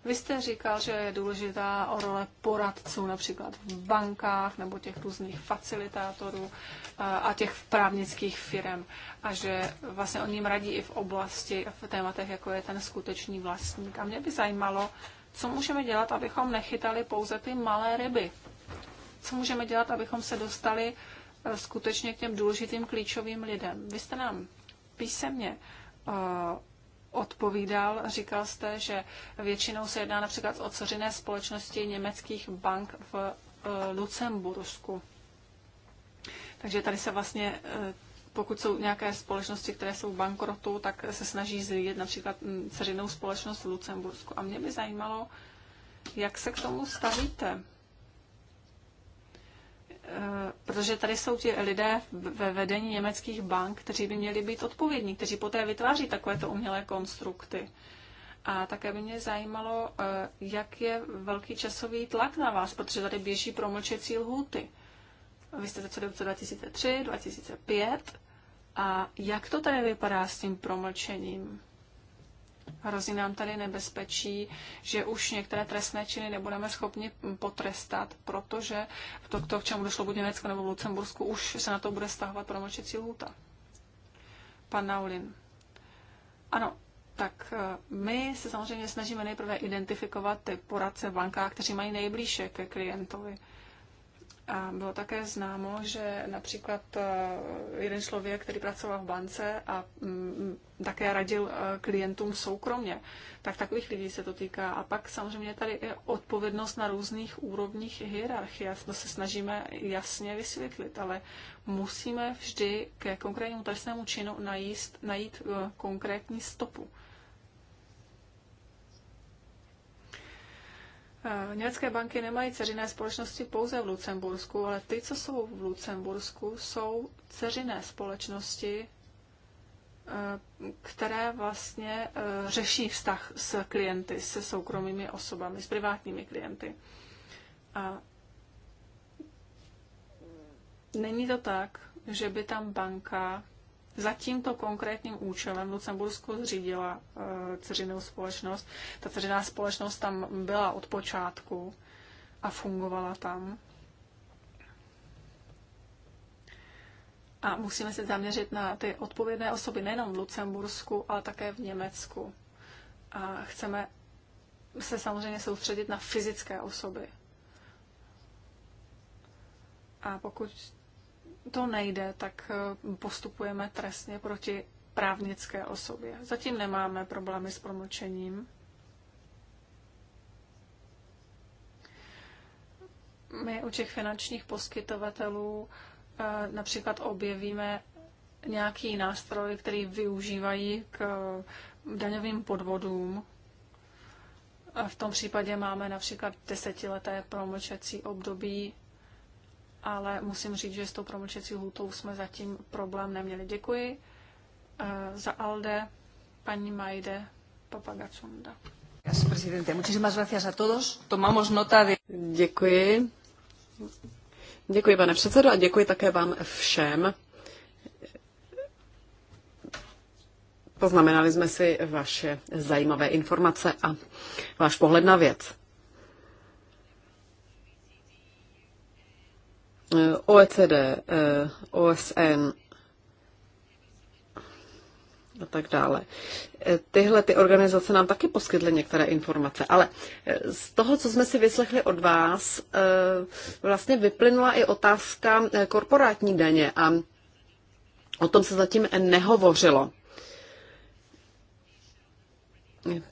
Vy jste říkal, že je důležitá o role poradců například v bankách nebo těch různých facilitátorů a těch právnických firm a že vlastně o ním radí i v oblasti, v tématech, jako je ten skutečný vlastník. A mě by zajímalo, co můžeme dělat, abychom nechytali pouze ty malé ryby. Co můžeme dělat, abychom se dostali e, skutečně k těm důležitým klíčovým lidem. Vy jste nám písemně e, odpovídal. Říkal jste, že většinou se jedná například o cořiné společnosti německých bank v e, Lucembursku. Takže tady se vlastně, e, pokud jsou nějaké společnosti, které jsou v bankrotu, tak se snaží zřídit například ceřinou společnost v Lucembursku. A mě by zajímalo, jak se k tomu stavíte. Eh, protože tady jsou ti lidé ve vedení německých bank, kteří by měli být odpovědní, kteří poté vytváří takovéto umělé konstrukty. A také by mě zajímalo, eh, jak je velký časový tlak na vás, protože tady běží promlčecí lhuty. Vy jste začali v 2003, 2005 a jak to tady vypadá s tím promlčením? Hrozí nám tady nebezpečí, že už některé trestné činy nebudeme schopni potrestat, protože to, to k čemu došlo v Německu nebo v Lucembursku, už se na to bude stahovat promlčecí lůta. Pan Naulin. Ano, tak eh, my se samozřejmě snažíme nejprve identifikovat ty poradce v bankách, kteří mají nejblíže ke klientovi. A bylo také známo, že například eh, jeden člověk, který pracoval v bance a mm, mm, také radil eh, klientům soukromně, tak takových lidí se to týká. A pak samozřejmě tady je odpovědnost na různých úrovních hierarchie. To se snažíme jasně vysvětlit, ale musíme vždy ke konkrétnímu trestnému činu najíst, najít eh, konkrétní stopu. Eh, německé banky nemají ceřiné společnosti pouze v Lucembursku, ale ty, co jsou v Lucembursku, jsou ceřiné společnosti, eh, které vlastně eh, řeší vztah s klienty, se soukromými osobami, s privátními klienty. A není to tak, že by tam banka za tímto konkrétním účelem v Lucembursku zřídila e, eh, ceřinou společnost. Ta ceřiná společnost tam byla od počátku a fungovala tam. A musíme se zaměřit na ty odpovědné osoby nejenom v Lucembursku, ale také v Německu. A chceme se samozřejmě soustředit na fyzické osoby. A pokud to nejde, tak eh, postupujeme trestně proti právnické osobě. Zatím nemáme problémy s promlčením. My u těch finančních poskytovatelů eh, například objevíme nějaký nástroj, který využívají k eh, daňovým podvodům. A v tom případě máme například desetileté promlčecí období ale musím říct, že s tou promlčecí lhůtou jsme zatím problém neměli. Děkuji eh, za ALDE, paní Majde Papagacunda. Děkuji. Děkuji, pane předsedo, a děkuji také vám všem. Poznamenali jsme si vaše zajímavé informace a váš pohled na věc. OECD, eh, OSN a tak dále. Eh, tyhle ty organizace nám taky poskytly některé informace, ale eh, z toho, co jsme si vyslechli od vás, vlastně vyplynula i otázka korporátní daně a o tom se zatím nehovořilo.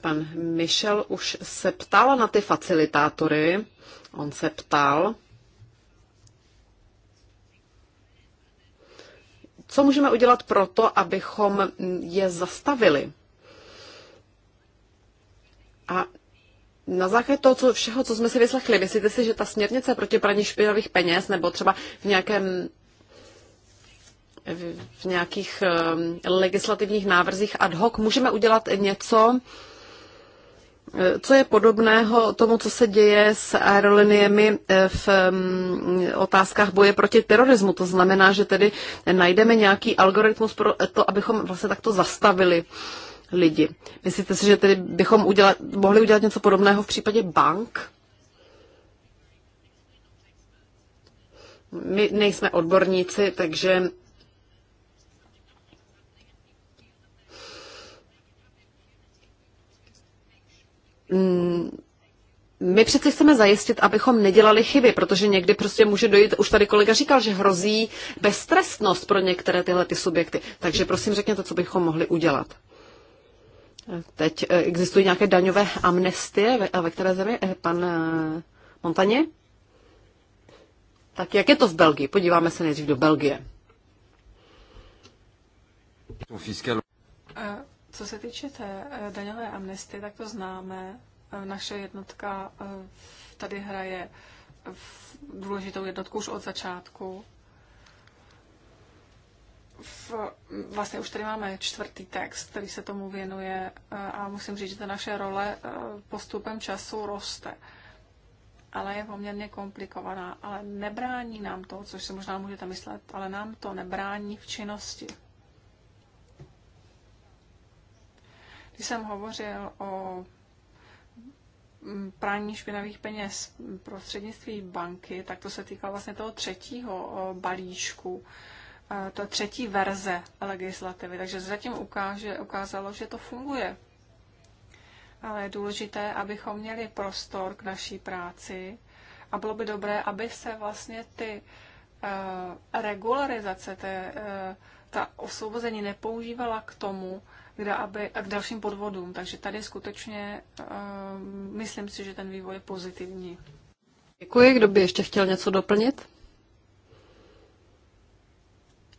Pan Michel už se ptal na ty facilitátory. On se ptal, Co můžeme udělat pro to, abychom je zastavili? A na základě toho co, všeho, co jsme si vyslechli, myslíte si, že ta směrnice proti praní špinavých peněz nebo třeba v nějakém v nějakých ehm, legislativních návrzích ad hoc můžeme udělat něco, co je podobného tomu, co se děje s aeroliniemi eh, v mm, otázkách boje proti terorismu. To znamená, že tedy najdeme nějaký algoritmus pro to, abychom vlastně takto zastavili lidi. Myslíte si, že tedy bychom udělat, mohli udělat něco podobného v případě bank? My nejsme odborníci, takže Mm, my přece chceme zajistit, abychom nedělali chyby, protože někdy prostě může dojít, už tady kolega říkal, že hrozí beztrestnost pro některé tyhle ty subjekty. Takže prosím řekněte, co bychom mohli udělat. Teď eh, existují nějaké daňové amnestie ve, eh, ve které zemi? Eh, pan Montaně? Tak jak je to v Belgii? Podíváme se nejdřív do Belgie. Co se týče té eh, daňové amnesty, tak to známe. Eh, naše jednotka eh, tady hraje v důležitou jednotku už od začátku. V, vlastně už tady máme čtvrtý text, který se tomu věnuje a musím říct, že ta naše role postupem času roste ale je poměrně komplikovaná. Ale nebrání nám to, což si možná můžete myslet, ale nám to nebrání v činnosti. Když jsem hovořil o mm, prání špinavých peněz prostřednictví banky, tak to se týká vlastně toho třetího balíčku, to třetí verze legislativy. Takže zatím ukáže, ukázalo, že to funguje. Ale je důležité, abychom měli prostor k naší práci a bylo by dobré, aby se vlastně ty e, regularizace, e, ta osvobození nepoužívala k tomu, kde aby, a k dalším podvodům. Takže tady skutečně uh, myslím si, že ten vývoj je pozitivní. Děkuji. Kdo by ještě chtěl něco doplnit?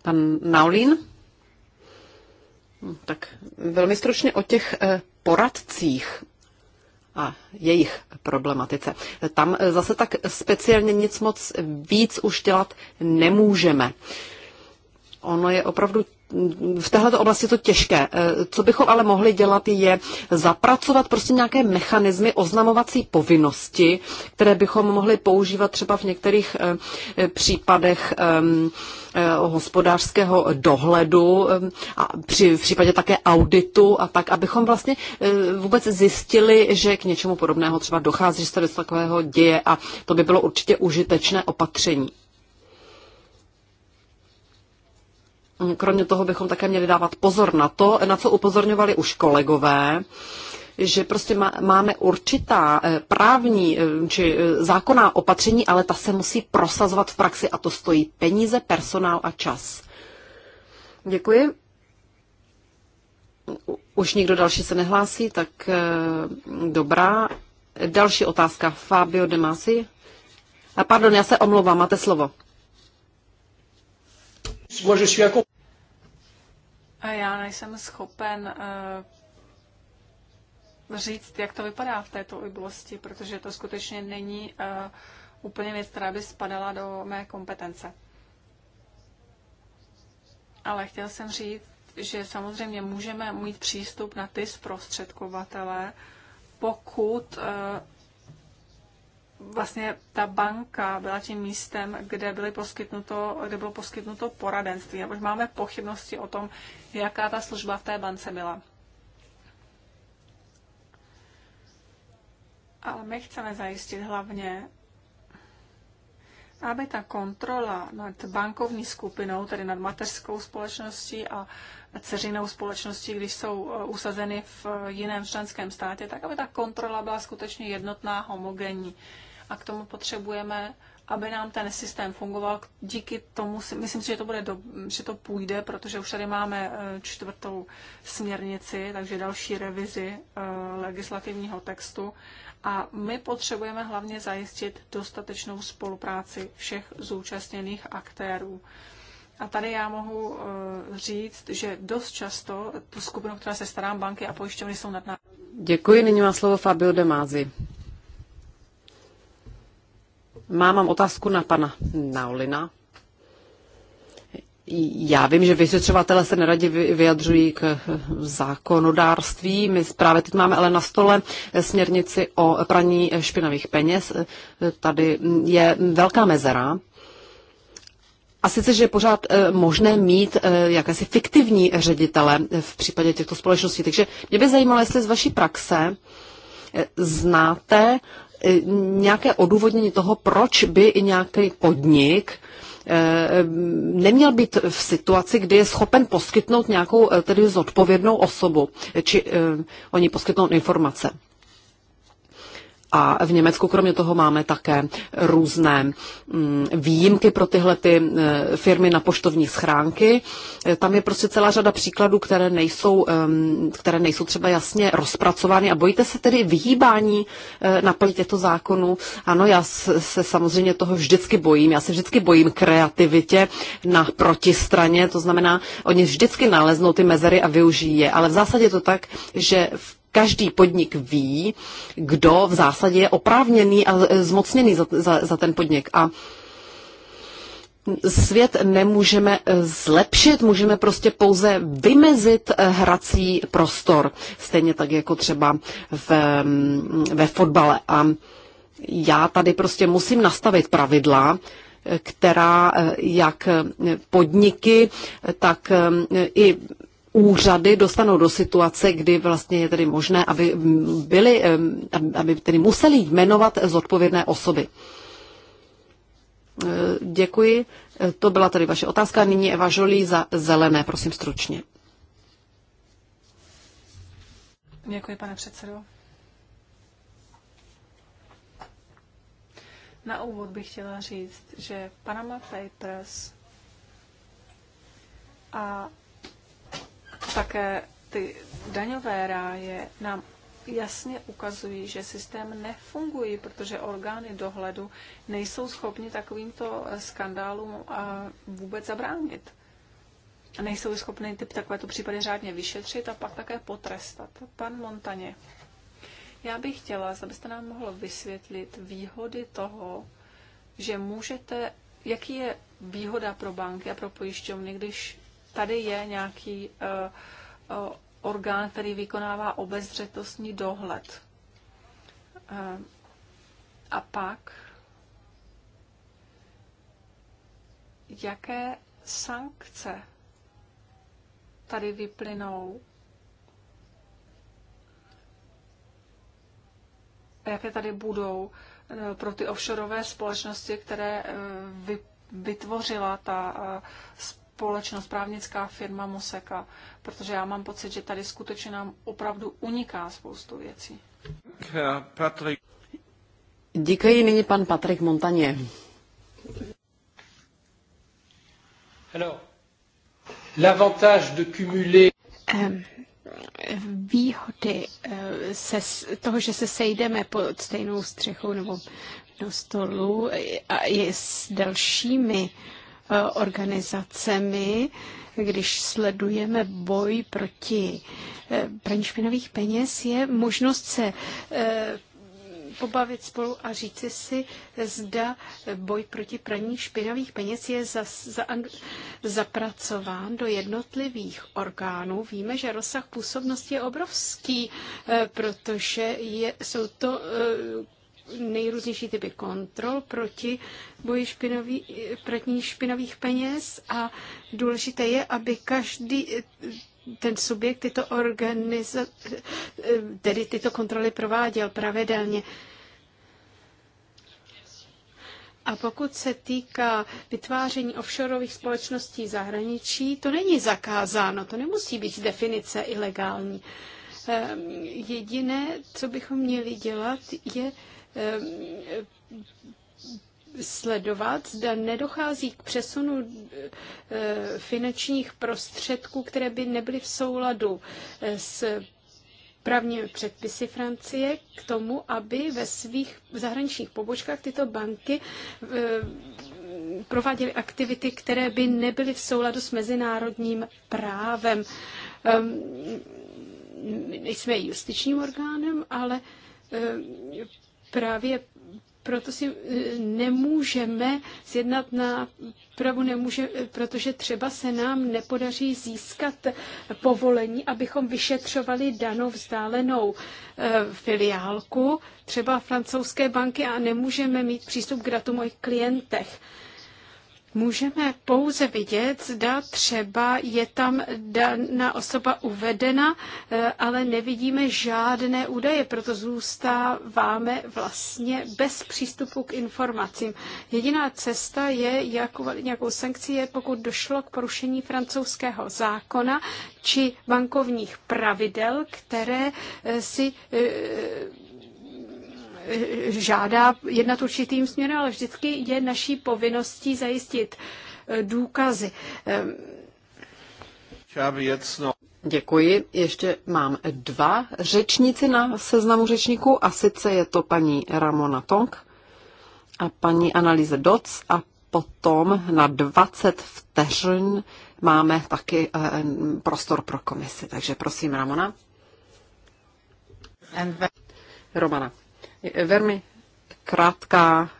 Pan Naulín? Hm, tak velmi stručně o těch eh, poradcích a jejich problematice. Tam eh, zase tak speciálně nic moc víc už dělat nemůžeme. Ono je opravdu v této oblasti je to těžké. Eh, co bychom ale mohli dělat, je zapracovat prostě nějaké mechanismy oznamovací povinnosti, které bychom mohli používat třeba v některých eh, eh, případech ehm, hospodářského dohledu ehm, a při, v případě také auditu a tak, abychom vlastně vůbec zjistili, že k něčemu podobného třeba dochází, že se do takového děje a to by bylo určitě užitečné opatření. Kromě toho bychom také měli dávat pozor na to, na co upozorňovali už kolegové, že prostě máme určitá eh, právní eh, či eh, zákonná opatření, ale ta se musí prosazovat v praxi a to stojí peníze, personál a čas. Děkuji. Už nikdo další se nehlásí, tak dobrá. Další otázka. Fabio De Masi. A pardon, já se omlouvám, máte slovo. A já nejsem schopen uh, říct, jak to vypadá v této oblasti, protože to skutečně není uh, úplně věc, která by spadala do mé kompetence. Ale chtěl jsem říct, že samozřejmě můžeme mít přístup na ty zprostředkovatele, pokud uh, vlastně ta banka byla tím místem, kde, byly poskytnuto, kde bylo poskytnuto poradenství, už máme pochybnosti o tom, jaká ta služba v té bance byla. Ale my chceme zajistit hlavně, aby ta kontrola nad bankovní skupinou, tedy nad mateřskou společností a ceřinou společností, když jsou e, usazeny v jiném členském státě, tak aby ta kontrola byla skutečně jednotná, homogenní. Uh, a k tomu potřebujeme, aby nám ten systém fungoval. Díky tomu, si, myslím si, že to, bude do, že to půjde, protože už tady máme eh, čtvrtou směrnici, takže další revizi eh, legislativního textu. A my potřebujeme hlavně zajistit dostatečnou spolupráci všech zúčastněných aktérů. A tady já mohu eh, říct, že dost často tu skupinu, která se starám, banky a pojišťovny jsou nad námi. Děkuji, nyní má slovo Fabio De má, mám otázku na pana Naulina. Já vím, že vyšetřovatele se neradi vyjadřují k zákonodárství. My právě teď máme ale na stole směrnici o praní špinavých peněz. Tady je velká mezera. A sice, že je pořád eh, možné mít eh, jakési fiktivní ředitele v případě těchto společností. Takže mě by zajímalo, jestli z vaší praxe eh, znáte E, nějaké odůvodnění toho, proč by i nějaký podnik e, neměl být v situaci, kdy je schopen poskytnout nějakou e, tedy zodpovědnou osobu, či oni poskytnout informace. A v Německu kromě toho máme také různé mm, výjimky pro tyhle ty eh, firmy na poštovní schránky. Eh, tam je prostě celá řada příkladů, které nejsou, ehm, které nejsou třeba jasně rozpracovány. A bojíte se tedy vyhýbání eh, naplnit těchto zákonů? Ano, já se samozřejmě toho vždycky bojím. Já se vždycky bojím kreativitě na protistraně. To znamená, oni vždycky naleznou ty mezery a využijí je. Ale v zásadě je to tak, že v každý podnik ví, kdo v zásadě je oprávněný a zmocněný za, za, za ten podnik. A svět nemůžeme zlepšit, můžeme prostě pouze vymezit hrací prostor, stejně tak jako třeba v, ve fotbale. A já tady prostě musím nastavit pravidla, která jak podniky, tak i úřady dostanou do situace, kdy vlastně je tedy možné, aby, byli, aby tedy museli jmenovat zodpovědné osoby. E, děkuji. E, to byla tady vaše otázka. Nyní Eva Žolí za zelené, prosím stručně. Děkuji, pane předsedo. Na úvod bych chtěla říct, že Panama Papers a také ty daňové ráje nám jasně ukazují, že systém nefungují, protože orgány dohledu nejsou schopni takovýmto skandálům eh, vůbec zabránit. Nejsou schopni typ takovéto případy řádně vyšetřit a pak také potrestat. Pan Montaně, já bych chtěla, abyste nám mohl vysvětlit výhody toho, že můžete, jaký je výhoda pro banky a pro pojišťovny, když tady je nějaký eh, eh, orgán, který vykonává obezřetostní dohled. Eh, a pak, jaké sankce tady vyplynou? Jaké tady budou pro ty offshoreové společnosti, které vytvořila ta společnost, právnická firma Moseka, protože já mám pocit, že tady skutečně nám opravdu uniká spoustu věcí. Patrik. Děkuji nyní pan Patrik Montaně. l'avantage de cumuler výhody eh, se, toho, že se sejdeme pod stejnou střechou nebo do stolu eh, a je s dalšími E, organizacemi, když sledujeme boj proti e, praní špinavých peněz, je možnost se e, pobavit spolu a říci si, zda boj proti praní špinavých peněz je za, za, zapracován do jednotlivých orgánů. Víme, že rozsah působnosti je obrovský, protože je, jsou to nejrůznější typy kontrol proti boji špinový, proti špinavých peněz a důležité je, aby každý eh, ten subjekt tyto organiza- eh, tedy tyto kontroly prováděl pravidelně. A pokud se týká vytváření offshoreových společností zahraničí, to není zakázáno, to nemusí být z definice ilegální. Ehm, jediné, co bychom měli dělat, je Ehm, sledovat, zda nedochází k přesunu eh, finančních prostředků, které by nebyly v souladu eh, s právními předpisy Francie k tomu, aby ve svých zahraničních pobočkách tyto banky eh, prováděly aktivity, které by nebyly v souladu s mezinárodním právem. Ehm, nejsme justičním orgánem, ale právě proto si eh, nemůžeme zjednat na pravu nemůže, eh, protože třeba se nám nepodaří získat povolení, abychom vyšetřovali danou vzdálenou eh, filiálku, třeba francouzské banky a nemůžeme mít přístup k datu mojich klientech můžeme pouze vidět, zda třeba je tam daná osoba uvedena, eh, ale nevidíme žádné údaje, proto zůstáváme vlastně bez přístupu k informacím. Jediná cesta je, jak nějakou sankcí je, pokud došlo k porušení francouzského zákona či bankovních pravidel, které eh, si eh, žádá jednat určitým směrem, ale vždycky je naší povinností zajistit eh, důkazy. Ehm, no. Děkuji. Ještě mám dva řečníci na seznamu řečníků a sice je to paní Ramona Tong a paní Analýze Doc a potom na 20 vteřin máme taky eh, prostor pro komisi. Takže prosím, Ramona. Romana. Velmi krátká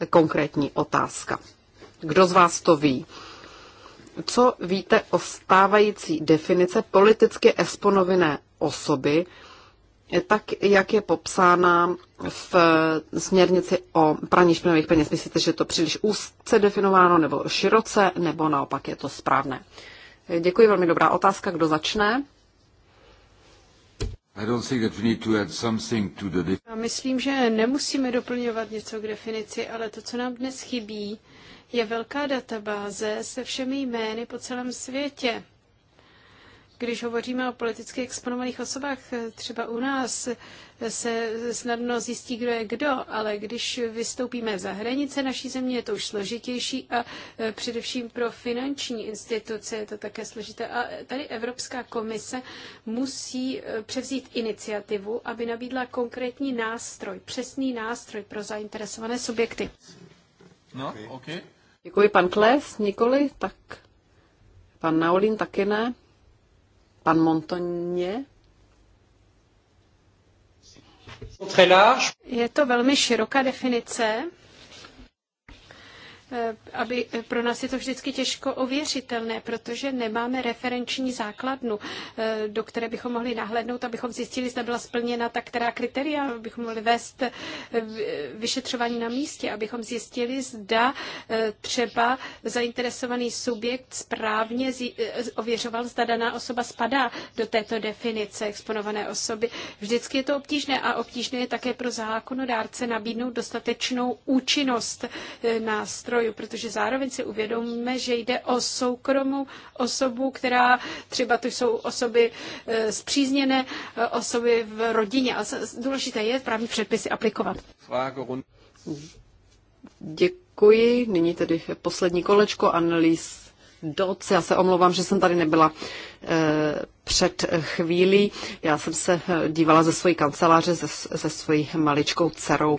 eh, konkrétní otázka. Kdo z vás to ví? Co víte o stávající definice politicky exponovinné osoby, eh, tak jak je popsána v eh, směrnici o praní špinavých peněz? Myslíte, že je to příliš úzce definováno nebo široce, nebo naopak je to správné? Děkuji, velmi dobrá otázka. Kdo začne? myslím, že nemusíme doplňovat něco k definici, ale to, co nám dnes chybí, je velká databáze se všemi jmény po celém světě. Když hovoříme o politicky exponovaných osobách, třeba u nás se snadno zjistí, kdo je kdo, ale když vystoupíme za hranice naší země, je to už složitější a e, především pro finanční instituce je to také složité. A tady Evropská komise musí e, převzít iniciativu, aby nabídla konkrétní nástroj, přesný nástroj pro zainteresované subjekty. No, okay. Děkuji, pan Kles, nikoli, tak pan Naolin taky ne. Pan Montoně? Je to velmi široká definice Eh, aby eh, pro nás je to vždycky těžko ověřitelné, protože nemáme referenční základnu, eh, do které bychom mohli nahlédnout, abychom zjistili, zda byla splněna ta která kritéria, abychom mohli vést vyšetřování na místě, abychom zjistili, zda třeba zainteresovaný subjekt správně ověřoval, zda daná osoba spadá do této definice exponované osoby. Vždycky je to obtížné a obtížné je také pro zákonodárce nabídnout dostatečnou účinnost nástroj zdrojů, protože zároveň si uvědomíme, že jde o soukromou osobu, která třeba to jsou osoby zpřízněné, e, e, osoby v rodině. A důležité je právní předpisy aplikovat. Děkuji. Nyní tedy poslední kolečko Annelies Doc, já se omlouvám, že jsem tady nebyla Eh, před chvílí. Já jsem se dívala ze své kanceláře se, se svojí maličkou dcerou.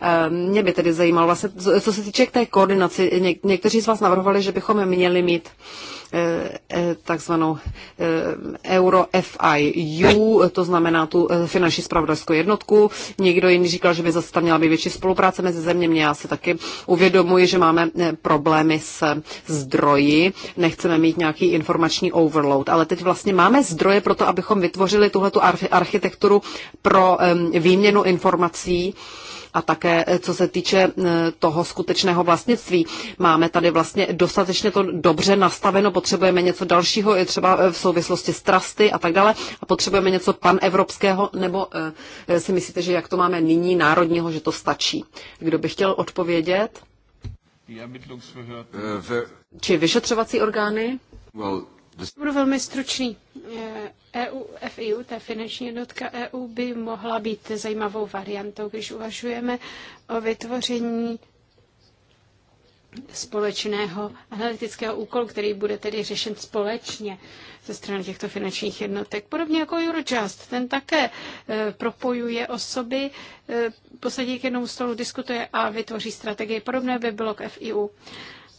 Eh, mě by tedy zajímalo, vlastně, co se týče k té koordinaci, něk, někteří z vás navrhovali, že bychom měli mít eh, takzvanou Euro FIU, to znamená tu finanční spravodajskou jednotku. Někdo jiný říkal, že by zase tam měla být větší spolupráce mezi zeměmi. Já si taky uvědomuji, že máme problémy s zdroji, nechceme mít nějaký informační overload, ale teď vlastně máme zdroje pro to, abychom vytvořili tuhletu architekturu pro výměnu informací a také e, co se týče e, toho skutečného vlastnictví. Máme tady vlastně dostatečně to dobře nastaveno, potřebujeme něco dalšího, je třeba e, v souvislosti s trusty a tak dále a potřebujeme něco panevropského, nebo si myslíte, že jak to máme nyní národního, že to stačí? Kdo by chtěl odpovědět? Äh, Či vyšetřovací orgány? Well, Budu velmi stručný. EU, eh, e FIU, ta finanční jednotka EU, by mohla být zajímavou variantou, když uvažujeme o vytvoření společného analytického úkolu, který bude tedy řešen společně ze strany těchto finančních jednotek. Podobně jako Eurojust, ten také e, propojuje osoby, e, posadí k jednomu stolu, diskutuje a vytvoří strategii. Podobné by bylo k FIU.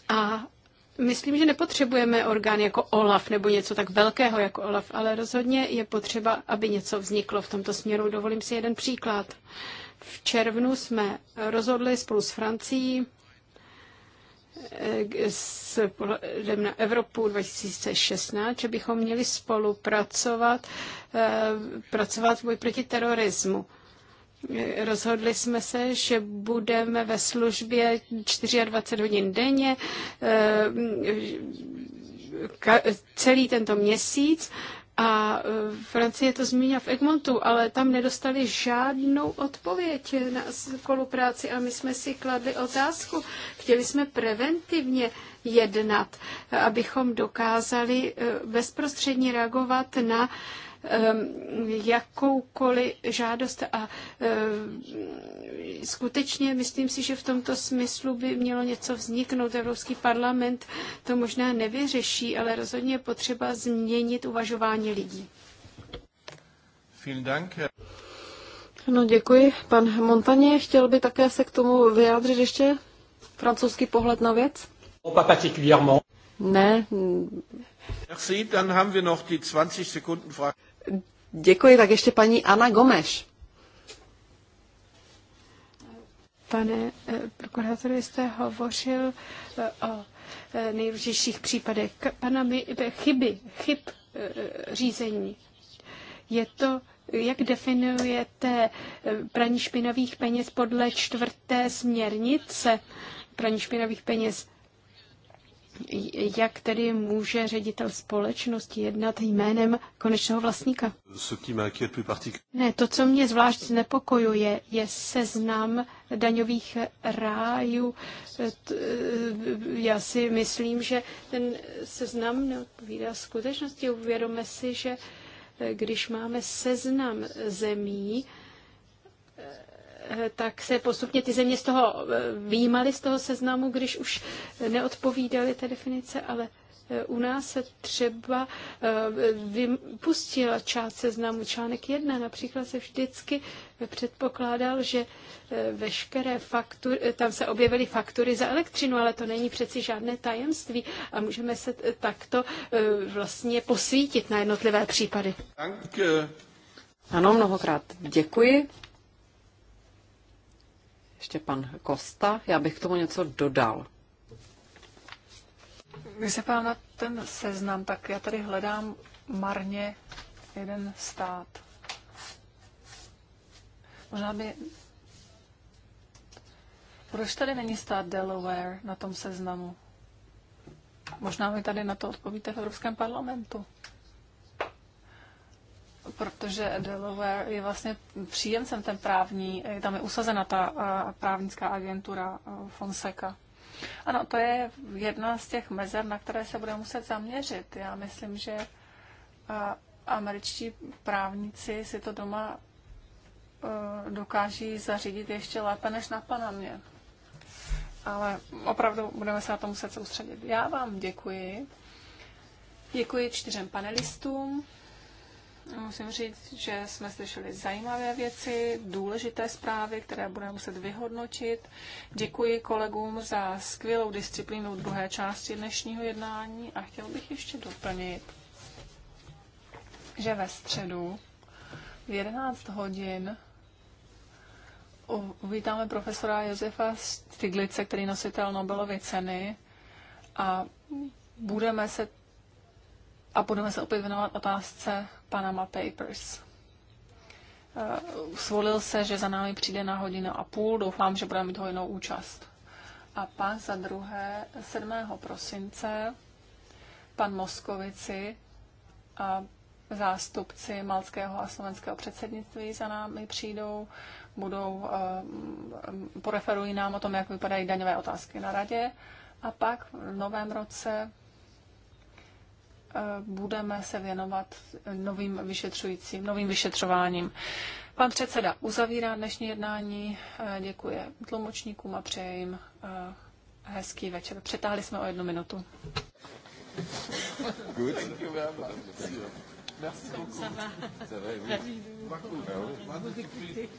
A Myslím, že nepotřebujeme orgán jako OLAF nebo něco tak velkého jako OLAF, ale rozhodně je potřeba, aby něco vzniklo v tomto směru. Dovolím si jeden příklad. V červnu jsme rozhodli spolu s Francií eh, s pohledem na Evropu 2016, že bychom měli spolupracovat eh, pracovat v boji proti terorismu. Rozhodli jsme se, že budeme ve službě 24 hodin denně eh, celý tento měsíc. A eh, Francie to zmínila v Egmontu, ale tam nedostali žádnou odpověď na spolupráci a my jsme si kladli otázku. Chtěli jsme preventivně jednat, abychom dokázali eh, bezprostředně reagovat na uh, Ehm, jakoukoliv žádost a ehm, skutečně myslím si, že v tomto smyslu by mělo něco vzniknout. Evropský parlament to možná nevyřeší, ale rozhodně je potřeba změnit uvažování lidí. No děkuji. Pan Montaně chtěl by také se k tomu vyjádřit ještě francouzský pohled na věc? Oh, ne. Merci, dann haben wir noch die 20 Sekunden Frage. Děkuji, tak ještě paní Ana Gomeš. Pane eh, prokurátore, jste hovořil eh, o eh, nejrůznějších případech panami, chyby, chyb řízení. Je to jak definujete praní špinavých peněz podle čtvrté směrnice praní špinavých peněz? jak tedy může ředitel společnosti jednat jménem konečného vlastníka? Ne, to, co mě zvlášť znepokojuje, je seznam daňových rájů. Já si myslím, že ten seznam neodpovídá skutečnosti. Uvědomme si, že když máme seznam zemí, Eh, tak se postupně ty země z toho eh, výjímaly z toho seznamu, když už neodpovídaly té definice, ale eh, u nás se třeba vypustila část seznamu, článek 1 například se vždycky předpokládal, že veškeré faktury, tam se objevily faktury za elektřinu, ale to není přeci žádné tajemství a můžeme se takto vlastně posvítit na jednotlivé případy. Ano, mnohokrát děkuji. Ještě pan Kosta, já bych k tomu něco dodal. Když se na ten seznam, tak já tady hledám marně jeden stát. Možná by... Proč tady není stát Delaware na tom seznamu? Možná mi tady na to odpovíte v Evropském parlamentu protože Delaware je vlastně příjemcem ten právní, tam je usazena ta právnická agentura Fonseca. Ano, to je jedna z těch mezer, na které se bude muset zaměřit. Já myslím, že američtí právníci si to doma e, dokáží zařídit ještě lépe než na Panamě. Ale opravdu budeme se na to muset soustředit. Já vám děkuji. Děkuji čtyřem panelistům. Musím říct, že jsme slyšeli zajímavé věci, důležité zprávy, které budeme muset vyhodnotit. Děkuji kolegům za skvělou disciplínu druhé části dnešního jednání a chtěl bych ještě doplnit, že ve středu v 11 hodin uvítáme profesora Josefa Stiglice, který nositel Nobelovy ceny a budeme se a budeme se opět věnovat otázce Panama Papers. Eh, svolil se, že za námi přijde na hodinu a půl, doufám, že budeme mít hojnou účast. A pak za druhé, 7. prosince, pan Moskovici a zástupci malského a slovenského předsednictví za námi přijdou, budou, eh, poreferují nám o tom, jak vypadají daňové otázky na radě. A pak v novém roce Eh, budeme se věnovat novým vyšetřujícím, novým vyšetřováním. Pan předseda uzavírá dnešní jednání, eh, děkuje tlumočníkům a přeje jim eh, hezký večer. Přetáhli jsme o jednu minutu. Good. Thank you very much. Merci beaucoup. Ça va, Ça va ah oui.